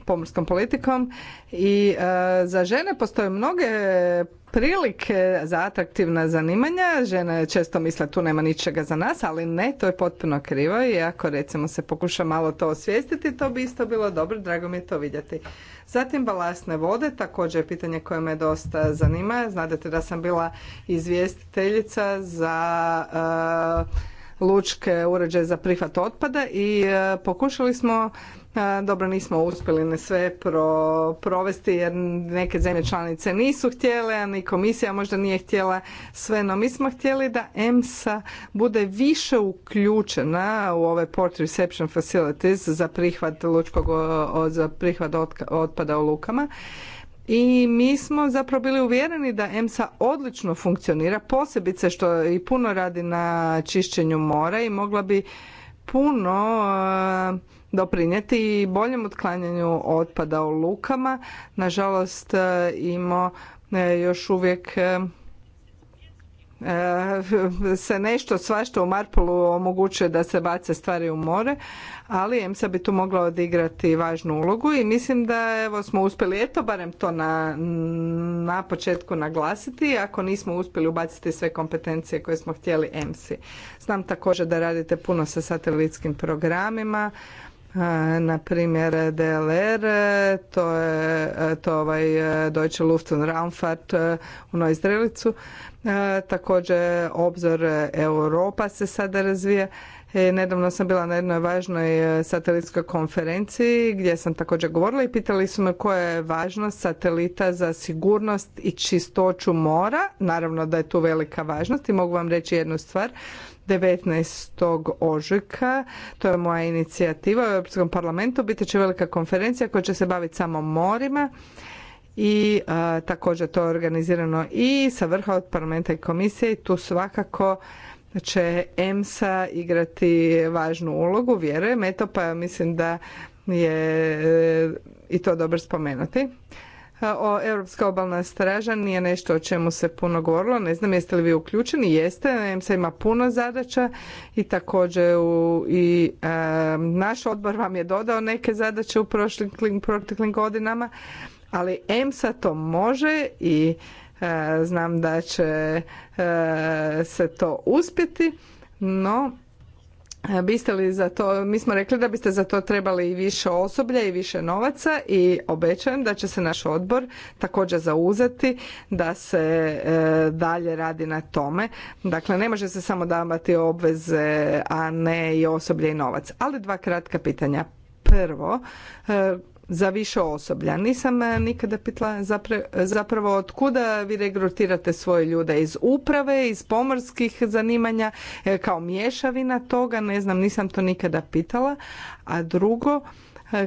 pomorskom politikom i e, za žene postoje mnoge prilike za atraktivna zanimanja. Žene često misle tu nema ničega za nas, ali ne, to je potpuno krivo i ako recimo se pokuša malo to osvijestiti, to bi isto bilo dobro, drago mi je to vidjeti. Zatim balastne vode, također je pitanje koje me dosta zanima. Znate da sam bila izvjestiteljica za e, lučke uređaje za prihvat otpada i e, pokušali smo dobro, nismo uspjeli ne sve pro, provesti jer neke zemlje članice nisu htjele, a ni komisija možda nije htjela sve, no mi smo htjeli da EMSA bude više uključena u ove port reception facilities za prihvat, lučkog, za prihvat otpada u lukama. I mi smo zapravo bili uvjereni da EMSA odlično funkcionira, posebice što i puno radi na čišćenju mora i mogla bi puno doprinijeti i boljem otklanjanju otpada u lukama. Nažalost, e, imamo e, još uvijek e, se nešto svašta u Marpolu omogućuje da se bace stvari u more, ali EMSA bi tu mogla odigrati važnu ulogu i mislim da evo smo uspjeli eto barem to na, na početku naglasiti, ako nismo uspjeli ubaciti sve kompetencije koje smo htjeli EMSI. Znam također da radite puno sa satelitskim programima, na primjer DLR, to je e, to ovaj e, Deutsche Luft und Raumfahrt e, u Nojzdrelicu. Također obzor Europa se sada razvija. Nedavno sam bila na jednoj važnoj satelitskoj konferenciji gdje sam također govorila i pitali su me koja je važnost satelita za sigurnost i čistoću mora. Naravno da je tu velika važnost i mogu vam reći jednu stvar. 19. ožujka. To je moja inicijativa u Europskom parlamentu. Biti će velika konferencija koja će se baviti samo morima i također to je organizirano i sa vrha od parlamenta i komisije i tu svakako će EMSA igrati važnu ulogu, vjerujem, eto pa mislim da je e, i to dobro spomenuti o Europska obalna straža nije nešto o čemu se puno govorilo. Ne znam jeste li vi uključeni, jeste. EMSA ima puno zadaća i također u, i e, naš odbor vam je dodao neke zadaće u prošlim, proteklim godinama, ali EMSA to može i e, znam da će e, se to uspjeti, no E, biste li za to, mi smo rekli da biste za to trebali i više osoblja i više novaca i obećajem da će se naš odbor također zauzeti da se e, dalje radi na tome. Dakle, ne može se samo davati obveze, a ne i osoblje i novac. Ali dva kratka pitanja. Prvo, e, za više osoblja. Nisam eh, nikada pitala zapravo, zapravo od kuda vi regrutirate svoje ljude iz uprave, iz pomorskih zanimanja, eh, kao mješavina toga, ne znam, nisam to nikada pitala. A drugo,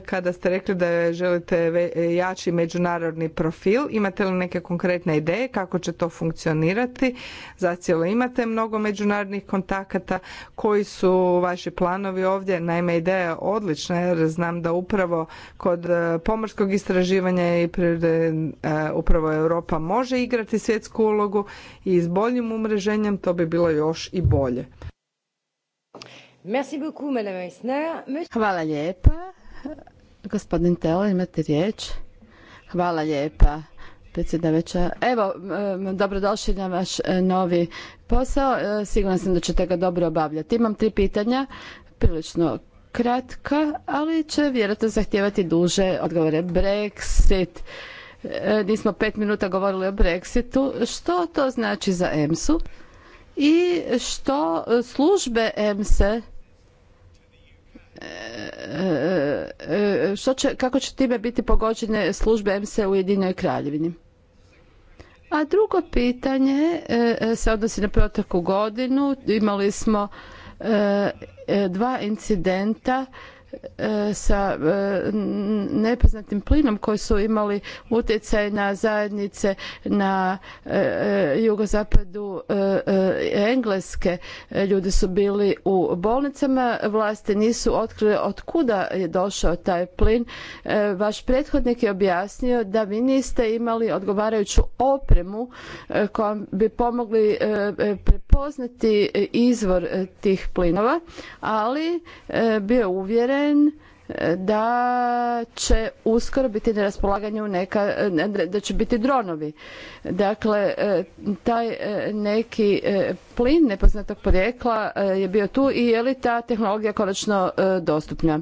kada ste rekli da želite jači međunarodni profil. Imate li neke konkretne ideje kako će to funkcionirati? Zacijelo imate mnogo međunarodnih kontakata. Koji su vaši planovi ovdje? Naime, ideja je odlična jer znam da upravo kod e, pomorskog istraživanja i prirode e, upravo Europa može igrati svjetsku ulogu i s boljim umreženjem to bi bilo još i bolje. Hvala lijepa. Gospodin Teo, imate riječ. Hvala lijepa predsjedavajuća. Evo, dobrodošli na vaš e, novi posao. E, Sigurna sam da ćete ga dobro obavljati. Imam tri pitanja, prilično kratka, ali će vjerojatno zahtijevati duže odgovore. Brexit, e, nismo pet minuta govorili o Brexitu. Što to znači za EMS-u i što službe EMS-e kako će time biti pogođene službe MC e u Jedinoj Kraljevini? A drugo pitanje e, e, se odnosi na proteklu godinu. Imali smo dva incidenta E, sa e, nepoznatim plinom koji su imali utjecaj na zajednice na e, jugozapadu Engleske. Ljudi su bili u bolnicama, vlasti nisu otkrile od kuda je došao taj plin. Vaš prethodnik je objasnio da vi niste imali odgovarajuću opremu kojom bi pomogli poznati e, izvor e, tih plinova, ali e, bio uvjeren da će uskoro biti na raspolaganju neka, da će biti dronovi. Dakle, taj neki plin nepoznatog porijekla je bio tu i je li ta tehnologija konačno dostupna.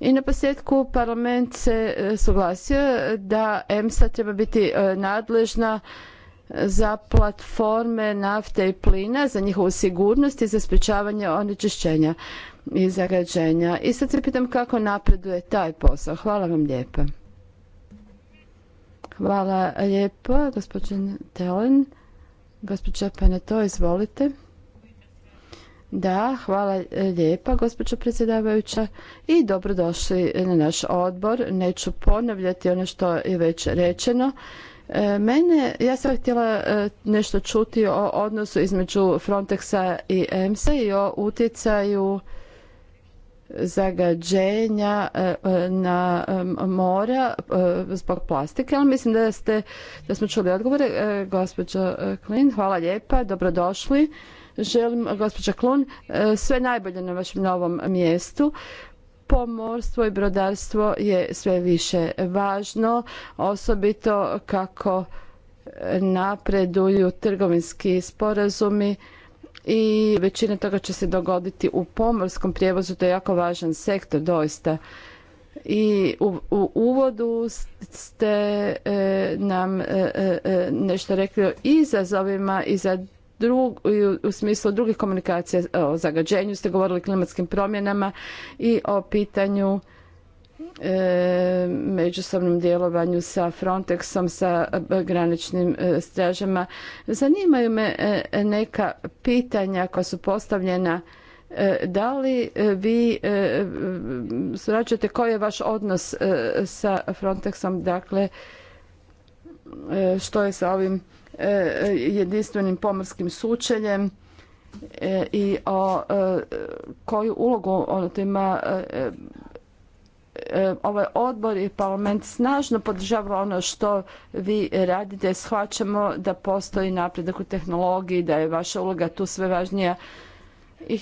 I na posljedku parlament se suglasio da EMSA treba biti nadležna za platforme nafte i plina, za njihovu sigurnost i za sprječavanje onečišćenja i zagađenja. I sad se pitam kako napreduje taj posao. Hvala vam lijepa. Hvala lijepa, gospođen Telen. Gospođa Paneto, izvolite. Da, hvala lijepa gospođo predsjedavajuća i dobrodošli na naš odbor. Neću ponavljati ono što je već rečeno. E, mene, ja sam htjela e, nešto čuti o odnosu između Frontexa i EMSA i o utjecaju zagađenja e, na mora zbog plastike, ali mislim da ste da smo čuli odgovore. Gospođo Klin, hvala lijepa, dobrodošli. Želim, gospođa Klun, sve najbolje na vašem novom mjestu pomorstvo i brodarstvo je sve više važno, osobito kako napreduju trgovinski sporazumi i većina toga će se dogoditi u pomorskom prijevozu, to je jako važan sektor doista. I u, uvodu ste e, nam e, e, nešto rekli o izazovima i za drug, u smislu drugih komunikacija e, o zagađenju ste govorili o klimatskim promjenama i o pitanju e, međusobnom djelovanju sa Frontexom, sa e, graničnim e, stražama. Zanimaju me neka pitanja koja su postavljena da li vi surađujete koji je vaš odnos sa Frontexom, dakle što je sa ovim E, jedinstvenim pomorskim sučeljem e, i o e, koju ulogu ono ima ovaj odbor i parlament snažno podržava ono što vi radite. Shvaćamo da postoji napredak u tehnologiji, da je vaša uloga tu sve važnija. I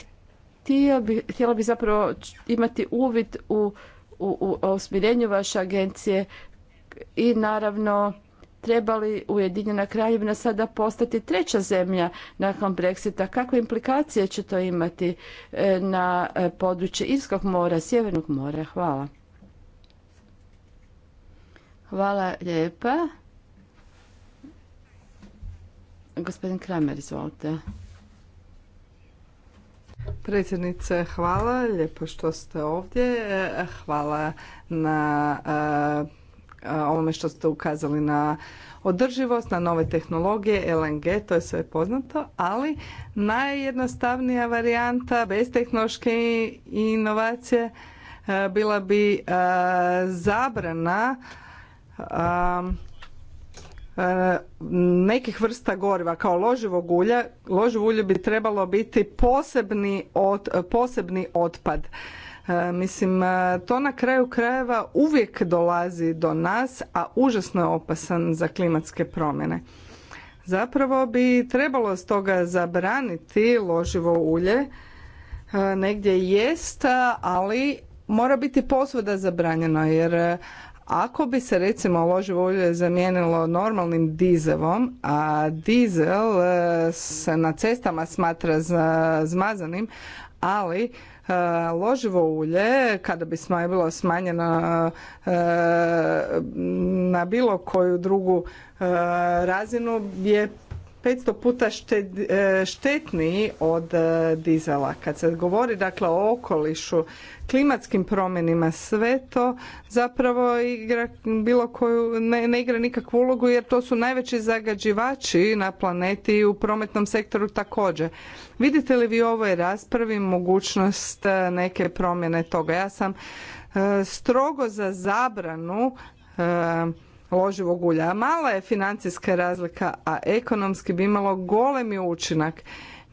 htjela bih bi zapravo imati uvid u, u, vaše agencije i naravno trebali Ujedinjena kraljevina sada postati treća zemlja nakon Brexita? Kakve implikacije će to imati e, na e, područje Irskog mora, Sjevernog mora? Hvala. Hvala lijepa. Gospodin Kramer, izvolite. Predsjednice, hvala. Lijepo što ste ovdje. Hvala na e, ovome što ste ukazali na održivost, na nove tehnologije, LNG, to je sve poznato, ali najjednostavnija varijanta bez tehnološke inovacije bila bi zabrana nekih vrsta goriva kao loživog ulja, loživo ulje bi trebalo biti posebni, od, posebni otpad E, mislim, e, to na kraju krajeva uvijek dolazi do nas, a užasno je opasan za klimatske promjene. Zapravo bi trebalo stoga zabraniti loživo ulje, e, negdje jest, ali mora biti posvuda zabranjeno jer ako bi se recimo loživo ulje zamijenilo normalnim dizelom, a dizel se na cestama smatra zmazanim, ali E, loživo ulje kada bi bilo smanjeno e, na bilo koju drugu e, razinu je 500 puta e, štetniji od e, dizela. Kad se govori dakle o okolišu, klimatskim promjenima, sve to zapravo igra bilo koju, ne, igra nikakvu ulogu jer to su najveći zagađivači na planeti i u prometnom sektoru također. Vidite li vi u ovoj raspravi mogućnost e, neke promjene toga? Ja sam strogo za zabranu loživog ulja. Mala je financijska razlika, a ekonomski bi imalo golemi učinak.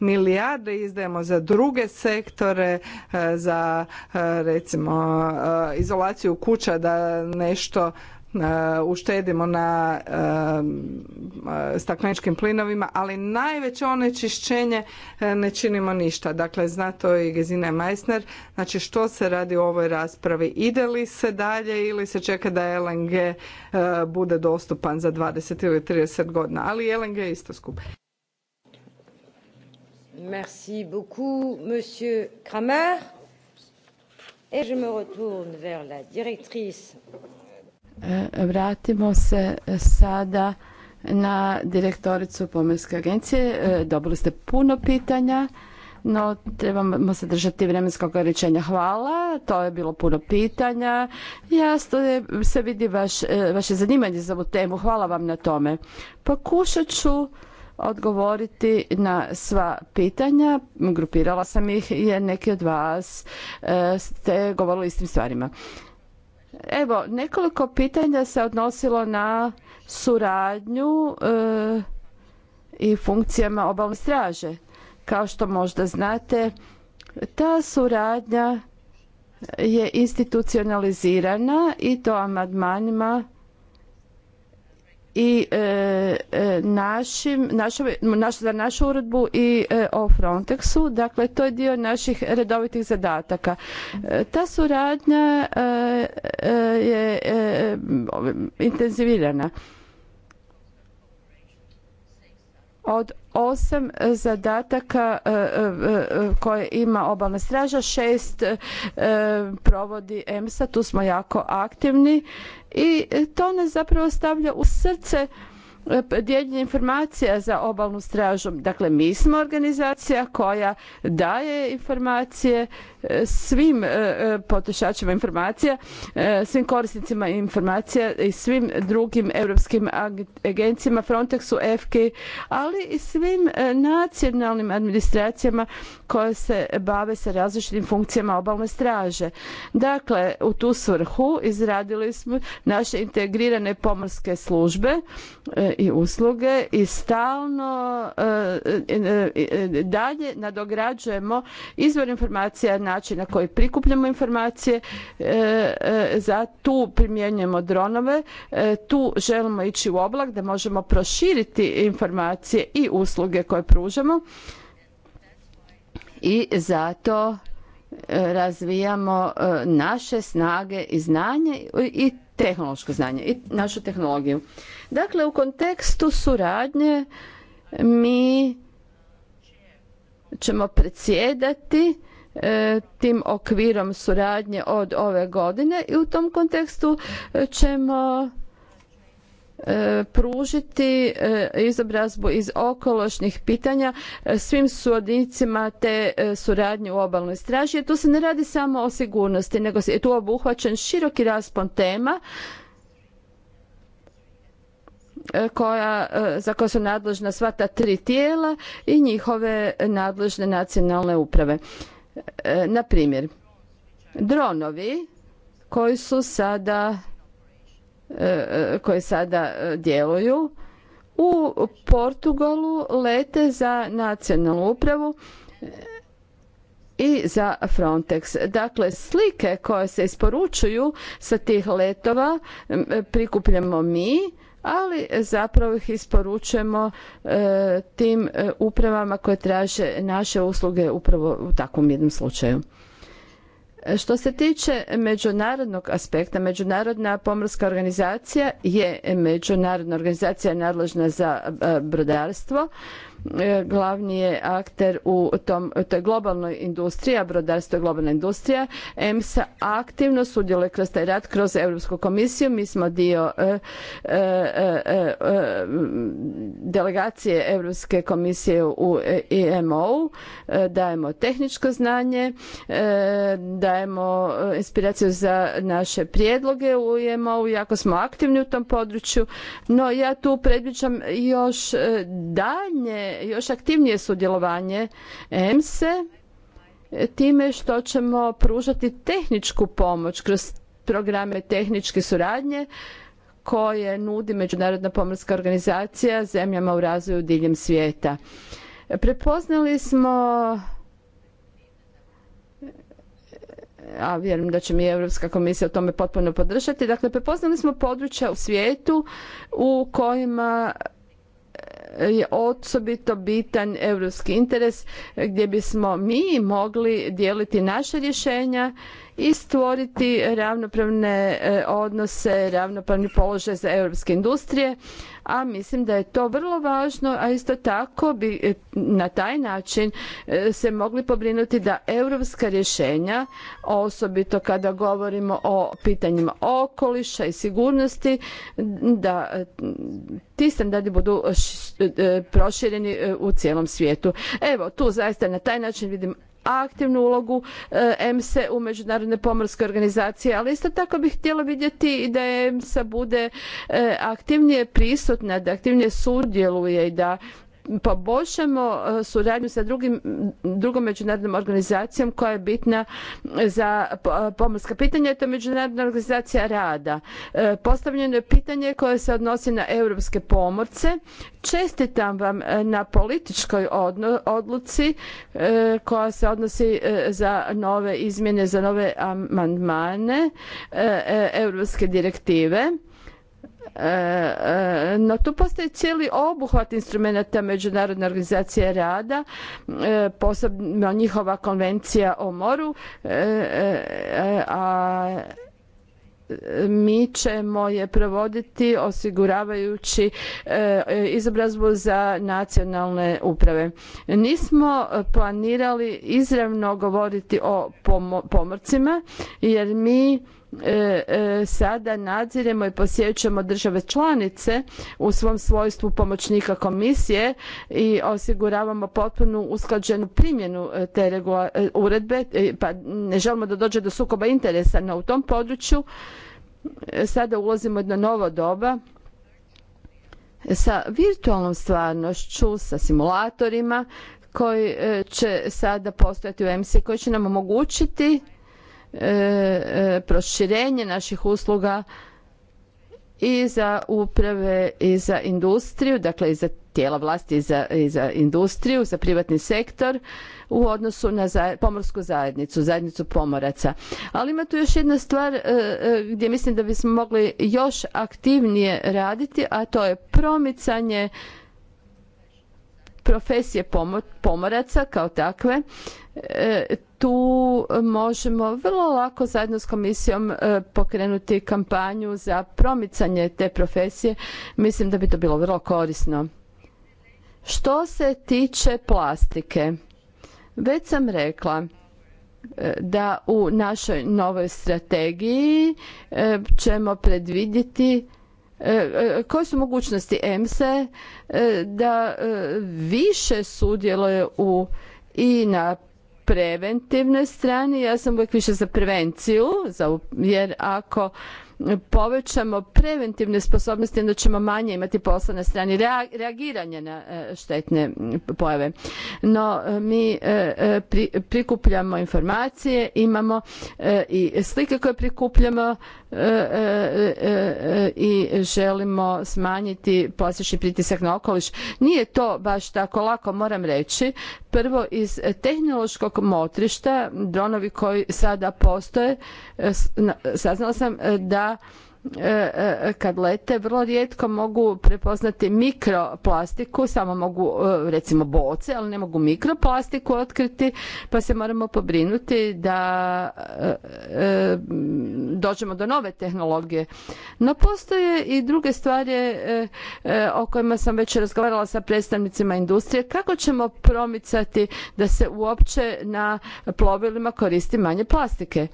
Milijarde izdajemo za druge sektore, e, za e, recimo e, izolaciju kuća da nešto Uh, uštedimo na um, uh, stakleničkim plinovima, ali najveće onečišćenje uh, ne činimo ništa. Dakle, zna to i Gezina Meissner. Znači, što se radi u ovoj raspravi? Ide li se dalje ili se čeka da LNG bude dostupan za 20 ili 30 godina? Ali LNG je isto skup. Merci beaucoup, monsieur Kramer. Et je me retourne vers la directrice E, vratimo se sada na direktoricu Pomorske agencije. E, dobili ste puno pitanja, no trebamo se držati vremenskog ograničenja. Hvala, to je bilo puno pitanja. Jasno se vidi vaš, e, vaše zanimanje za ovu temu. Hvala vam na tome. Pokušat ću odgovoriti na sva pitanja. Grupirala sam ih jer neki od vas ste govorili istim stvarima. Evo, nekoliko pitanja se odnosilo na suradnju e, i funkcijama obalne straže. Kao što možda znate, ta suradnja je institucionalizirana i to amadmanima i e, e, našim, naš, za našu uredbu i e, o Frontexu. Dakle, to je dio naših redovitih zadataka. ta suradnja je intenzivirana. Od osam zadataka koje ima obalna straža, šest provodi EMSA, tu smo jako aktivni i to nas zapravo stavlja u srce dijeljenje informacija za obalnu stražu. Dakle, mi smo organizacija koja daje informacije e, svim e, e, potrošačima informacija, svim korisnicima informacija i svim drugim europskim agencijama, Frontexu, EFKI, ali i svim nacionalnim administracijama koje se bave sa različitim funkcijama obalne straže. Dakle, u tu svrhu izradili smo naše integrirane pomorske službe i usluge i stalno e, e, e, dalje nadograđujemo izvor informacija, način na koji prikupljamo informacije, za tu primjenjujemo dronove, tu želimo ići u oblak da možemo proširiti informacije i usluge koje pružamo i zato razvijamo naše snage i znanje i tehnološko znanje i našu tehnologiju. Dakle, u kontekstu suradnje mi ćemo predsjedati e, tim okvirom suradnje od ove godine i u tom kontekstu e, ćemo e, pružiti izobrazbu iz okološnih pitanja svim suodnicima te suradnje u obalnoj straži. tu se ne radi samo o sigurnosti, nego je tu obuhvaćen široki raspon tema E, e, za koje su nadležna sva ta tri tijela i njihove nadležne nacionalne uprave. E, na primjer, dronovi koji su sada koji sada djeluju u Portugalu lete za nacionalnu upravu i za Frontex. Dakle, slike koje se isporučuju sa tih letova prikupljamo mi ali zapravo ih isporučujemo e, tim e, upravama koje traže naše usluge upravo u takvom jednom slučaju. Što se tiče međunarodnog aspekta, Međunarodna pomorska organizacija je međunarodna organizacija nadležna za e, brodarstvo E, glavni je akter u tom, toj globalnoj industriji, a brodarstvo je globalna industrija. EMSA aktivno sudjeluje kroz taj rad, kroz Europsku komisiju. Mi smo dio e, e, delegacije Europske komisije u imo Dajemo tehničko znanje, dajemo inspiraciju za naše prijedloge u imo Jako smo aktivni u tom području, no ja tu predviđam još daljnje još aktivnije sudjelovanje EMSE time što ćemo pružati tehničku pomoć kroz programe tehničke suradnje koje nudi Međunarodna pomorska organizacija zemljama u razvoju diljem svijeta. Prepoznali smo a vjerujem da će mi Europska komisija o tome potpuno podržati. Dakle, prepoznali smo područja u svijetu u kojima je osobito bitan europski interes gdje bismo mi mogli dijeliti naša rješenja i stvoriti ravnopravne e, odnose, ravnopravni položaj za europske industrije, a mislim da je to vrlo važno, a isto tako bi e, na taj način e, se mogli pobrinuti da europska rješenja, osobito kada govorimo o pitanjima okoliša i sigurnosti, da ti standardi budu prošireni u cijelom svijetu. Evo, tu zaista na taj način vidim aktivnu ulogu EMSE eh, u Međunarodne pomorske organizacije, ali isto tako bih htjela vidjeti i da EMSA bude eh, aktivnije prisutna, da aktivnije sudjeluje i da poboljšamo e, suradnju sa drugom međunarodnom organizacijom koja je bitna za e, pomorska pitanja, to je Međunarodna organizacija rada. E, postavljeno je pitanje koje se odnosi na europske pomorce. Čestitam vam na političkoj odluci koja se odnosi za nove izmjene, za nove amandmane europske direktive. E, e, no tu postoji cijeli obuhvat instrumenata Međunarodne organizacije rada, e, posebno njihova konvencija o moru, a mi ćemo je provoditi osiguravajući izobrazbu za nacionalne uprave. Nismo planirali izravno govoriti o pomorcima jer mi E, e, sada nadziremo i posjećujemo države članice u svom svojstvu pomoćnika komisije i osiguravamo potpunu usklađenu primjenu e, te uredbe pa ne želimo da dođe do sukoba interesa no u tom području sada ulazimo u jedno novo doba sa virtualnom stvarnošću sa simulatorima koji će sada postojati u EMSI koji će nam omogućiti E, e, proširenje naših usluga i za uprave i za industriju, dakle i za tijela vlasti i za, za industriju, za privatni sektor u odnosu na pomorsku zajednicu, zajednicu pomoraca. Ali ima tu još jedna stvar e, gdje mislim da bismo mogli još aktivnije raditi, a to je promicanje profesije pomoraca kao takve. E, tu možemo vrlo lako zajedno s komisijom e, pokrenuti kampanju za promicanje te profesije. Mislim da bi to bilo vrlo korisno. Što se tiče plastike, već sam rekla e, da u našoj novoj strategiji e, ćemo predvidjeti koje su mogućnosti EMSE da više sudjeluje u i na preventivnoj strani, ja sam uvijek više za prevenciju, jer ako povećamo preventivne sposobnosti, onda ćemo manje imati posla na strani reagiranja na e, štetne pojave. No, e, mi e, prikupljamo informacije, imamo i slike koje prikupljamo i želimo smanjiti plastični pritisak na okoliš. Nije to baš tako lako, moram reći. Prvo, iz tehnološkog motrišta, dronovi koji sada postoje, saznala sam da E, e, kad lete vrlo rijetko mogu prepoznati mikroplastiku, samo mogu e, recimo boce, ali ne mogu mikroplastiku otkriti, pa se moramo pobrinuti da dođemo do nove tehnologije. No postoje i druge stvari o kojima sam već razgovarala sa predstavnicima industrije. Kako ćemo promicati da se uopće na plovilima koristi manje plastike?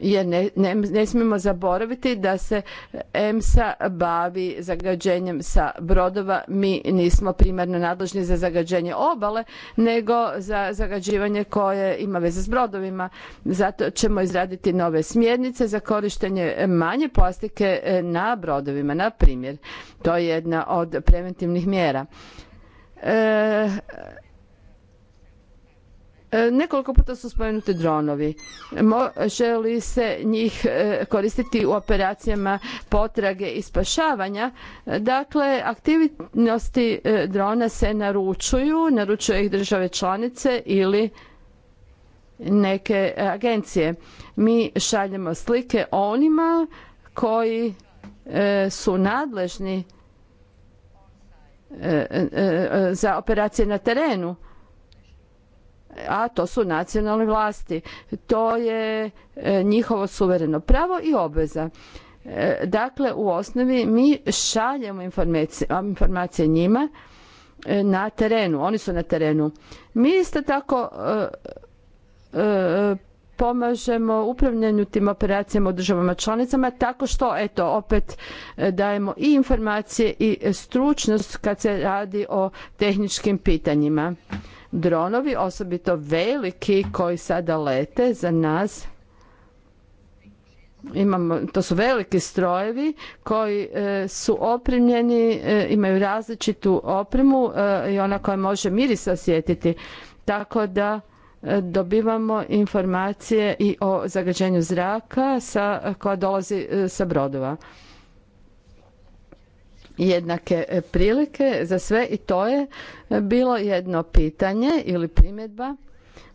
jer ne, ne, smijemo zaboraviti da se EMSA bavi zagađenjem sa brodova. Mi nismo primarno nadležni za zagađenje obale, nego za zagađivanje koje ima veze s brodovima. Zato ćemo izraditi nove smjernice za korištenje manje plastike e, na brodovima, na primjer. To je jedna od preventivnih mjera. E, E, nekoliko puta su spomenuti dronovi. Želi se njih e, koristiti u operacijama potrage i spašavanja. Dakle, aktivnosti e, drona se naručuju, naručuje ih države članice ili neke agencije. Mi šaljemo slike onima koji su nadležni za operacije na terenu a to su nacionalne vlasti. To je e, njihovo suvereno pravo i obveza. E, dakle, u osnovi mi šaljemo informacije, informacije njima e, na terenu. Oni su na terenu. Mi isto tako pomažemo upravljanju tim operacijama u državama članicama tako što eto opet dajemo i informacije i stručnost kad se radi o tehničkim pitanjima dronovi, osobito veliki koji sada lete za nas imamo, to su veliki strojevi koji e, su opremljeni, e, imaju različitu opremu e, i ona koja može miris osjetiti. Tako da dobivamo informacije i o zagađenju zraka sa, koja dolazi sa brodova jednake e, prilike za sve i to je e, bilo jedno pitanje ili primjedba.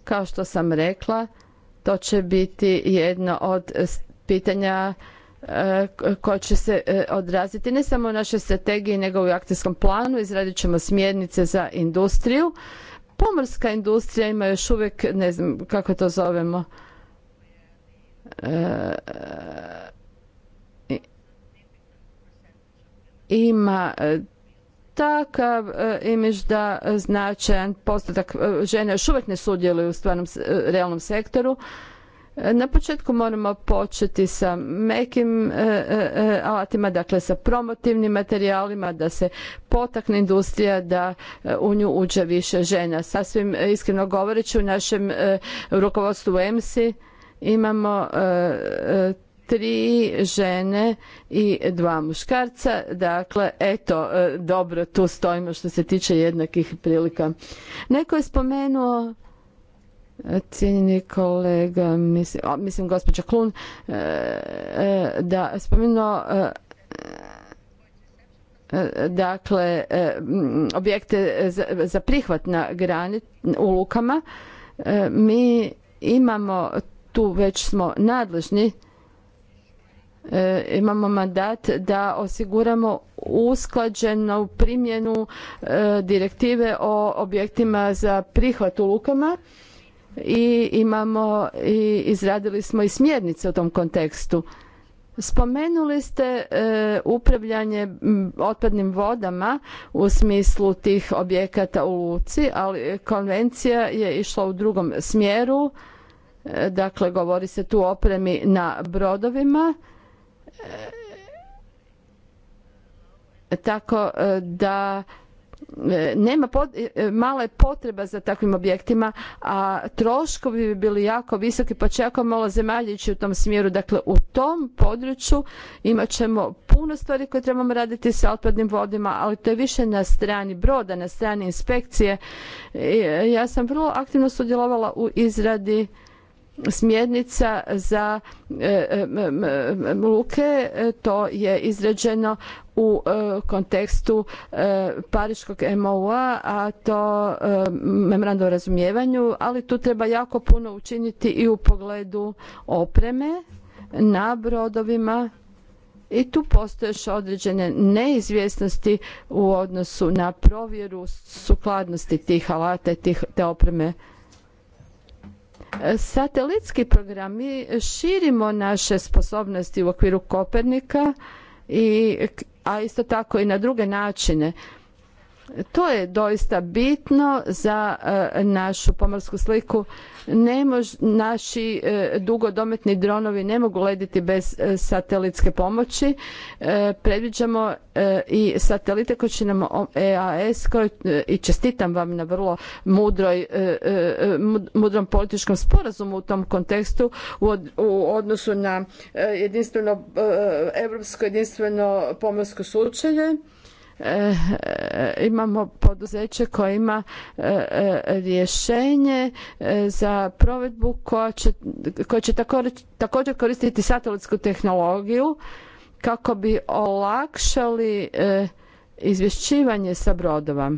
Kao što sam rekla, to će biti jedno od e, pitanja koje će se odraziti ne samo u našoj strategiji nego i u akcijskom planu. Izradit ćemo smjernice za industriju. Pomorska industrija ima još uvijek, ne znam kako to zovemo, ima e, takav e, imidž da značajan postotak e, žena još uvijek ne sudjeluju u stvarnom realnom sektoru. Na početku moramo početi sa mekim alatima, dakle sa promotivnim materijalima, da se potakne industrija, da u nju uđe više žena. Sasvim iskreno govoreći u našem rukovodstvu EMSI imamo tri žene i dva muškarca. Dakle, eto, e, dobro tu stojimo što se tiče jednakih prilika. Neko je spomenuo e, cijenjeni kolega, mislim, gospođa Klun, e, da spomenuo dakle objekte za prihvat na granit u lukama mi imamo tu već smo nadležni E, imamo mandat da osiguramo usklađenu primjenu e, direktive o objektima za prihvat u lukama i imamo i izradili smo i smjernice u tom kontekstu. Spomenuli ste e, upravljanje otpadnim vodama u smislu tih objekata u luci, ali konvencija je išla u drugom smjeru. dakle, govori se tu o opremi na brodovima tako e, da e, nema male e, mala je potreba za takvim objektima, a troškovi bi bili jako visoki, pa će malo zemalja ići u tom smjeru. Dakle, u tom području imat ćemo puno stvari koje trebamo raditi sa otpadnim vodima, ali to je više na strani broda, na strani inspekcije. Ja sam vrlo aktivno sudjelovala u izradi smjernica za e, e, luke. E, to je izrađeno u kontekstu Pariškog MOU-a, a to memorandum o razumijevanju, ali tu treba jako puno učiniti i u pogledu opreme na brodovima i tu postoje još određene neizvjesnosti u odnosu na provjeru sukladnosti tih alata i te opreme Satelitski mi širimo naše sposobnosti u okviru Kopernika i a isto tako i na druge načine to je doista bitno za e, našu pomorsku sliku. Ne naši e, dugodometni dronovi ne mogu lediti bez e, satelitske pomoći. Predviđamo i satelite koji će nam EAS i čestitam vam na vrlo mudroj, mudrom političkom sporazumu u tom kontekstu u odnosu na jedinstveno europsko jedinstveno pomorsko sučelje Eh, eh, imamo poduzeće koje ima eh, rješenje za provedbu koje će, koja će također, koristiti satelitsku tehnologiju kako bi olakšali izvješćivanje sa brodova.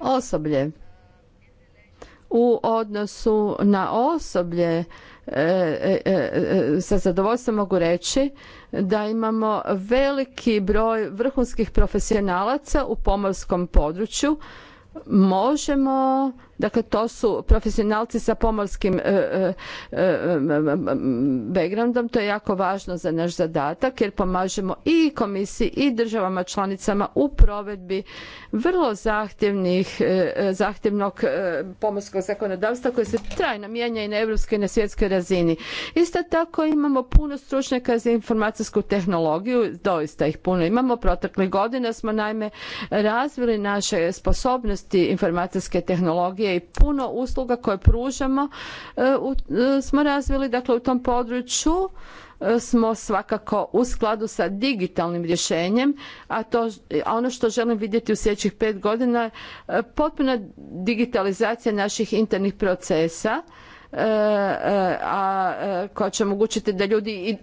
Osoblje. U odnosu na osoblje sa zadovoljstvom mogu reći da imamo veliki broj vrhunskih profesionalaca u pomorskom području možemo Dakle, to su profesionalci sa pomorskim e, e, e, backgroundom. To je jako važno za naš zadatak jer pomažemo i komisiji i državama članicama u provedbi vrlo zahtjevnih, zahtjevnog pomorskog zakonodavstva koje se trajno mijenja i na evropskoj i na svjetskoj razini. Isto tako imamo puno stručnjaka za informacijsku tehnologiju, doista ih puno imamo. Proteklih godina smo naime razvili naše sposobnosti informacijske tehnologije tehnologije i puno usluga koje pružamo e, e, smo razvili dakle u tom području e, smo svakako u skladu sa digitalnim rješenjem, a to, ono što želim vidjeti u sljedećih pet godina potpuna digitalizacija naših internih procesa a, koja će omogućiti da ljudi i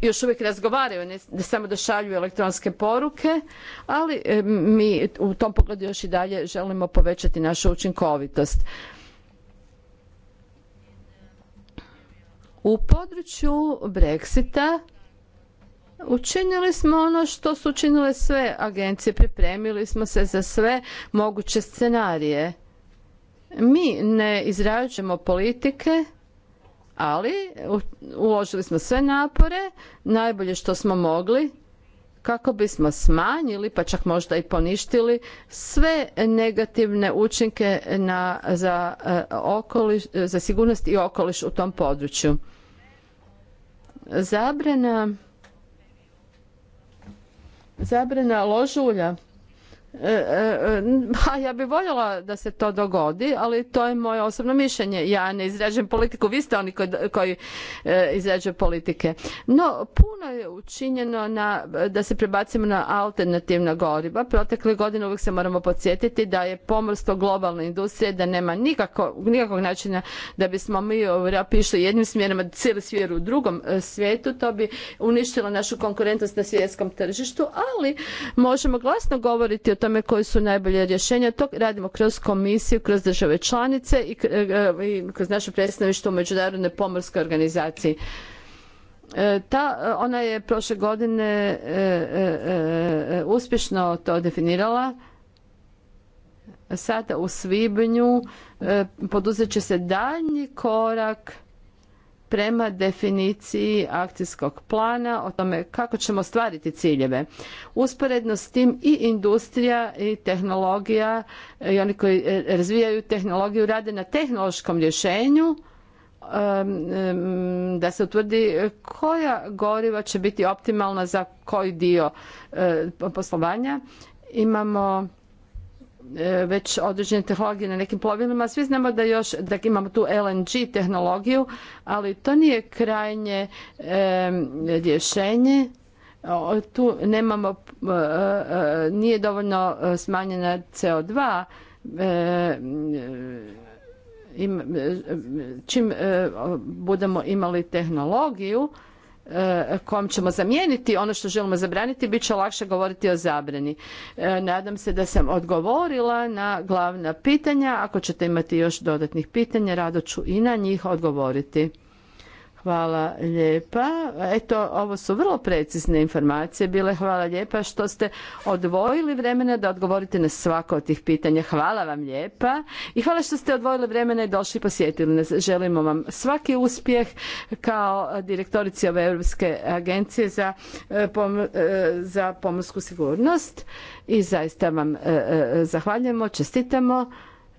još uvijek razgovaraju, ne samo da šalju elektronske poruke, ali e, mi u tom pogledu još i dalje želimo povećati našu učinkovitost. U području Brexita učinili smo ono što su učinile sve agencije, pripremili smo se za sve moguće scenarije. Mi ne izrađujemo politike, ali uložili smo sve napore, najbolje što smo mogli, kako bismo smanjili, pa čak možda i poništili, sve negativne učinke na, za, e, okoliš, za sigurnost i okoliš u tom području. Zabrana, zabrana ložulja E, e, e, pa ja bi voljela da se to dogodi, ali to je moje osobno mišljenje. Ja ne izrađujem politiku, vi ste oni koji, koji izrađuju politike. No, puno je učinjeno na, da se prebacimo na alternativna goriva. Protekle godine uvijek se moramo podsjetiti da je pomorstvo globalne industrije, da nema nikakvog načina da bismo mi u jednim smjerom, a cijeli svijer u drugom svijetu. To bi uništilo našu konkurentnost na svjetskom tržištu, ali možemo glasno govoriti o tome koji su najbolje rješenja. To radimo kroz komisiju, kroz države članice i e, e, kroz naše predstavništvo u Međunarodnoj pomorskoj organizaciji. E, ta, ona je prošle godine uspješno to definirala sada u svibnju poduzet će se daljnji korak prema definiciji akcijskog plana o tome kako ćemo ostvariti ciljeve. Usporedno s tim i industrija i tehnologija eh, i oni koji eh, razvijaju tehnologiju rade na tehnološkom rješenju da se utvrdi koja goriva će biti optimalna za koji dio eh, poslovanja. Imamo E, već određene tehnologije na nekim plovilima. Svi znamo da još da imamo tu LNG tehnologiju, ali to nije krajnje e, rješenje. Tu nemamo, e, nije dovoljno smanjena CO2 čim budemo imali tehnologiju E, kom ćemo zamijeniti ono što želimo zabraniti, bit će lakše govoriti o zabrani. E, nadam se da sam odgovorila na glavna pitanja. Ako ćete imati još dodatnih pitanja, rado ću i na njih odgovoriti. Hvala lijepa. Eto, ovo su vrlo precizne informacije bile. Hvala lijepa što ste odvojili vremena da odgovorite na svako od tih pitanja. Hvala vam lijepa i hvala što ste odvojili vremena i došli i posjetili nas. Želimo vam svaki uspjeh kao direktorici ove Europske agencije za, e, e, za pomorsku sigurnost i zaista vam e, zahvaljujemo, čestitamo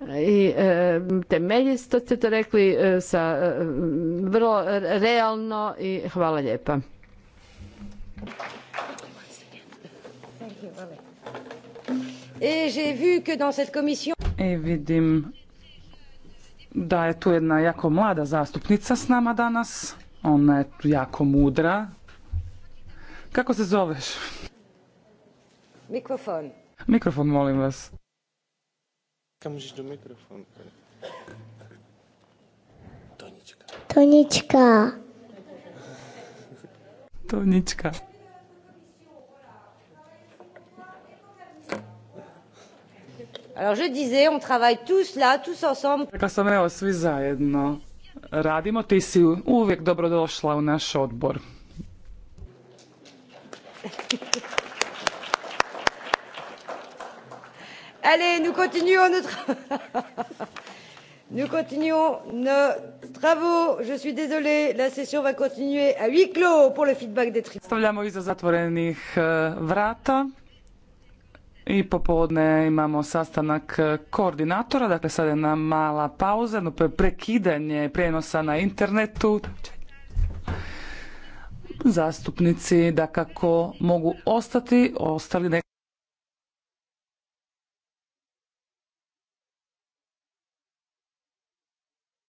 i e, temeljito ste to rekli e, sa e, vrlo realno i hvala lijepa. I vidim da je tu jedna jako mlada zastupnica s nama danas. Ona je tu jako mudra. Kako se zoveš? Mikrofon. Mikrofon, molim vas. Kamžiš do mikrofona. Pa Tonička. Tonička. Tonička. Alors je disais, on travaille tous là, tous ensemble. Rekla sam evo svi zajedno radimo, ti si uvijek dobrodošla u naš odbor. Allez, nous continuons notre... nous continuons nos travaux. Je suis désolée, la session va continuer à huis clos pour le feedback des tri... Stavljamo iza zatvorenih e, vrata i popodne imamo sastanak e, koordinatora, dakle sada je nam mala pauza, no prekidanje prijenosa na internetu. Zastupnici da kako mogu ostati, ostali ne